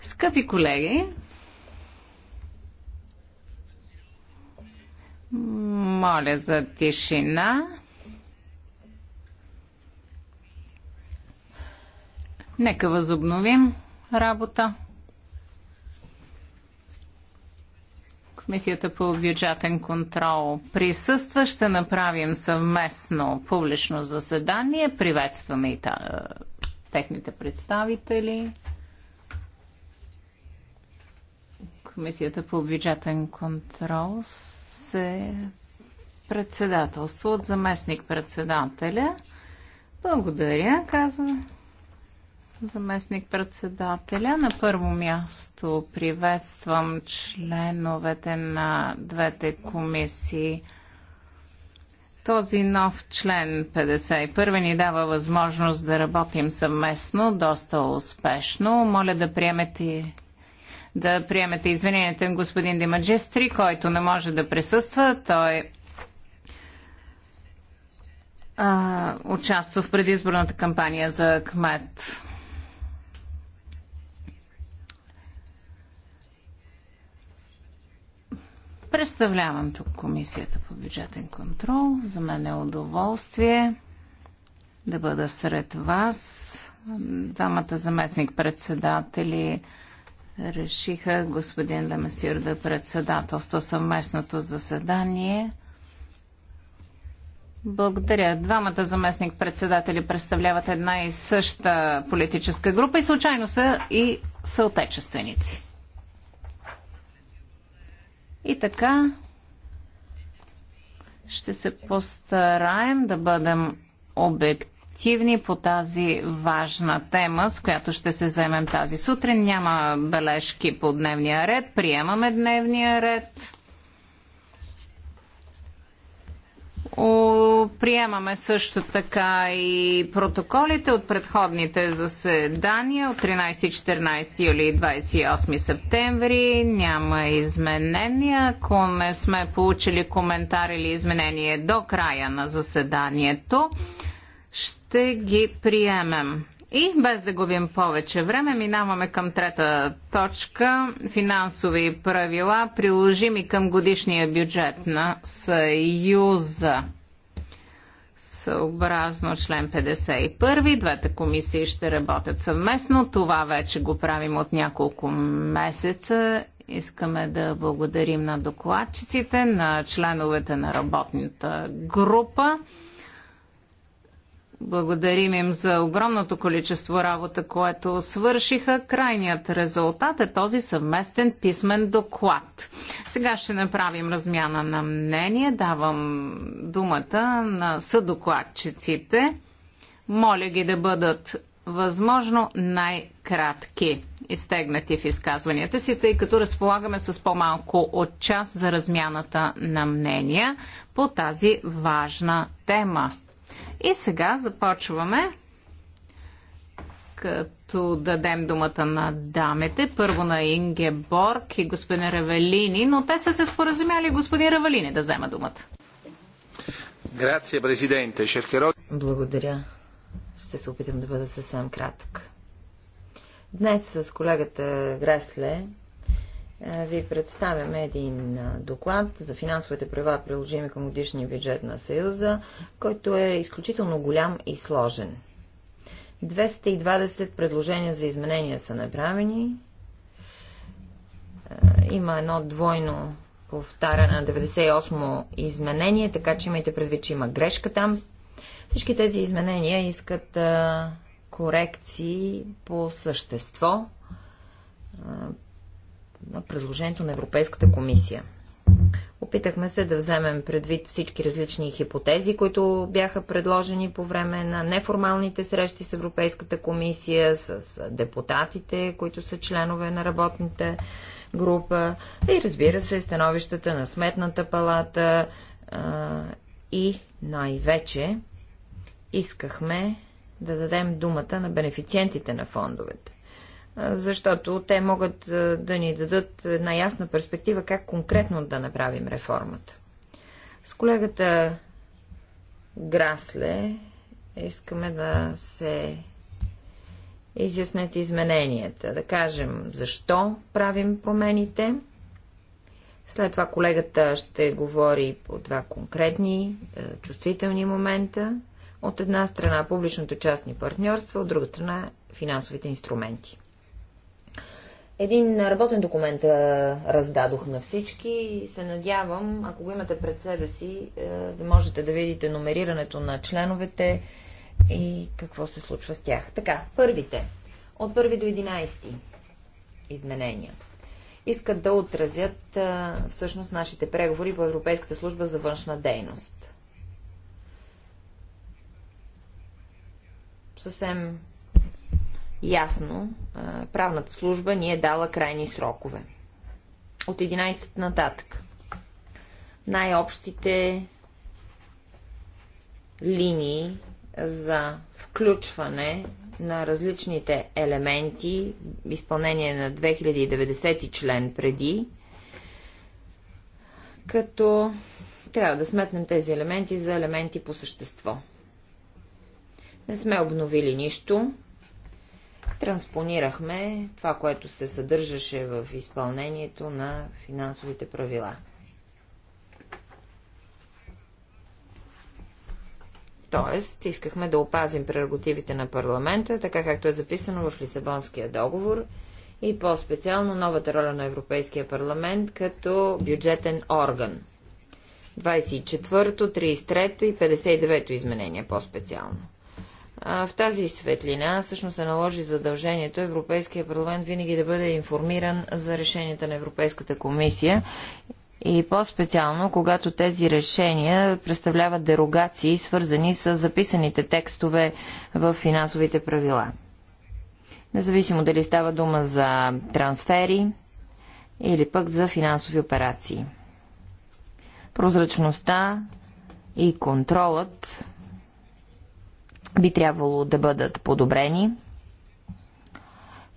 Скъпи колеги, моля за тишина. Нека възобновим работа. Комисията по бюджетен контрол присъства. Ще направим съвместно публично заседание. Приветстваме и та, е, техните представители. Комисията по бюджетен контрол се председателства от заместник председателя. Благодаря, казвам заместник-председателя. На първо място приветствам членовете на двете комисии. Този нов член 51 ни дава възможност да работим съвместно, доста успешно. Моля да приемете да приемете извиненията на господин Димаджестри, който не може да присъства. Той а, участва в предизборната кампания за кмет Представлявам тук Комисията по бюджетен контрол. За мен е удоволствие да бъда сред вас. Двамата заместник-председатели решиха господин Лемесир да председателства съвместното заседание. Благодаря. Двамата заместник-председатели представляват една и съща политическа група и случайно са и съотечественици. И така ще се постараем да бъдем обективни по тази важна тема, с която ще се займем тази сутрин. Няма бележки по дневния ред. Приемаме дневния ред. Приемаме също така и протоколите от предходните заседания от 13-14 юли и 28 септември. Няма изменения. Ако не сме получили коментар или изменение до края на заседанието, ще ги приемем. И без да губим повече време, минаваме към трета точка финансови правила, приложими към годишния бюджет на Съюза. Съобразно член 51, двете комисии ще работят съвместно. Това вече го правим от няколко месеца. Искаме да благодарим на докладчиците, на членовете на работната група. Благодарим им за огромното количество работа, което свършиха. Крайният резултат е този съвместен писмен доклад. Сега ще направим размяна на мнение. Давам думата на съдокладчиците. Моля ги да бъдат възможно най-кратки изтегнати в изказванията си, тъй като разполагаме с по-малко от час за размяната на мнения по тази важна тема. И сега започваме като дадем думата на дамите, първо на Инге Борг и господин Ревелини, но те са се споразумяли господин Ревелини да взема думата. Грация, президенте. Шеркеро... Благодаря. Ще се опитам да бъда съвсем кратък. Днес с колегата Гресле е, ви представяме един доклад за финансовите права, приложими към годишния бюджет на Съюза, който е изключително голям и сложен. 220 предложения за изменения са направени. Е, има едно двойно повтаряне на 98 изменение, така че имайте предвид, че има грешка там. Всички тези изменения искат корекции по същество на предложението на Европейската комисия. Опитахме се да вземем предвид всички различни хипотези, които бяха предложени по време на неформалните срещи с Европейската комисия, с депутатите, които са членове на работните група и разбира се становищата на Сметната палата а, и най-вече искахме да дадем думата на бенефициентите на фондовете защото те могат да ни дадат една ясна перспектива как конкретно да направим реформата. С колегата Грасле искаме да се изяснят измененията, да кажем защо правим промените. След това колегата ще говори по два конкретни, е, чувствителни момента. От една страна публичното частни партньорства, от друга страна финансовите инструменти. Един работен документ раздадох на всички и се надявам, ако го имате пред себе си, да можете да видите номерирането на членовете и какво се случва с тях. Така, първите. От първи до 11 изменения. Искат да отразят всъщност нашите преговори по Европейската служба за външна дейност. Съвсем ясно, правната служба ни е дала крайни срокове. От 11 нататък. Най-общите линии за включване на различните елементи, изпълнение на 2090 член преди, като трябва да сметнем тези елементи за елементи по същество. Не сме обновили нищо, транспонирахме това, което се съдържаше в изпълнението на финансовите правила. Тоест, искахме да опазим прерогативите на парламента, така както е записано в Лисабонския договор и по-специално новата роля на Европейския парламент като бюджетен орган. 24, то 33 и 59 то изменение по-специално в тази светлина всъщност се наложи задължението Европейския парламент винаги да бъде информиран за решенията на Европейската комисия и по-специално, когато тези решения представляват дерогации, свързани с записаните текстове в финансовите правила. Независимо дали става дума за трансфери или пък за финансови операции. Прозрачността и контролът би трябвало да бъдат подобрени.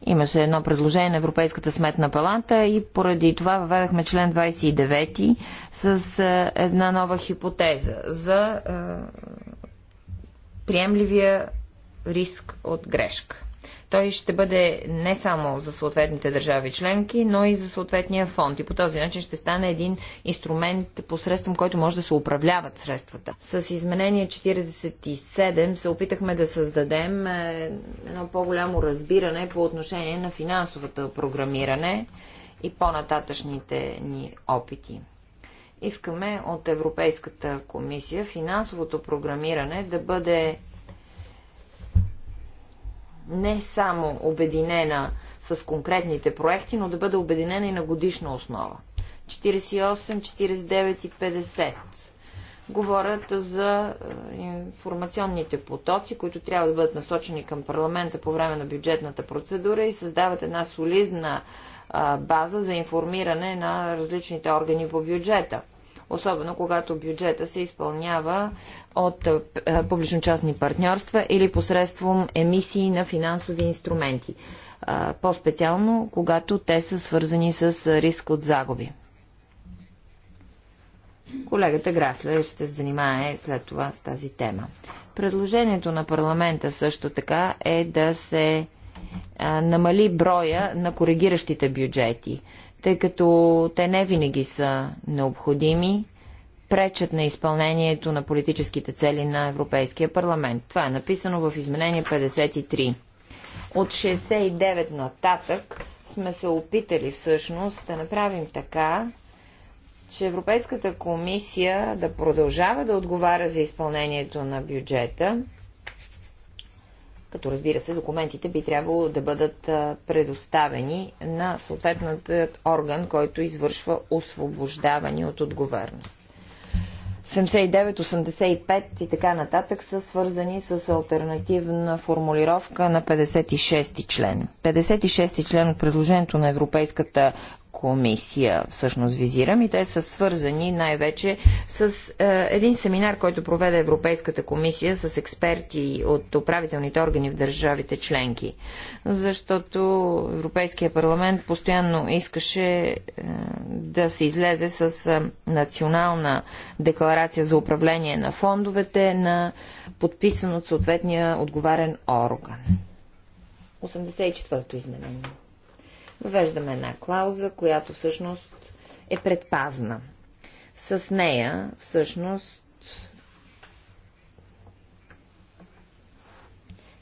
Имаше едно предложение на Европейската сметна палата и поради това въведахме член 29 с е, една нова хипотеза за е, приемливия риск от грешка той ще бъде не само за съответните държави членки, но и за съответния фонд. И по този начин ще стане един инструмент, посредством който може да се управляват средствата. С изменение 47 се опитахме да създадем е, едно по-голямо разбиране по отношение на финансовата програмиране и по-нататъчните ни опити искаме от Европейската комисия финансовото програмиране да бъде не само обединена с конкретните проекти, но да бъде обединена и на годишна основа. 48, 49 и 50 говорят за е, информационните потоци, които трябва да бъдат насочени към парламента по време на бюджетната процедура и създават една солизна база за информиране на различните органи по бюджета особено когато бюджета се изпълнява от е, публично-частни партньорства или посредством емисии на финансови инструменти. Е, по-специално, когато те са свързани с риск от загуби. Колегата Грасле ще се занимае след това с тази тема. Предложението на парламента също така е да се е, намали броя на коригиращите бюджети тъй като те не винаги са необходими, пречат на изпълнението на политическите цели на Европейския парламент. Това е написано в изменение 53. От 69 нататък сме се опитали всъщност да направим така, че Европейската комисия да продължава да отговаря за изпълнението на бюджета, като разбира се документите би трябвало да бъдат предоставени на съответният орган, който извършва освобождаване от отговорност. 79, 85 и така нататък са свързани с альтернативна формулировка на 56 член. 56 член от предложението на Европейската комисия всъщност визирам и те са свързани най-вече с е, един семинар, който проведе Европейската комисия с експерти от управителните органи в държавите членки. Защото Европейския парламент постоянно искаше е, да се излезе с е, национална декларация за управление на фондовете на подписан от съответния отговарен орган. 84-то изменение. Въвеждаме една клауза, която всъщност е предпазна. С нея всъщност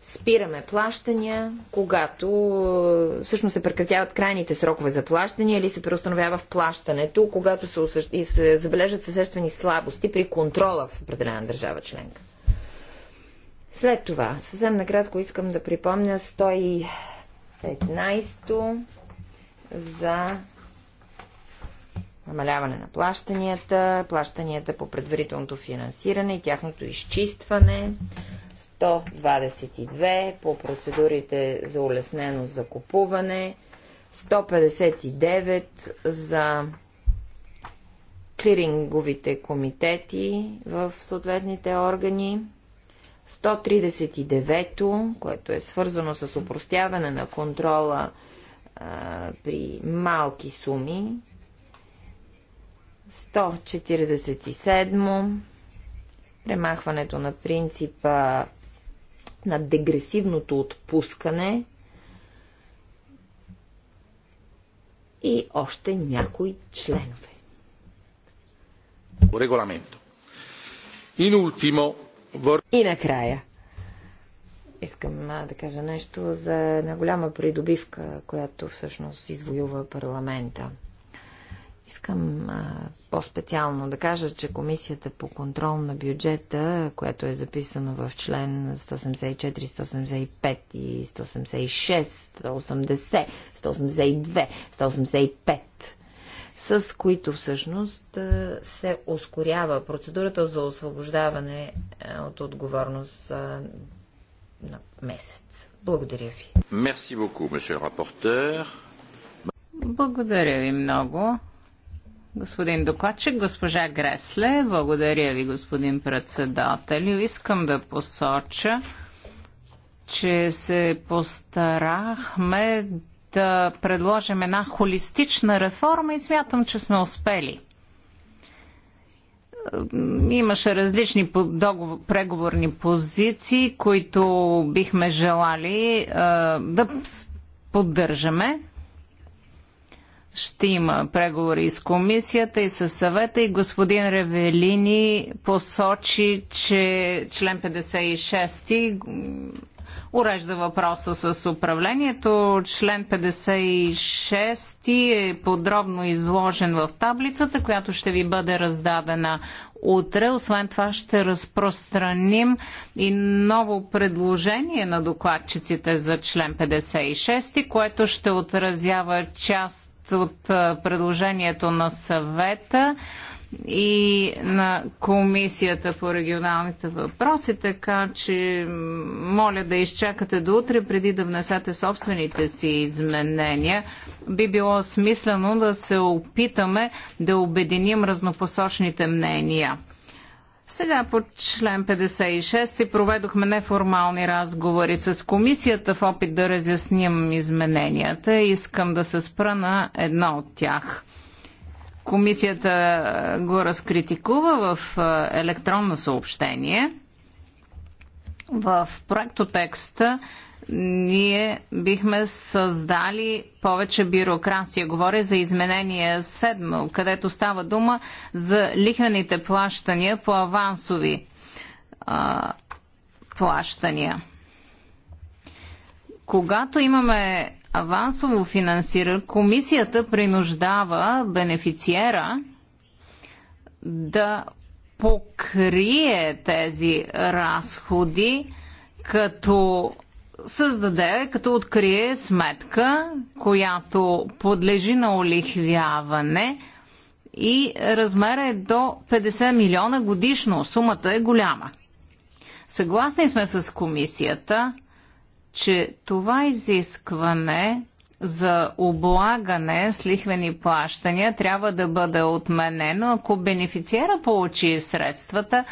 спираме плащания, когато е, всъщност се прекратяват крайните срокове за плащания или се преустановява в плащането, когато се, осъщ... и се забележат съществени слабости при контрола в определена държава членка. След това, съвсем накратко искам да припомня 115-то за намаляване на плащанията, плащанията по предварителното финансиране и тяхното изчистване, 122 по процедурите за улеснено закупуване, 159 за клиринговите комитети в съответните органи, 139, което е свързано с упростяване на контрола при малки суми. 147. Премахването на принципа на дегресивното отпускане и още някои членове. Регламент. И накрая Искам да кажа нещо за една голяма придобивка, която всъщност извоюва парламента. Искам по-специално да кажа, че Комисията по контрол на бюджета, която е записана в член 174, 175 и 176, 180, 182, 185, с които всъщност се ускорява процедурата за освобождаване от отговорност на месец. Благодаря ви. Мерси beaucoup, monsieur рапортер. Благодаря ви много. Господин докладчик, госпожа Гресле, благодаря ви, господин председател. Искам да посоча, че се постарахме да предложим една холистична реформа и смятам, че сме успели имаше различни договор, преговорни позиции, които бихме желали да поддържаме. Ще има преговори с комисията и с съвета и господин Ревелини посочи, че член 56 урежда въпроса с управлението. Член 56 е подробно изложен в таблицата, която ще ви бъде раздадена утре. Освен това ще разпространим и ново предложение на докладчиците за член 56, което ще отразява част от предложението на съвета и на Комисията по регионалните въпроси, така че моля да изчакате до утре, преди да внесете собствените си изменения. Би било смислено да се опитаме да обединим разнопосочните мнения. Сега по член 56 проведохме неформални разговори с комисията в опит да разясним измененията. Искам да се спра на едно от тях – Комисията го разкритикува в електронно съобщение. В проектотекста ние бихме създали повече бюрокрация. Говоря за изменение 7, където става дума за лихвените плащания по авансови а, плащания. Когато имаме авансово финансира, комисията принуждава бенефициера да покрие тези разходи, като създаде, като открие сметка, която подлежи на олихвяване и размера е до 50 милиона годишно. Сумата е голяма. Съгласни сме с комисията – че това изискване за облагане с лихвени плащания трябва да бъде отменено. Ако бенефициера получи средствата,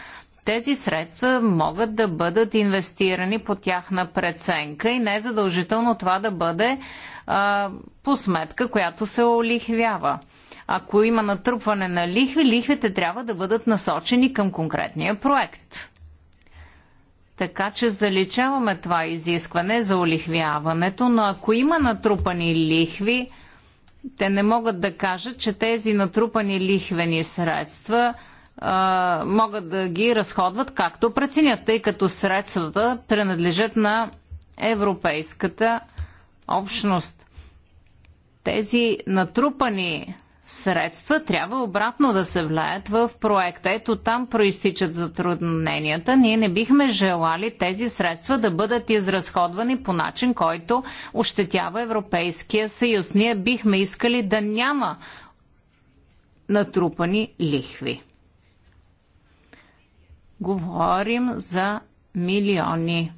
тези средства могат да бъдат инвестирани по тяхна преценка и не е задължително това да бъде а, по сметка, която се олихвява. Ако има натрупване на лихви, лихвите трябва да бъдат насочени към конкретния проект. Така че заличаваме това изискване за олихвяването, но ако има натрупани лихви, те не могат да кажат, че тези натрупани лихвени средства а, могат да ги разходват както преценят, тъй като средствата принадлежат на Европейската общност. Тези натрупани средства трябва обратно да се влияят в проекта. Ето там проистичат затрудненията. Ние не бихме желали тези средства да бъдат изразходвани по начин, който ощетява Европейския съюз. Ние бихме искали да няма натрупани лихви. Говорим за милиони.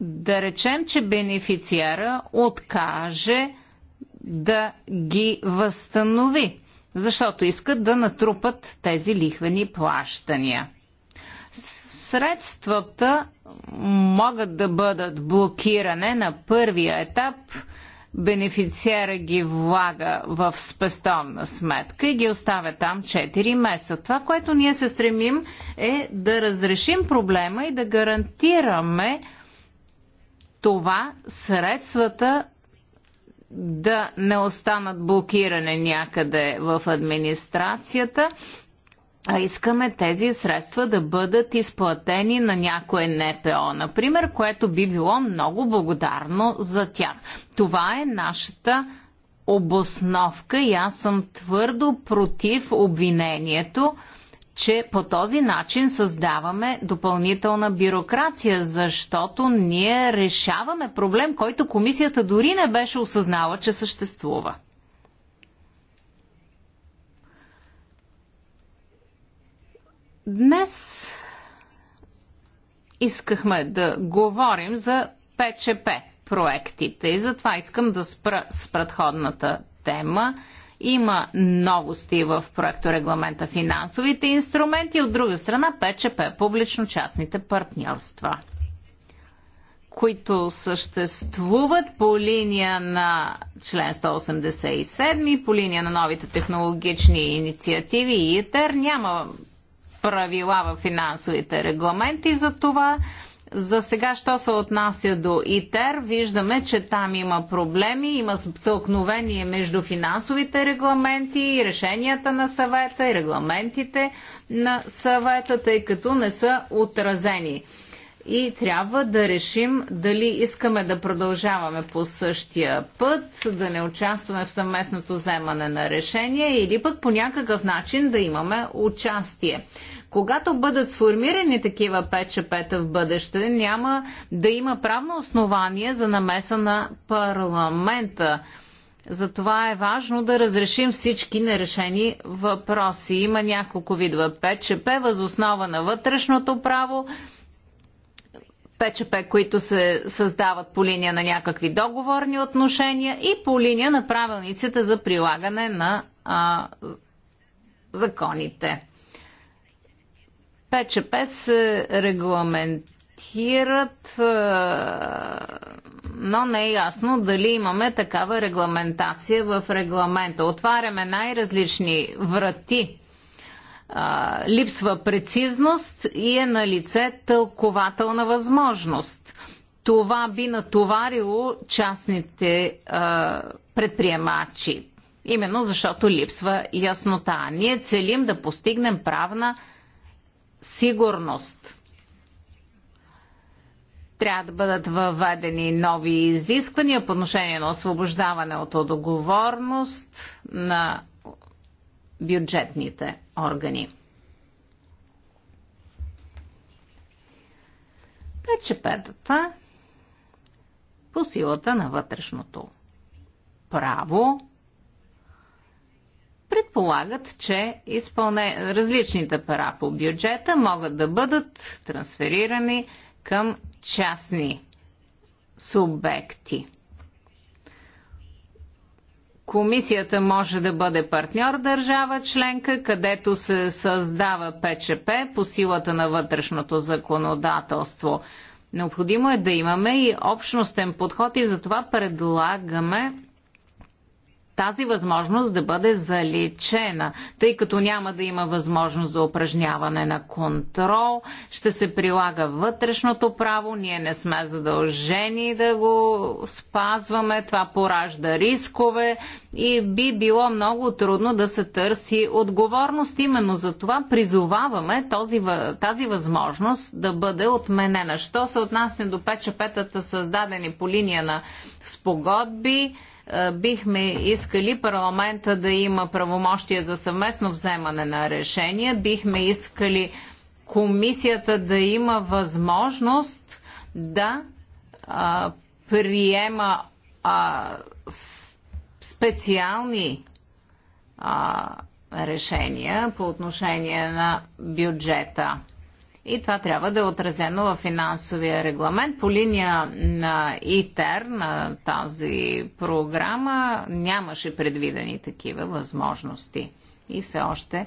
Да речем, че бенефициера откаже да ги възстанови, защото искат да натрупат тези лихвени плащания. Средствата могат да бъдат блокиране на първия етап бенефициера ги влага в спестовна сметка и ги оставя там 4 месеца. Това, което ние се стремим е да разрешим проблема и да гарантираме това средствата да не останат блокиране някъде в администрацията, а искаме тези средства да бъдат изплатени на някое НПО, например, което би било много благодарно за тях. Това е нашата обосновка и аз съм твърдо против обвинението, че по този начин създаваме допълнителна бюрокрация, защото ние решаваме проблем, който комисията дори не беше осъзнала, че съществува. Днес искахме да говорим за ПЧП проектите и затова искам да спра с предходната тема – има новости в регламента финансовите инструменти, от друга страна ПЧП, публично-частните партньорства, които съществуват по линия на член 187, по линия на новите технологични инициативи и ИТЕР. Няма правила в финансовите регламенти за това, за сега, що се отнася до ИТЕР, виждаме, че там има проблеми, има стълкновение между финансовите регламенти и решенията на съвета и регламентите на съвета, тъй като не са отразени. И трябва да решим дали искаме да продължаваме по същия път, да не участваме в съвместното вземане на решение или пък по някакъв начин да имаме участие. Когато бъдат сформирани такива пчп в бъдеще, няма да има правно основание за намеса на парламента. Затова е важно да разрешим всички нерешени въпроси. Има няколко видва ПЧП, възоснова на вътрешното право, ПЧП, които се създават по линия на някакви договорни отношения и по линия на правилниците за прилагане на а, законите. ПЧП се регламентират, е, но не е ясно дали имаме такава регламентация в регламента. Отваряме най-различни врати е, липсва прецизност и е на лице тълкователна възможност. Това би натоварило частните е, предприемачи, именно защото липсва яснота. Ние целим да постигнем правна сигурност. Трябва да бъдат въведени нови изисквания по отношение на освобождаване от отговорност на бюджетните органи. Печепедата по силата на вътрешното право предполагат, че изпълне... различните пара по бюджета могат да бъдат трансферирани към частни субекти. Комисията може да бъде партньор държава членка, където се създава ПЧП по силата на вътрешното законодателство. Необходимо е да имаме и общностен подход и затова предлагаме тази възможност да бъде заличена, тъй като няма да има възможност за упражняване на контрол, ще се прилага вътрешното право, ние не сме задължени да го спазваме, това поражда рискове и би било много трудно да се търси отговорност. Именно за това призоваваме този, тази възможност да бъде отменена. Що се отнася до ПЧП-тата, създадени по линия на спогодби, е, бихме искали парламента да има правомощия за съвместно вземане на решения, бихме искали комисията да има възможност да а, приема а, специални а, решения по отношение на бюджета. И това трябва да е отразено в финансовия регламент. По линия на ИТЕР, на тази програма, нямаше предвидени такива възможности. И все още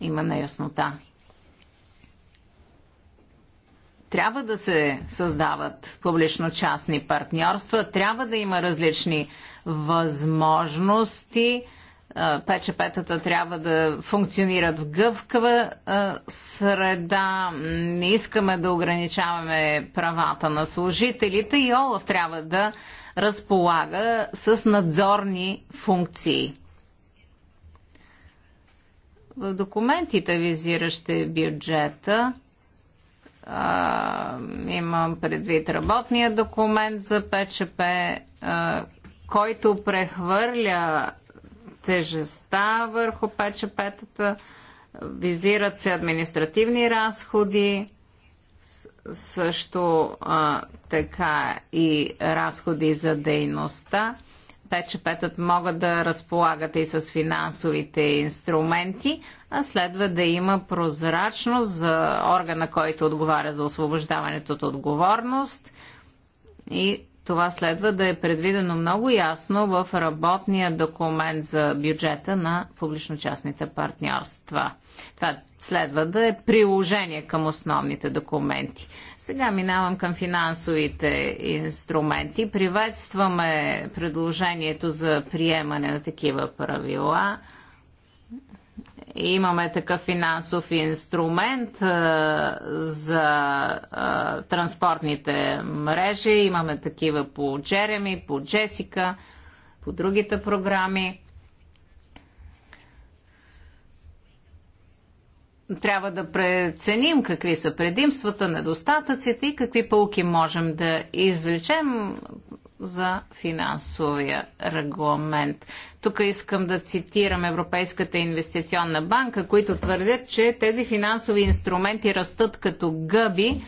има неяснота. Трябва да се създават публично-частни партньорства, трябва да има различни възможности – ПЧП-тата трябва да функционират в гъвкава среда. Не искаме да ограничаваме правата на служителите и ОЛАФ трябва да разполага с надзорни функции. В документите, визиращи бюджета, а, имам предвид работния документ за ПЧП, а, който прехвърля тежеста върху ПЧП-тата, визират се административни разходи, също а, така и разходи за дейността. ПЧП-тът могат да разполагат и с финансовите инструменти, а следва да има прозрачност за органа, който отговаря за освобождаването от отговорност и това следва да е предвидено много ясно в работния документ за бюджета на публично-частните партньорства. Това следва да е приложение към основните документи. Сега минавам към финансовите инструменти. Приветстваме предложението за приемане на такива правила имаме такъв финансов инструмент а, за а, транспортните мрежи, имаме такива по Джереми, по Джесика, по другите програми. Трябва да преценим какви са предимствата, недостатъците и какви полки можем да извлечем за финансовия регламент. Тук искам да цитирам Европейската инвестиционна банка, които твърдят, че тези финансови инструменти растат като гъби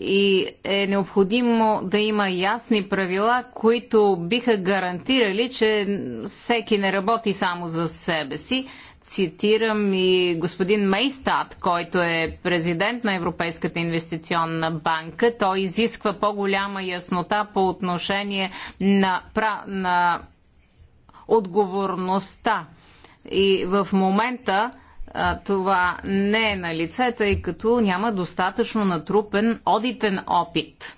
и е необходимо да има ясни правила, които биха гарантирали, че всеки не работи само за себе си, цитирам и господин Мейстат, който е президент на Европейската инвестиционна банка. Той изисква по-голяма яснота по отношение на, на отговорността. И в момента а, това не е на лице, тъй като няма достатъчно натрупен одитен опит.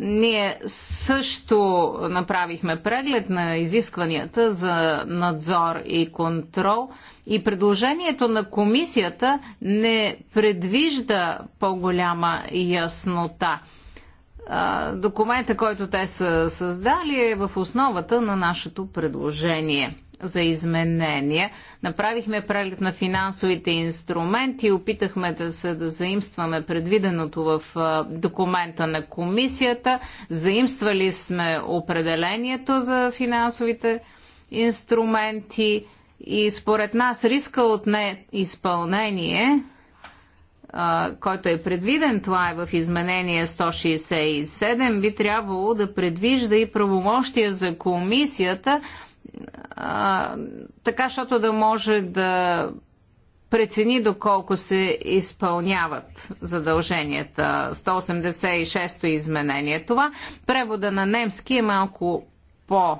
Ние също направихме преглед на изискванията за надзор и контрол и предложението на комисията не предвижда по-голяма яснота. Документа, който те са създали, е в основата на нашето предложение за изменения. Направихме преглед на финансовите инструменти и опитахме да се да заимстваме предвиденото в документа на комисията. Заимствали сме определението за финансовите инструменти и според нас риска от неизпълнение който е предвиден, това е в изменение 167, би трябвало да предвижда и правомощия за комисията а, така, защото да може да прецени доколко се изпълняват задълженията. 186-то изменение. Това превода на немски е малко по-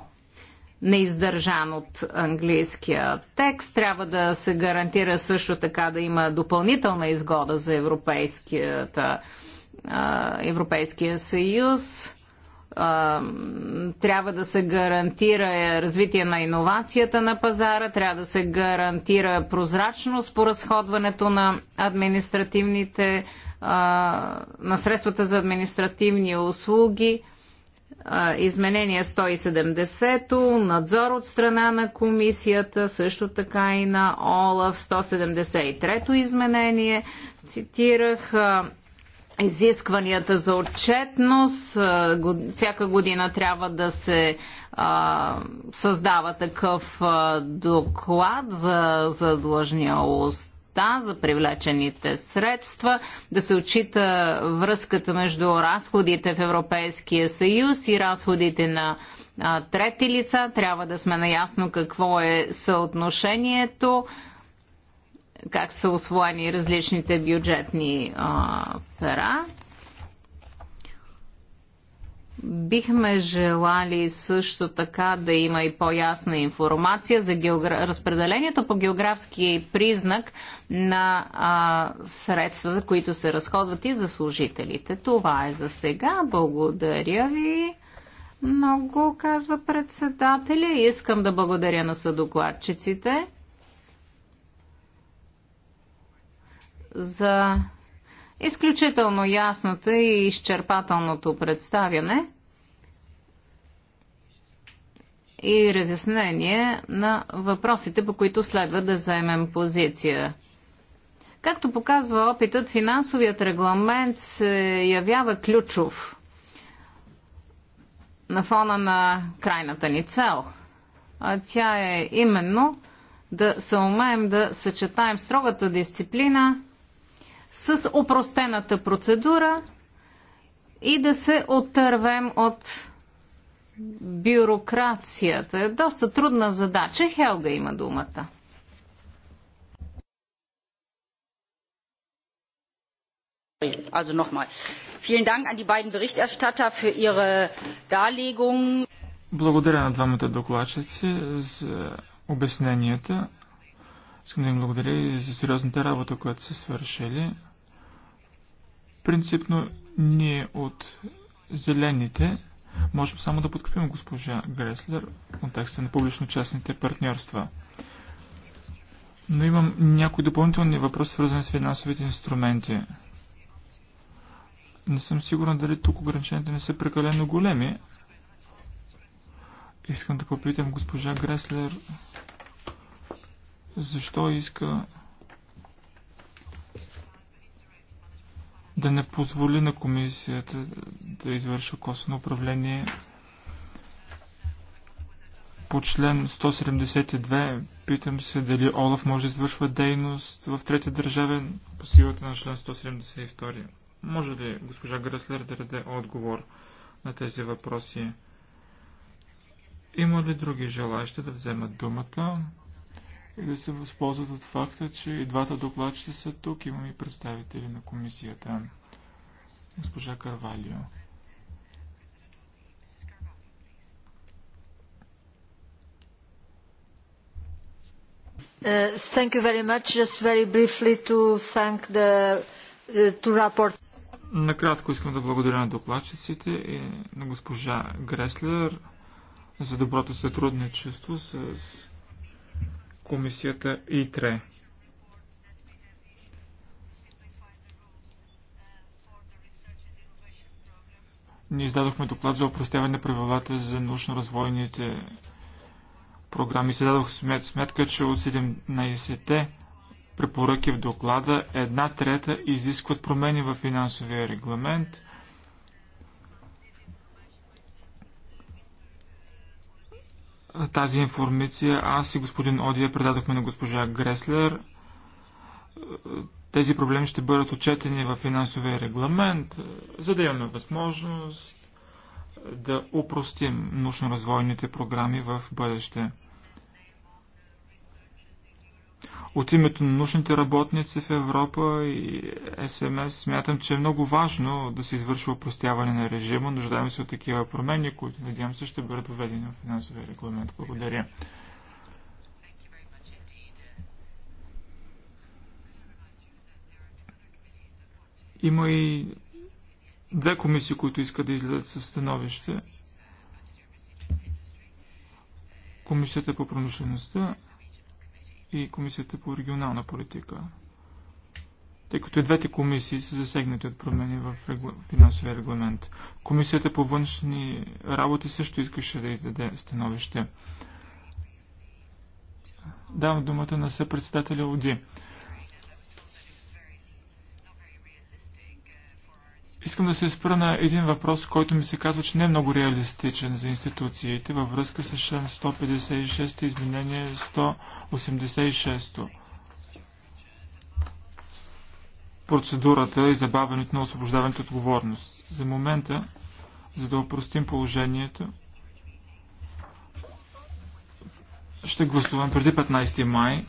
неиздържан от английския текст. Трябва да се гарантира също така да има допълнителна изгода за Европейския съюз трябва да се гарантира развитие на иновацията на пазара, трябва да се гарантира прозрачност по разходването на административните на средствата за административни услуги. Изменение 170-то, надзор от страна на комисията, също така и на ОЛАВ 173-то изменение. Цитирах изискванията за отчетност. Всяка година трябва да се а, създава такъв а, доклад за задлъжнялостта, за привлечените средства, да се отчита връзката между разходите в Европейския съюз и разходите на а, трети лица. Трябва да сме наясно какво е съотношението как са освоени различните бюджетни а, пера. Бихме желали също така да има и по-ясна информация за географ... разпределението по географски признак на а, средствата, които се разходват и за служителите. Това е за сега. Благодаря ви. Много, казва председателя. Искам да благодаря на съдокладчиците. за изключително ясната и изчерпателното представяне и разяснение на въпросите, по които следва да заемем позиция. Както показва опитът, финансовият регламент се явява ключов на фона на крайната ни цел. А тя е именно да се умеем да съчетаем строгата дисциплина с опростената процедура и да се отървем от бюрокрацията. Е доста трудна задача. Хелга има думата. Also nochmal. Vielen Dank an die beiden Berichterstatter für ihre Darlegung. Благодаря на двамата докладчици за обясненията. Искам да им благодаря и за сериозната работа, която са свършили. Принципно ние от зелените можем само да подкрепим госпожа Греслер в контекста на публично-частните партньорства. Но имам някои допълнителни въпроси, свързани с финансовите инструменти. Не съм сигурен дали тук ограниченията не са прекалено големи. Искам да попитам госпожа Греслер защо иска да не позволи на комисията да извърши косвено управление по член 172. Питам се дали Олаф може да извършва дейност в трети държави по силата на член 172. Може ли госпожа Гръслер да даде отговор на тези въпроси? Има ли други желаящи да вземат думата? и да се възползват от факта, че и двата докладчета са тук. Имаме и представители на комисията. Госпожа Карвалио. Uh, thank you very much. Just very briefly to thank the uh, to report. Накратко искам да благодаря на докладчиците и на госпожа Греслер за доброто сътрудничество с комисията ИТРЕ. Ние издадохме доклад за упростяване на правилата за научно-развойните програми. Се дадох смет, сметка, че от 17-те препоръки в доклада една трета изискват промени в финансовия регламент – тази информация аз и господин Одия предадохме на госпожа Греслер. Тези проблеми ще бъдат отчетени в финансовия регламент, за да имаме възможност да упростим научно-развойните програми в бъдеще. От името на научните работници в Европа и СМС смятам, че е много важно да се извърши опростяване на режима. Нуждаем се от такива промени, които надявам се ще бъдат введени в финансовия регламент. Благодаря. Има и две комисии, които искат да излядат със становище. Комисията по промишлеността и Комисията по регионална политика, тъй като и двете комисии са засегнати от промени в финансовия регламент. Комисията по външни работи също искаше да издаде становище. Давам думата на съпредседателя Оди. Искам да се спра на един въпрос, който ми се казва, че не е много реалистичен за институциите във връзка с член 156 изменение 186. Процедурата и забавянето на освобождаването е отговорност. За момента, за да опростим положението, ще гласувам преди 15 май,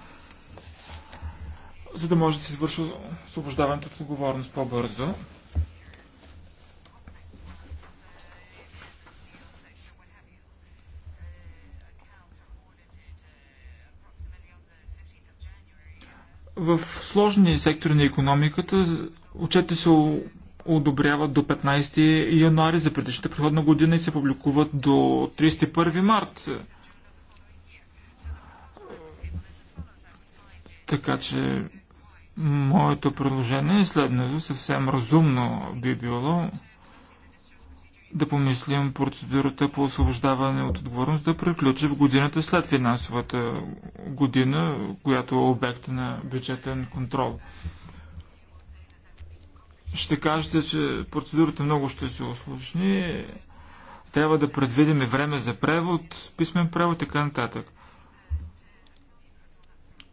за да може да се извърши освобождаването от отговорност по-бързо. В сложни сектори на економиката отчетите се одобряват до 15 януари за предишната предходна година и се публикуват до 31 март. Така че моето предложение е следното, съвсем разумно би било да помислим процедурата по освобождаване от отговорност да приключи в годината след финансовата година, която е обект на бюджетен контрол. Ще кажете, че процедурата много ще се осложни. Трябва да предвидим време за превод, писмен превод и така нататък.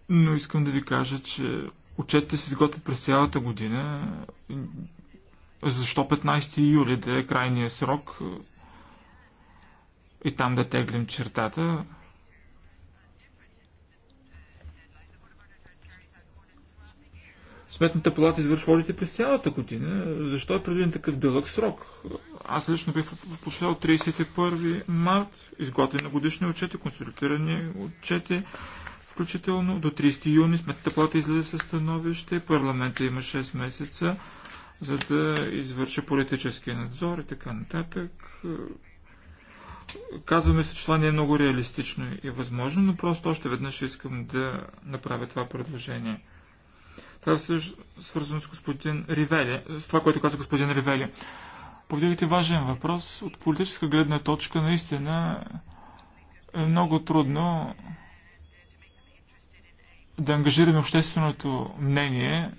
Но искам да ви кажа, че отчетите се изготвят през цялата година защо 15 юли да е крайния срок и там да теглим чертата. Сметната палата извършва одите през цялата година. Защо е предвиден такъв дълъг срок? Аз лично бих предпочитал 31 март, изготвяне на годишни отчети, консультирани отчети, включително до 30 юни Сметната палата излезе със становище, парламента има 6 месеца за да извърши политическия надзор и така нататък. Казваме се, че това не е много реалистично и възможно, но просто още веднъж искам да направя това предложение. Това е свързано с господин Ривели, с това, което каза господин Ривели. Повдигате важен въпрос. От политическа гледна точка наистина е много трудно да ангажираме общественото мнение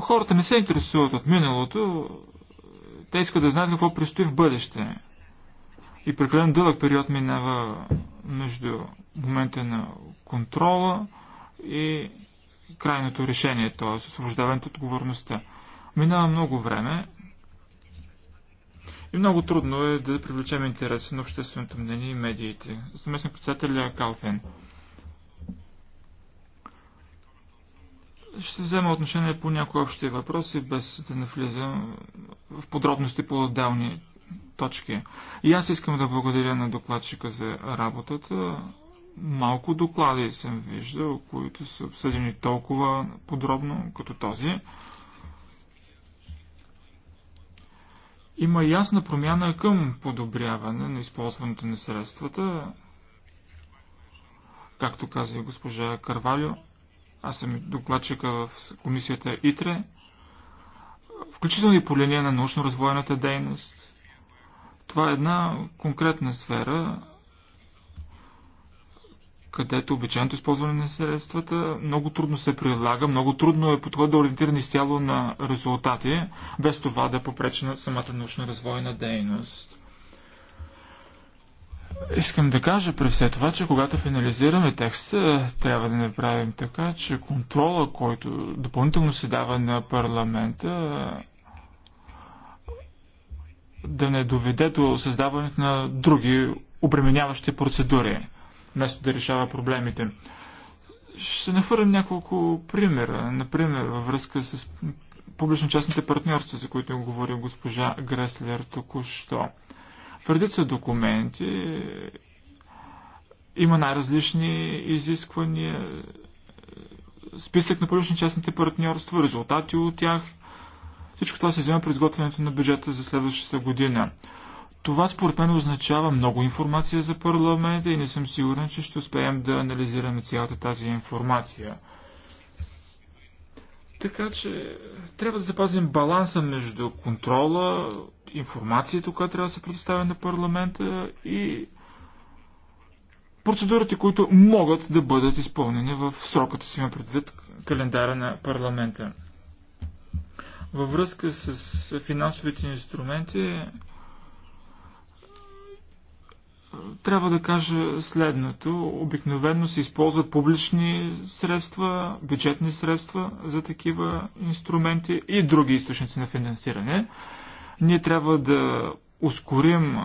хората не се интересуват от миналото, те искат да знаят какво предстои в бъдеще. И прекалено дълъг период минава между момента на контрола и крайното решение, т.е. освобождаването от отговорността. Минава много време и много трудно е да привлечем интереса на общественото мнение и медиите. Заместник председателя Калфен. Ще взема отношение по някои общи въпроси, без да навлизам в подробности по отделни точки. И аз искам да благодаря на докладчика за работата. Малко доклади съм виждал, които са обсъдени толкова подробно, като този. Има ясна промяна към подобряване на използването на средствата, както каза и госпожа Карвалио. Аз съм докладчика в комисията ИТРЕ, включително и по линия на научно-развойната дейност. Това е една конкретна сфера, където обичайното използване на средствата много трудно се прилага, много трудно е подход да ориентиран изцяло на резултати, без това да попречи на самата научно-развойна дейност. Искам да кажа при все това, че когато финализираме текста, е, трябва да направим така, че контрола, който допълнително се дава на парламента, е, да не доведе до създаването на други обременяващи процедури, вместо да решава проблемите. Ще нахвърлям няколко примера. Например, във връзка с публично-частните партньорства, за които говори госпожа Греслер току-що. В редица документи има най-различни изисквания, списък на публично-частните партньорства, резултати от тях. Всичко това се взема при изготвянето на бюджета за следващата година. Това според мен означава много информация за парламента и не съм сигурен, че ще успеем да анализираме цялата тази информация. Така че трябва да запазим баланса между контрола, информацията, която трябва да се предоставя на парламента и процедурите, които могат да бъдат изпълнени в сроката си на предвид календара на парламента. Във връзка с финансовите инструменти трябва да кажа следното. Обикновено се използват публични средства, бюджетни средства за такива инструменти и други източници на финансиране. Ние трябва да ускорим,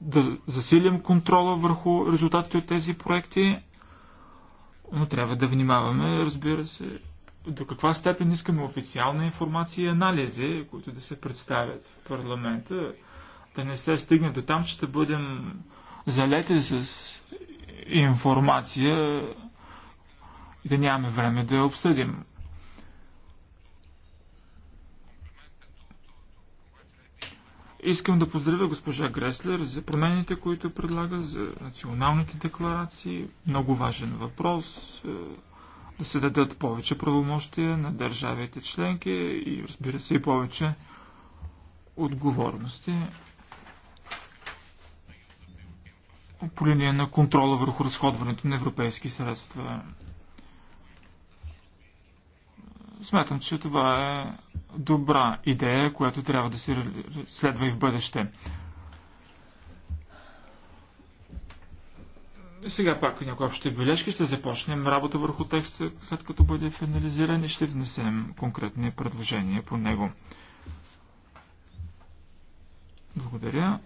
да засилим контрола върху резултатите от тези проекти, но трябва да внимаваме, разбира се, до каква степен искаме официална информация и анализи, които да се представят в парламента, да не се стигне до там, че да бъдем залети с информация и да нямаме време да я обсъдим. Искам да поздравя госпожа Греслер за промените, които предлага, за националните декларации. Много важен въпрос. Е, да се дадат повече правомощия на държавите членки и разбира се и повече отговорности по линия на контрола върху разходването на европейски средства. Смятам, че това е добра идея, която трябва да се следва и в бъдеще. Сега пак някои общи бележки. Ще започнем работа върху текста, след като бъде финализиран и ще внесем конкретни предложения по него. Благодаря.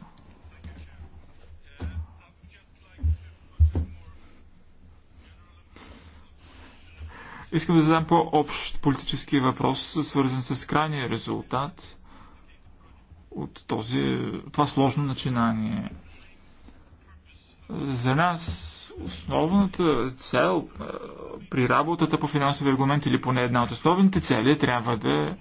Искам да задам по-общ политически въпрос, свързан с крайния резултат от този, това сложно начинание. За нас основната цел е, при работата по финансови регламент или поне една от основните цели трябва да е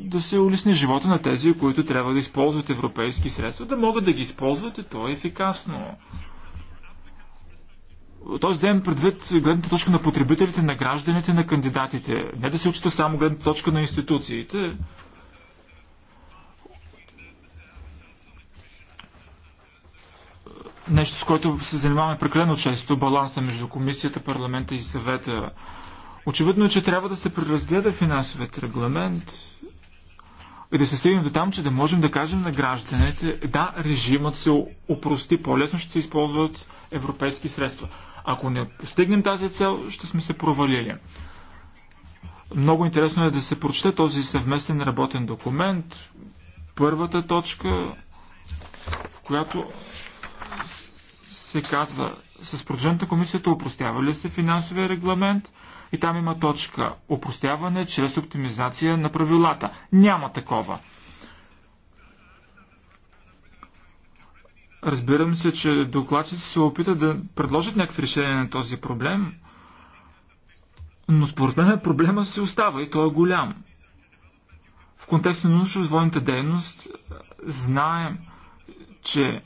да се улесни живота на тези, които трябва да използват европейски средства, да могат да ги използват и то е ефикасно. Тоест, вземем предвид гледната точка на потребителите, на гражданите, на кандидатите. Не да се учите само гледната точка на институциите. Нещо, с което се занимаваме прекалено често, баланса между комисията, парламента и съвета. Очевидно е, че трябва да се преразгледа финансовият регламент и да се стигнем до там, че да можем да кажем на гражданите, да, режимът се опрости, по-лесно ще се използват европейски средства. Ако не постигнем тази цел, ще сме се провалили. Много интересно е да се прочете този съвместен работен документ. Първата точка, в която се казва с продължената комисията упростява ли се финансовия регламент и там има точка упростяване чрез оптимизация на правилата. Няма такова. Разбирам се, че докладчите се опитат да предложат някакви решения на този проблем, но според мен проблема се остава и той е голям. В контекст на научно-развойната дейност е, знаем, че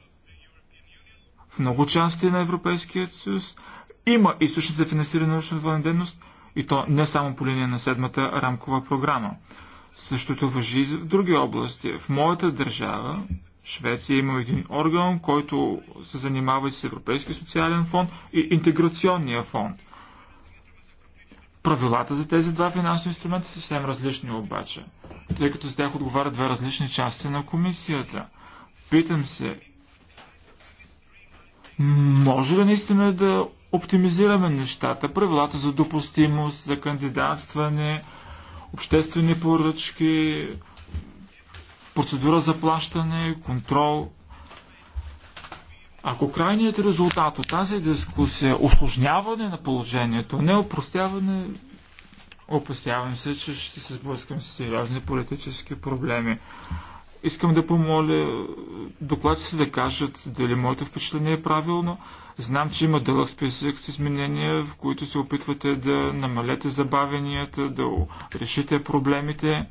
в много части на Европейския съюз има източници за финансиране на научно-развойна дейност и то не само по линия на седмата рамкова програма. Същото въжи и в други области. В моята държава, Швеция има един орган, който се занимава и с Европейския социален фонд и интеграционния фонд. Правилата за тези два финансови инструмента са съвсем различни обаче, тъй като с тях отговарят две различни части на комисията. Питам се, може ли наистина да оптимизираме нещата, правилата за допустимост, за кандидатстване, обществени поръчки, процедура за плащане, контрол. Ако крайният резултат от тази дискусия е осложняване на положението, не опростяване, опасявам се, че ще се сблъскам с сериозни политически проблеми. Искам да помоля си да кажат дали моето впечатление е правилно. Знам, че има дълъг списък с изменения, в които се опитвате да намалете забавенията, да решите проблемите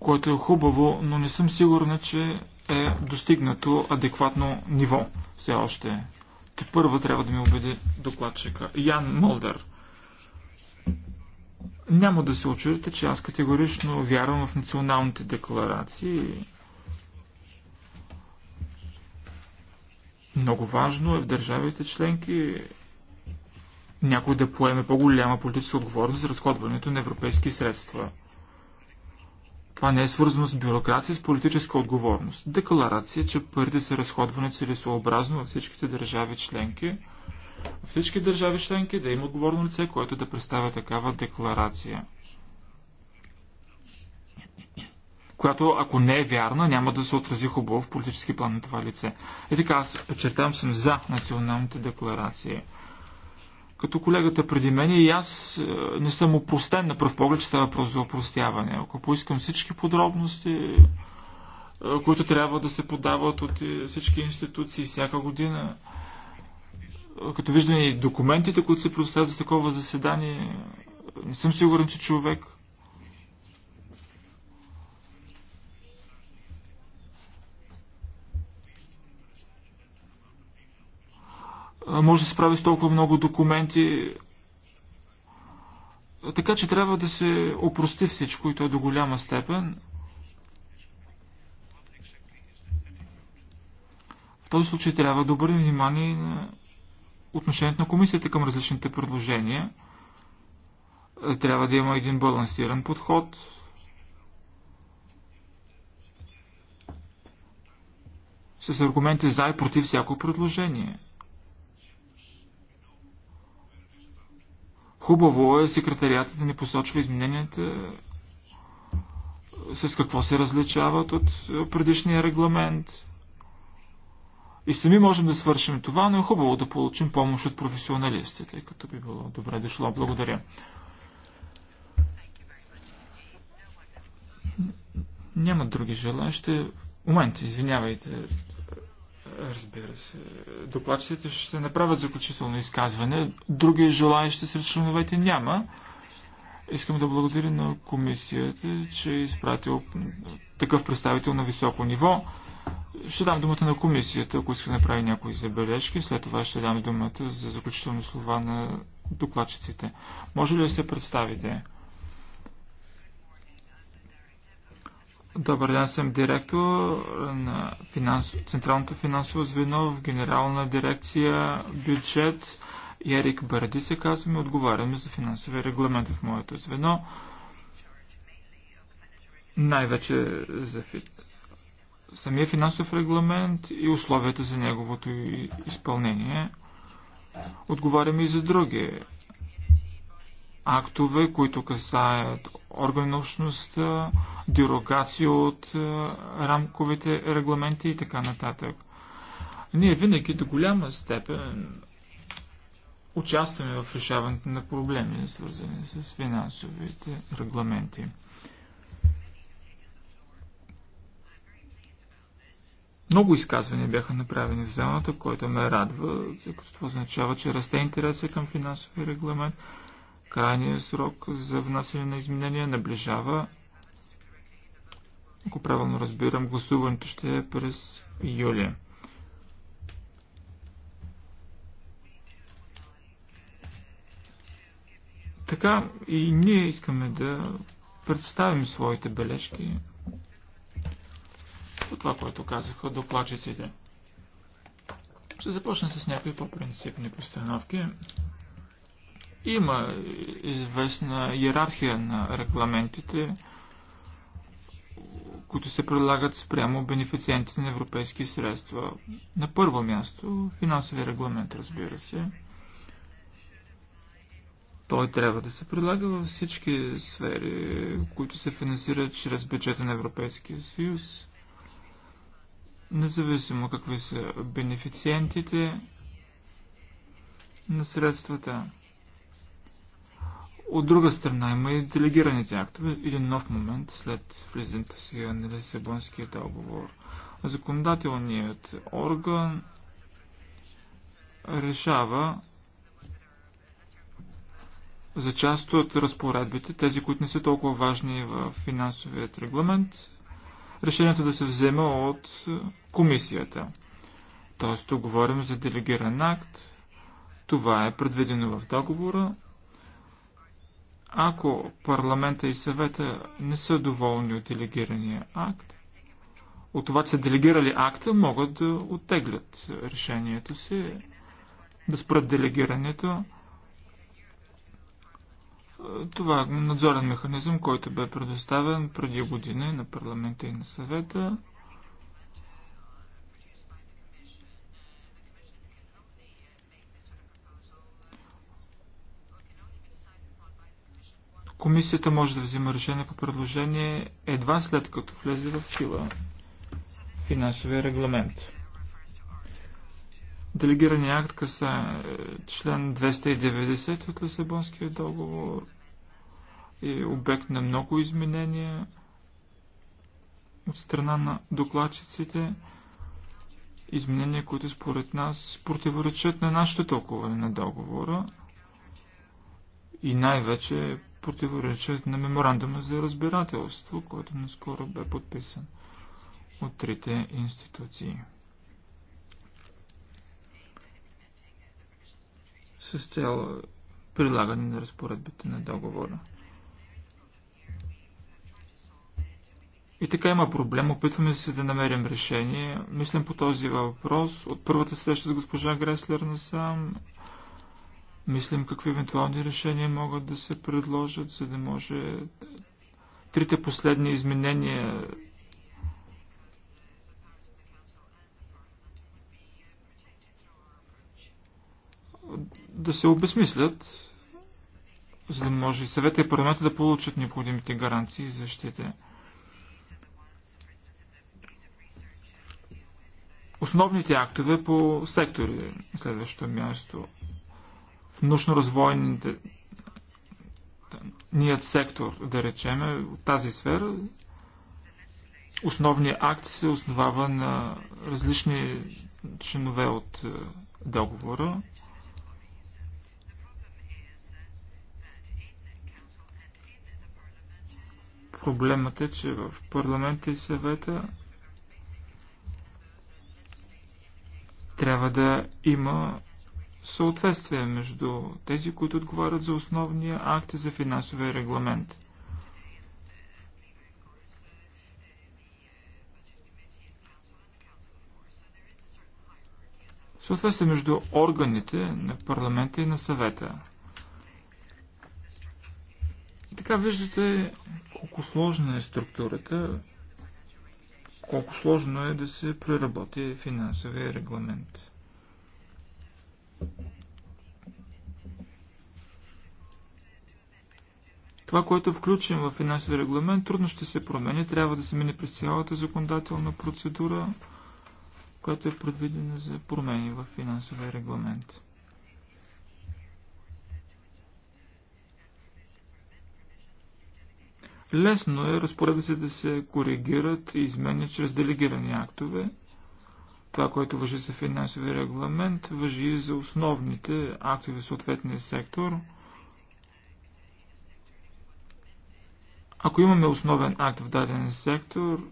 което е хубаво, но не съм сигурна, че е достигнато адекватно ниво все още. Те първо трябва да ми убеди докладчика. Ян Молдер. Няма да се очудите, че аз категорично вярвам в националните декларации. Много важно е в държавите членки някой да поеме по-голяма политическа отговорност за разходването на европейски средства. Това не е свързано с бюрокрация, с политическа отговорност. Декларация, че парите са разходвани целесообразно във всичките държави членки. Във всички държави членки да има отговорно лице, което да представя такава декларация. Която, ако не е вярна, няма да се отрази хубаво в политически план на това лице. И така, аз подчертавам, съм за националните декларации. Като колегата преди мен и аз е, не съм опростен на пръв поглед, че става въпрос за опростяване. Ако поискам всички подробности, е, които трябва да се подават от е, всички институции всяка година, като виждам и документите, които се предоставят за такова заседание, не съм сигурен, че човек може да се прави с толкова много документи. Така че трябва да се опрости всичко и то до голяма степен. В този случай трябва да обърнем внимание на отношението на комисията към различните предложения. Трябва да има един балансиран подход, с аргументи за и против всяко предложение – Хубаво е секретариатът да ни посочва измененията с какво се различават от предишния регламент. И сами можем да свършим това, но е хубаво да получим помощ от професионалистите, като би било добре дошло. Благодаря. Няма други ще. Момент, извинявайте. Разбира се. Докладчиците ще направят заключително изказване. Други желаящи сред членовете няма. Искам да благодаря на комисията, че е изпратил такъв представител на високо ниво. Ще дам думата на комисията, ако иска да направи някои забележки. След това ще дам думата за заключителни слова на докладчиците. Може ли да се представите? Добър ден, съм директор на финанс... Централното финансово звено в Генерална дирекция бюджет. Ерик Бърди се казваме, отговаряме за финансови регламент в моето звено. Най-вече за фи... самия финансов регламент и условията за неговото изпълнение. Отговаряме и за други актове, които касаят органи на общността, от е, рамковите регламенти и така нататък. Ние винаги до голяма степен участваме в решаването на проблеми, свързани с финансовите регламенти. Много изказвания бяха направени в залата, което ме радва, тъй като това означава, че расте интереса към финансовия регламент. Крайният срок за внасяне на изменения наближава. Ако правилно разбирам, гласуването ще е през юли. Така и ние искаме да представим своите бележки по това, което казаха докладчиците. Ще започна с някои по-принципни постановки. Има известна иерархия на регламентите, които се прилагат спрямо бенефициентите на европейски средства. На първо място, финансови регламент, разбира се. Той трябва да се прилага във всички сфери, които се финансират чрез бюджета на Европейския съюз, независимо какви са бенефициентите на средствата. От друга страна има и делегираните актове, един нов момент след влизането си на Лисабонския договор. Законодателният орган решава за част от разпоредбите, тези, които не са толкова важни в финансовият регламент, решението да се вземе от комисията. Тоест, тук говорим за делегиран акт. Това е предвидено в договора. Ако парламента и съвета не са доволни от делегирания акт, от това, че са делегирали акта, могат да оттеглят решението си, да спрат делегирането. Това е надзорен механизъм, който бе предоставен преди години на парламента и на съвета. Комисията може да взима решение по предложение едва след като влезе в сила финансовия регламент. Делегирания акт каса е, член 290 от Лисабонския договор е обект на много изменения от страна на докладчиците. Изменения, които според нас противоречат на нашето толкова на договора и най-вече противоречат на меморандума за разбирателство, който наскоро бе подписан от трите институции. С цел прилагане на разпоредбите на договора. И така има проблем. Опитваме се да намерим решение. Мислям по този въпрос. От първата среща с госпожа Греслер насам мислим какви евентуални решения могат да се предложат, за да може трите последни изменения да се обезмислят, за да може и съвета и парламента да получат необходимите гаранции и защита. Основните актове по сектори, следващото място – научно-развойните ният сектор, да речеме, от тази сфера, основният акт се основава на различни чинове от е, договора. Проблемът е, че в парламента и съвета трябва да има съответствие между тези, които отговарят за основния акт и за финансовия регламент. Съответствие между органите на парламента и на съвета. И така виждате колко сложна е структурата, колко сложно е да се преработи финансовия регламент. Това, което включим в финансовия регламент, трудно ще се промени. Трябва да се мине през цялата законодателна процедура, която е предвидена за промени в финансовия регламент. Лесно е разпоредите да се коригират и изменят чрез делегирани актове. Това, което въжи за финансовия регламент, въжи и за основните актове в съответния сектор. Ако имаме основен акт в даден сектор,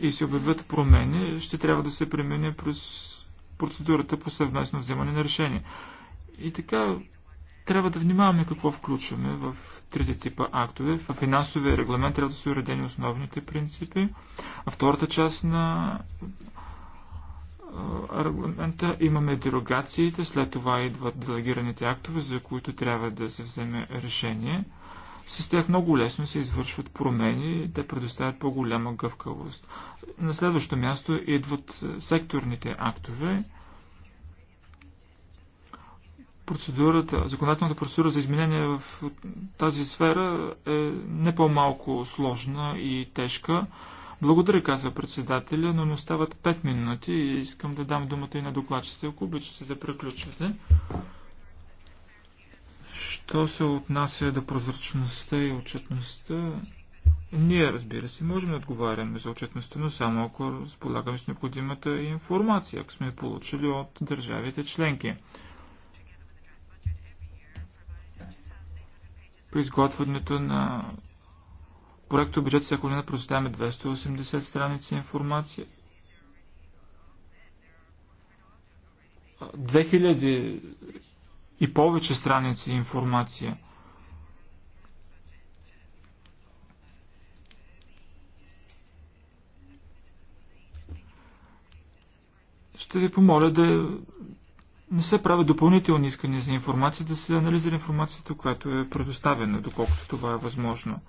и се обявят промени, ще трябва да се премине през процедурата по съвместно вземане на решение. И така, трябва да внимаваме какво включваме в трите типа актове. В финансовия регламент трябва да са уредени основните принципи, а втората част на регламента имаме дерогациите, след това идват делегираните актове, за които трябва да се вземе решение. С тях много лесно се извършват промени и те предоставят по-голяма гъвкавост. На следващо място идват секторните актове, процедурата, законодателната процедура за изменение в тази сфера е не по-малко сложна и тежка. Благодаря, казва председателя, но не остават 5 минути и искам да дам думата и на докладчите, ако обичате да приключвате. Що се отнася до прозрачността и отчетността, ние, разбира се, можем да отговаряме за отчетността, но само ако разполагаме с необходимата информация, ако сме получили от държавите членки. при изготвянето на проекто бюджет всяко година предоставяме 280 страници информация. 2000 и повече страници информация. Ще ви помоля да не се правят допълнителни искания за информация, да се анализира информацията, която е предоставена, доколкото това е възможно.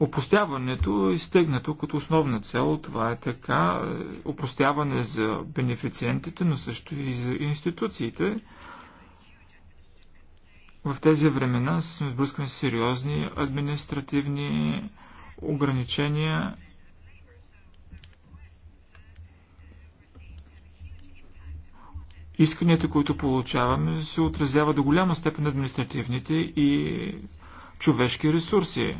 Опростяването е изтегнато като основна цел, това е така. Опростяване за бенефициентите, но също и за институциите. В тези времена сме сблъскани с сериозни административни ограничения Исканията, които получаваме, се отразяват до голяма степен на административните и човешки ресурси.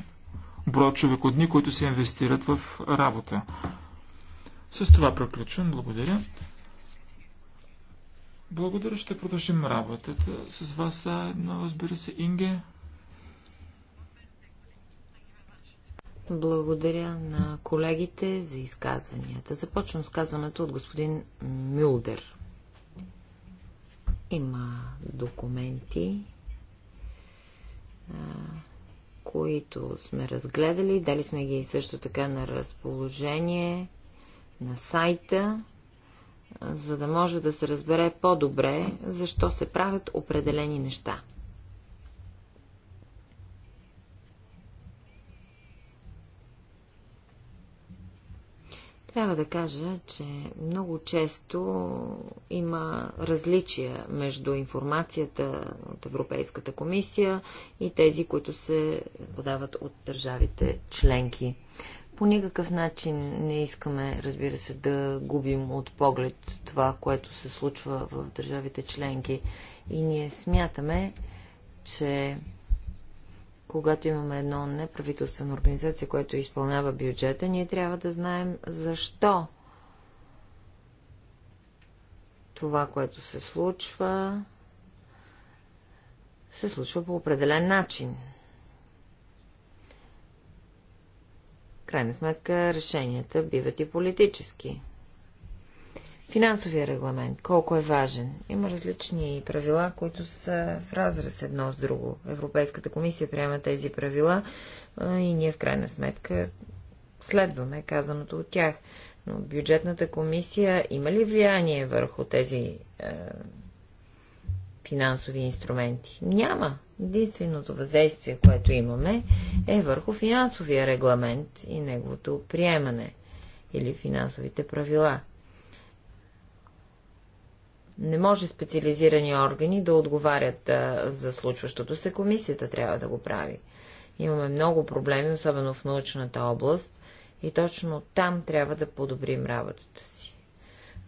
Бро човекодни, които се инвестират в работа. С това приключвам. Благодаря. Благодаря, ще продължим работата с вас, едно, разбира се, Инге. Благодаря на колегите за изказванията. Започвам с казването от господин Мюлдер. Има документи, които сме разгледали. Дали сме ги също така на разположение на сайта, за да може да се разбере по-добре защо се правят определени неща. Трябва да кажа, че много често има различия между информацията от Европейската комисия и тези, които се подават от държавите членки. По никакъв начин не искаме, разбира се, да губим от поглед това, което се случва в държавите членки. И ние смятаме, че когато имаме едно неправителствена организация, която изпълнява бюджета, ние трябва да знаем защо това, което се случва, се случва по определен начин. Крайна сметка, решенията биват и политически. Финансовия регламент, колко е важен. Има различни правила, които са в разрез едно с друго. Европейската комисия приема тези правила и ние в крайна сметка следваме казаното от тях. Но бюджетната комисия има ли влияние върху тези е, финансови инструменти? Няма. Единственото въздействие, което имаме, е върху финансовия регламент и неговото приемане или финансовите правила – не може специализирани органи да отговарят а, за случващото се. Комисията трябва да го прави. Имаме много проблеми, особено в научната област, и точно там трябва да подобрим работата си.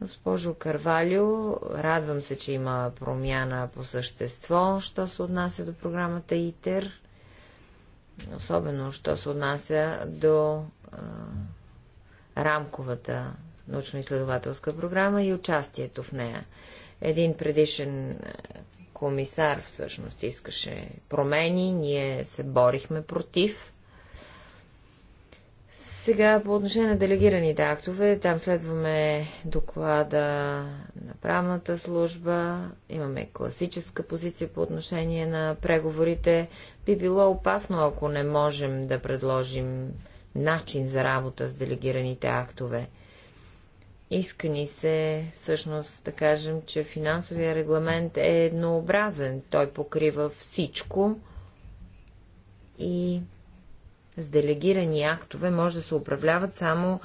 Госпожо Карвалио, радвам се, че има промяна по същество, що се отнася до програмата ИТЕР, особено, що се отнася до а, рамковата научно-изследователска програма и участието в нея. Един предишен е, комисар всъщност искаше промени, ние се борихме против. Сега по отношение на делегираните актове, там следваме доклада на правната служба, имаме класическа позиция по отношение на преговорите. Би било опасно, ако не можем да предложим начин за работа с делегираните актове. Иска ни се, всъщност, да кажем, че финансовия регламент е еднообразен. Той покрива всичко и с делегирани актове може да се управляват само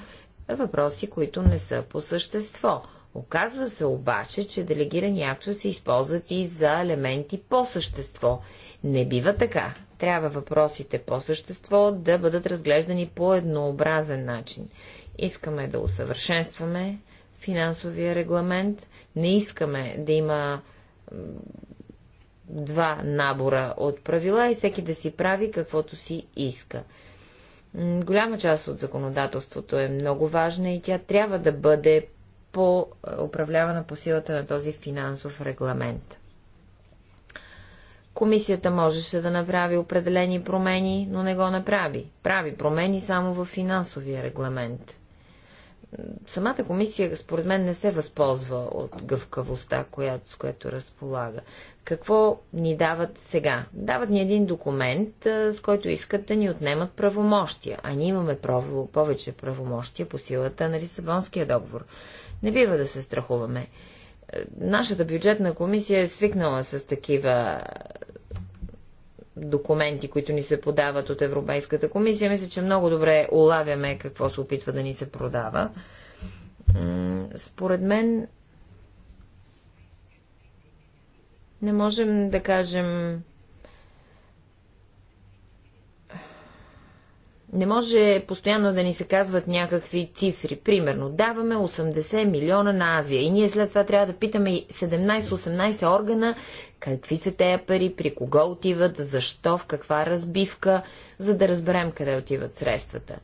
въпроси, които не са по същество. Оказва се обаче, че делегирани актове се използват и за елементи по същество. Не бива така. Трябва въпросите по същество да бъдат разглеждани по еднообразен начин. Искаме да усъвършенстваме финансовия регламент. Не искаме да има два набора от правила и всеки да си прави каквото си иска. Голяма част от законодателството е много важна и тя трябва да бъде по, управлявана по силата на този финансов регламент. Комисията можеше да направи определени промени, но не го направи. Прави промени само в финансовия регламент самата комисия, според мен, не се възползва от гъвкавостта, която, с която разполага. Какво ни дават сега? Дават ни един документ, с който искат да ни отнемат правомощия, а ние имаме право, повече правомощия по силата на Лисабонския договор. Не бива да се страхуваме. Е, нашата бюджетна комисия е свикнала с такива документи, които ни се подават от Европейската комисия, мисля, че много добре улавяме какво се опитва да ни се продава. Според мен не можем да кажем Не може постоянно да ни се казват някакви цифри. Примерно, даваме 80 милиона на Азия и ние след това трябва да питаме 17-18 органа какви са тези пари, при кого отиват, защо, в каква разбивка, за да разберем къде отиват средствата.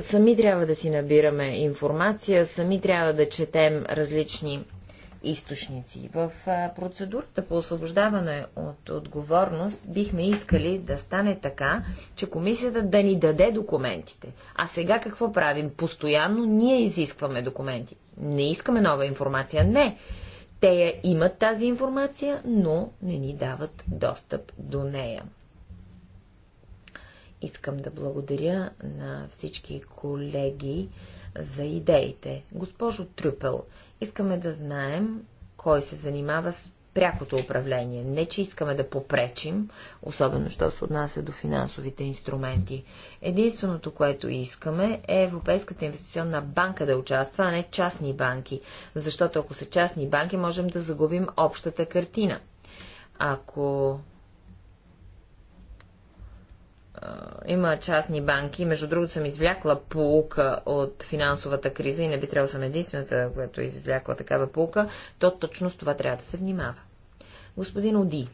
Сами трябва да си набираме информация, сами трябва да четем различни източници. В процедурата по освобождаване от отговорност бихме искали да стане така, че комисията да ни даде документите. А сега какво правим? Постоянно ние изискваме документи. Не искаме нова информация. Не. Те я имат тази информация, но не ни дават достъп до нея. Искам да благодаря на всички колеги за идеите. Госпожо Трюпел, Искаме да знаем кой се занимава с прякото управление. Не, че искаме да попречим, особено, що се отнася до финансовите инструменти. Единственото, което искаме, е Европейската инвестиционна банка да участва, а не частни банки. Защото ако са частни банки, можем да загубим общата картина. Ако има частни банки. Между другото съм извлякла полука от финансовата криза и не би трябвало съм единствената, която е извлякла такава полука, то точно с това трябва да се внимава. Господин Оди,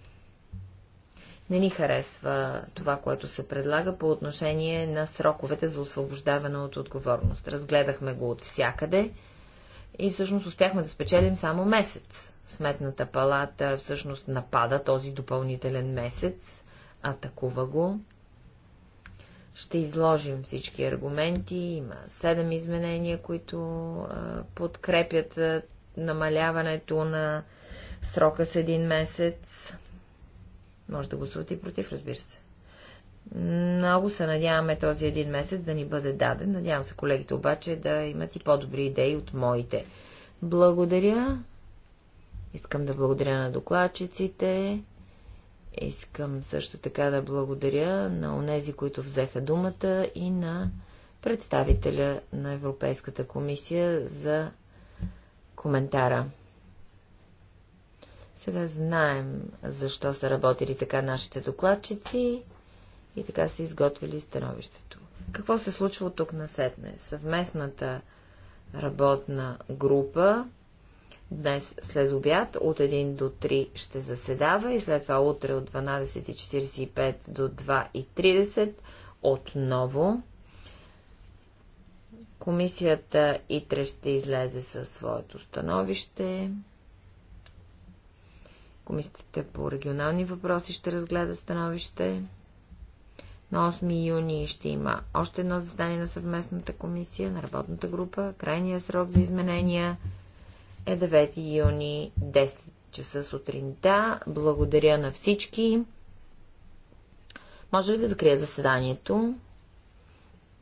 не ни харесва това, което се предлага по отношение на сроковете за освобождаване от отговорност. Разгледахме го от всякъде и всъщност успяхме да спечелим само месец. Сметната палата всъщност напада този допълнителен месец, атакува го ще изложим всички аргументи. Има седем изменения, които а, подкрепят а, намаляването на срока с един месец. Може да гласувате и против, разбира се. Много се надяваме този един месец да ни бъде даден. Надявам се колегите обаче да имат и по-добри идеи от моите. Благодаря. Искам да благодаря на докладчиците. Искам също така да благодаря на онези, които взеха думата и на представителя на Европейската комисия за коментара. Сега знаем защо са работили така нашите докладчици и така са изготвили становището. Какво се случва от тук насетне? Съвместната работна група Днес след обяд от 1 до 3 ще заседава и след това утре от 12.45 до 2.30 отново. Комисията ИТРЕ ще излезе със своето становище. Комисията по регионални въпроси ще разгледа становище. На 8 юни ще има още едно заседание на съвместната комисия, на работната група. Крайният срок за изменения е 9 юни 10 часа сутринта. Благодаря на всички. Може ли да закрия заседанието?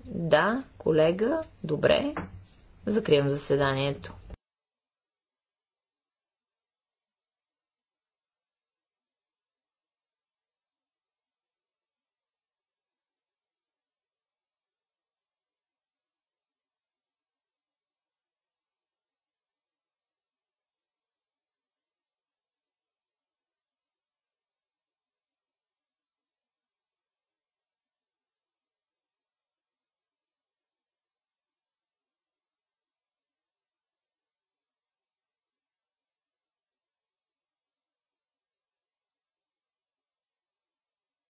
Да, колега, добре. Закривам заседанието.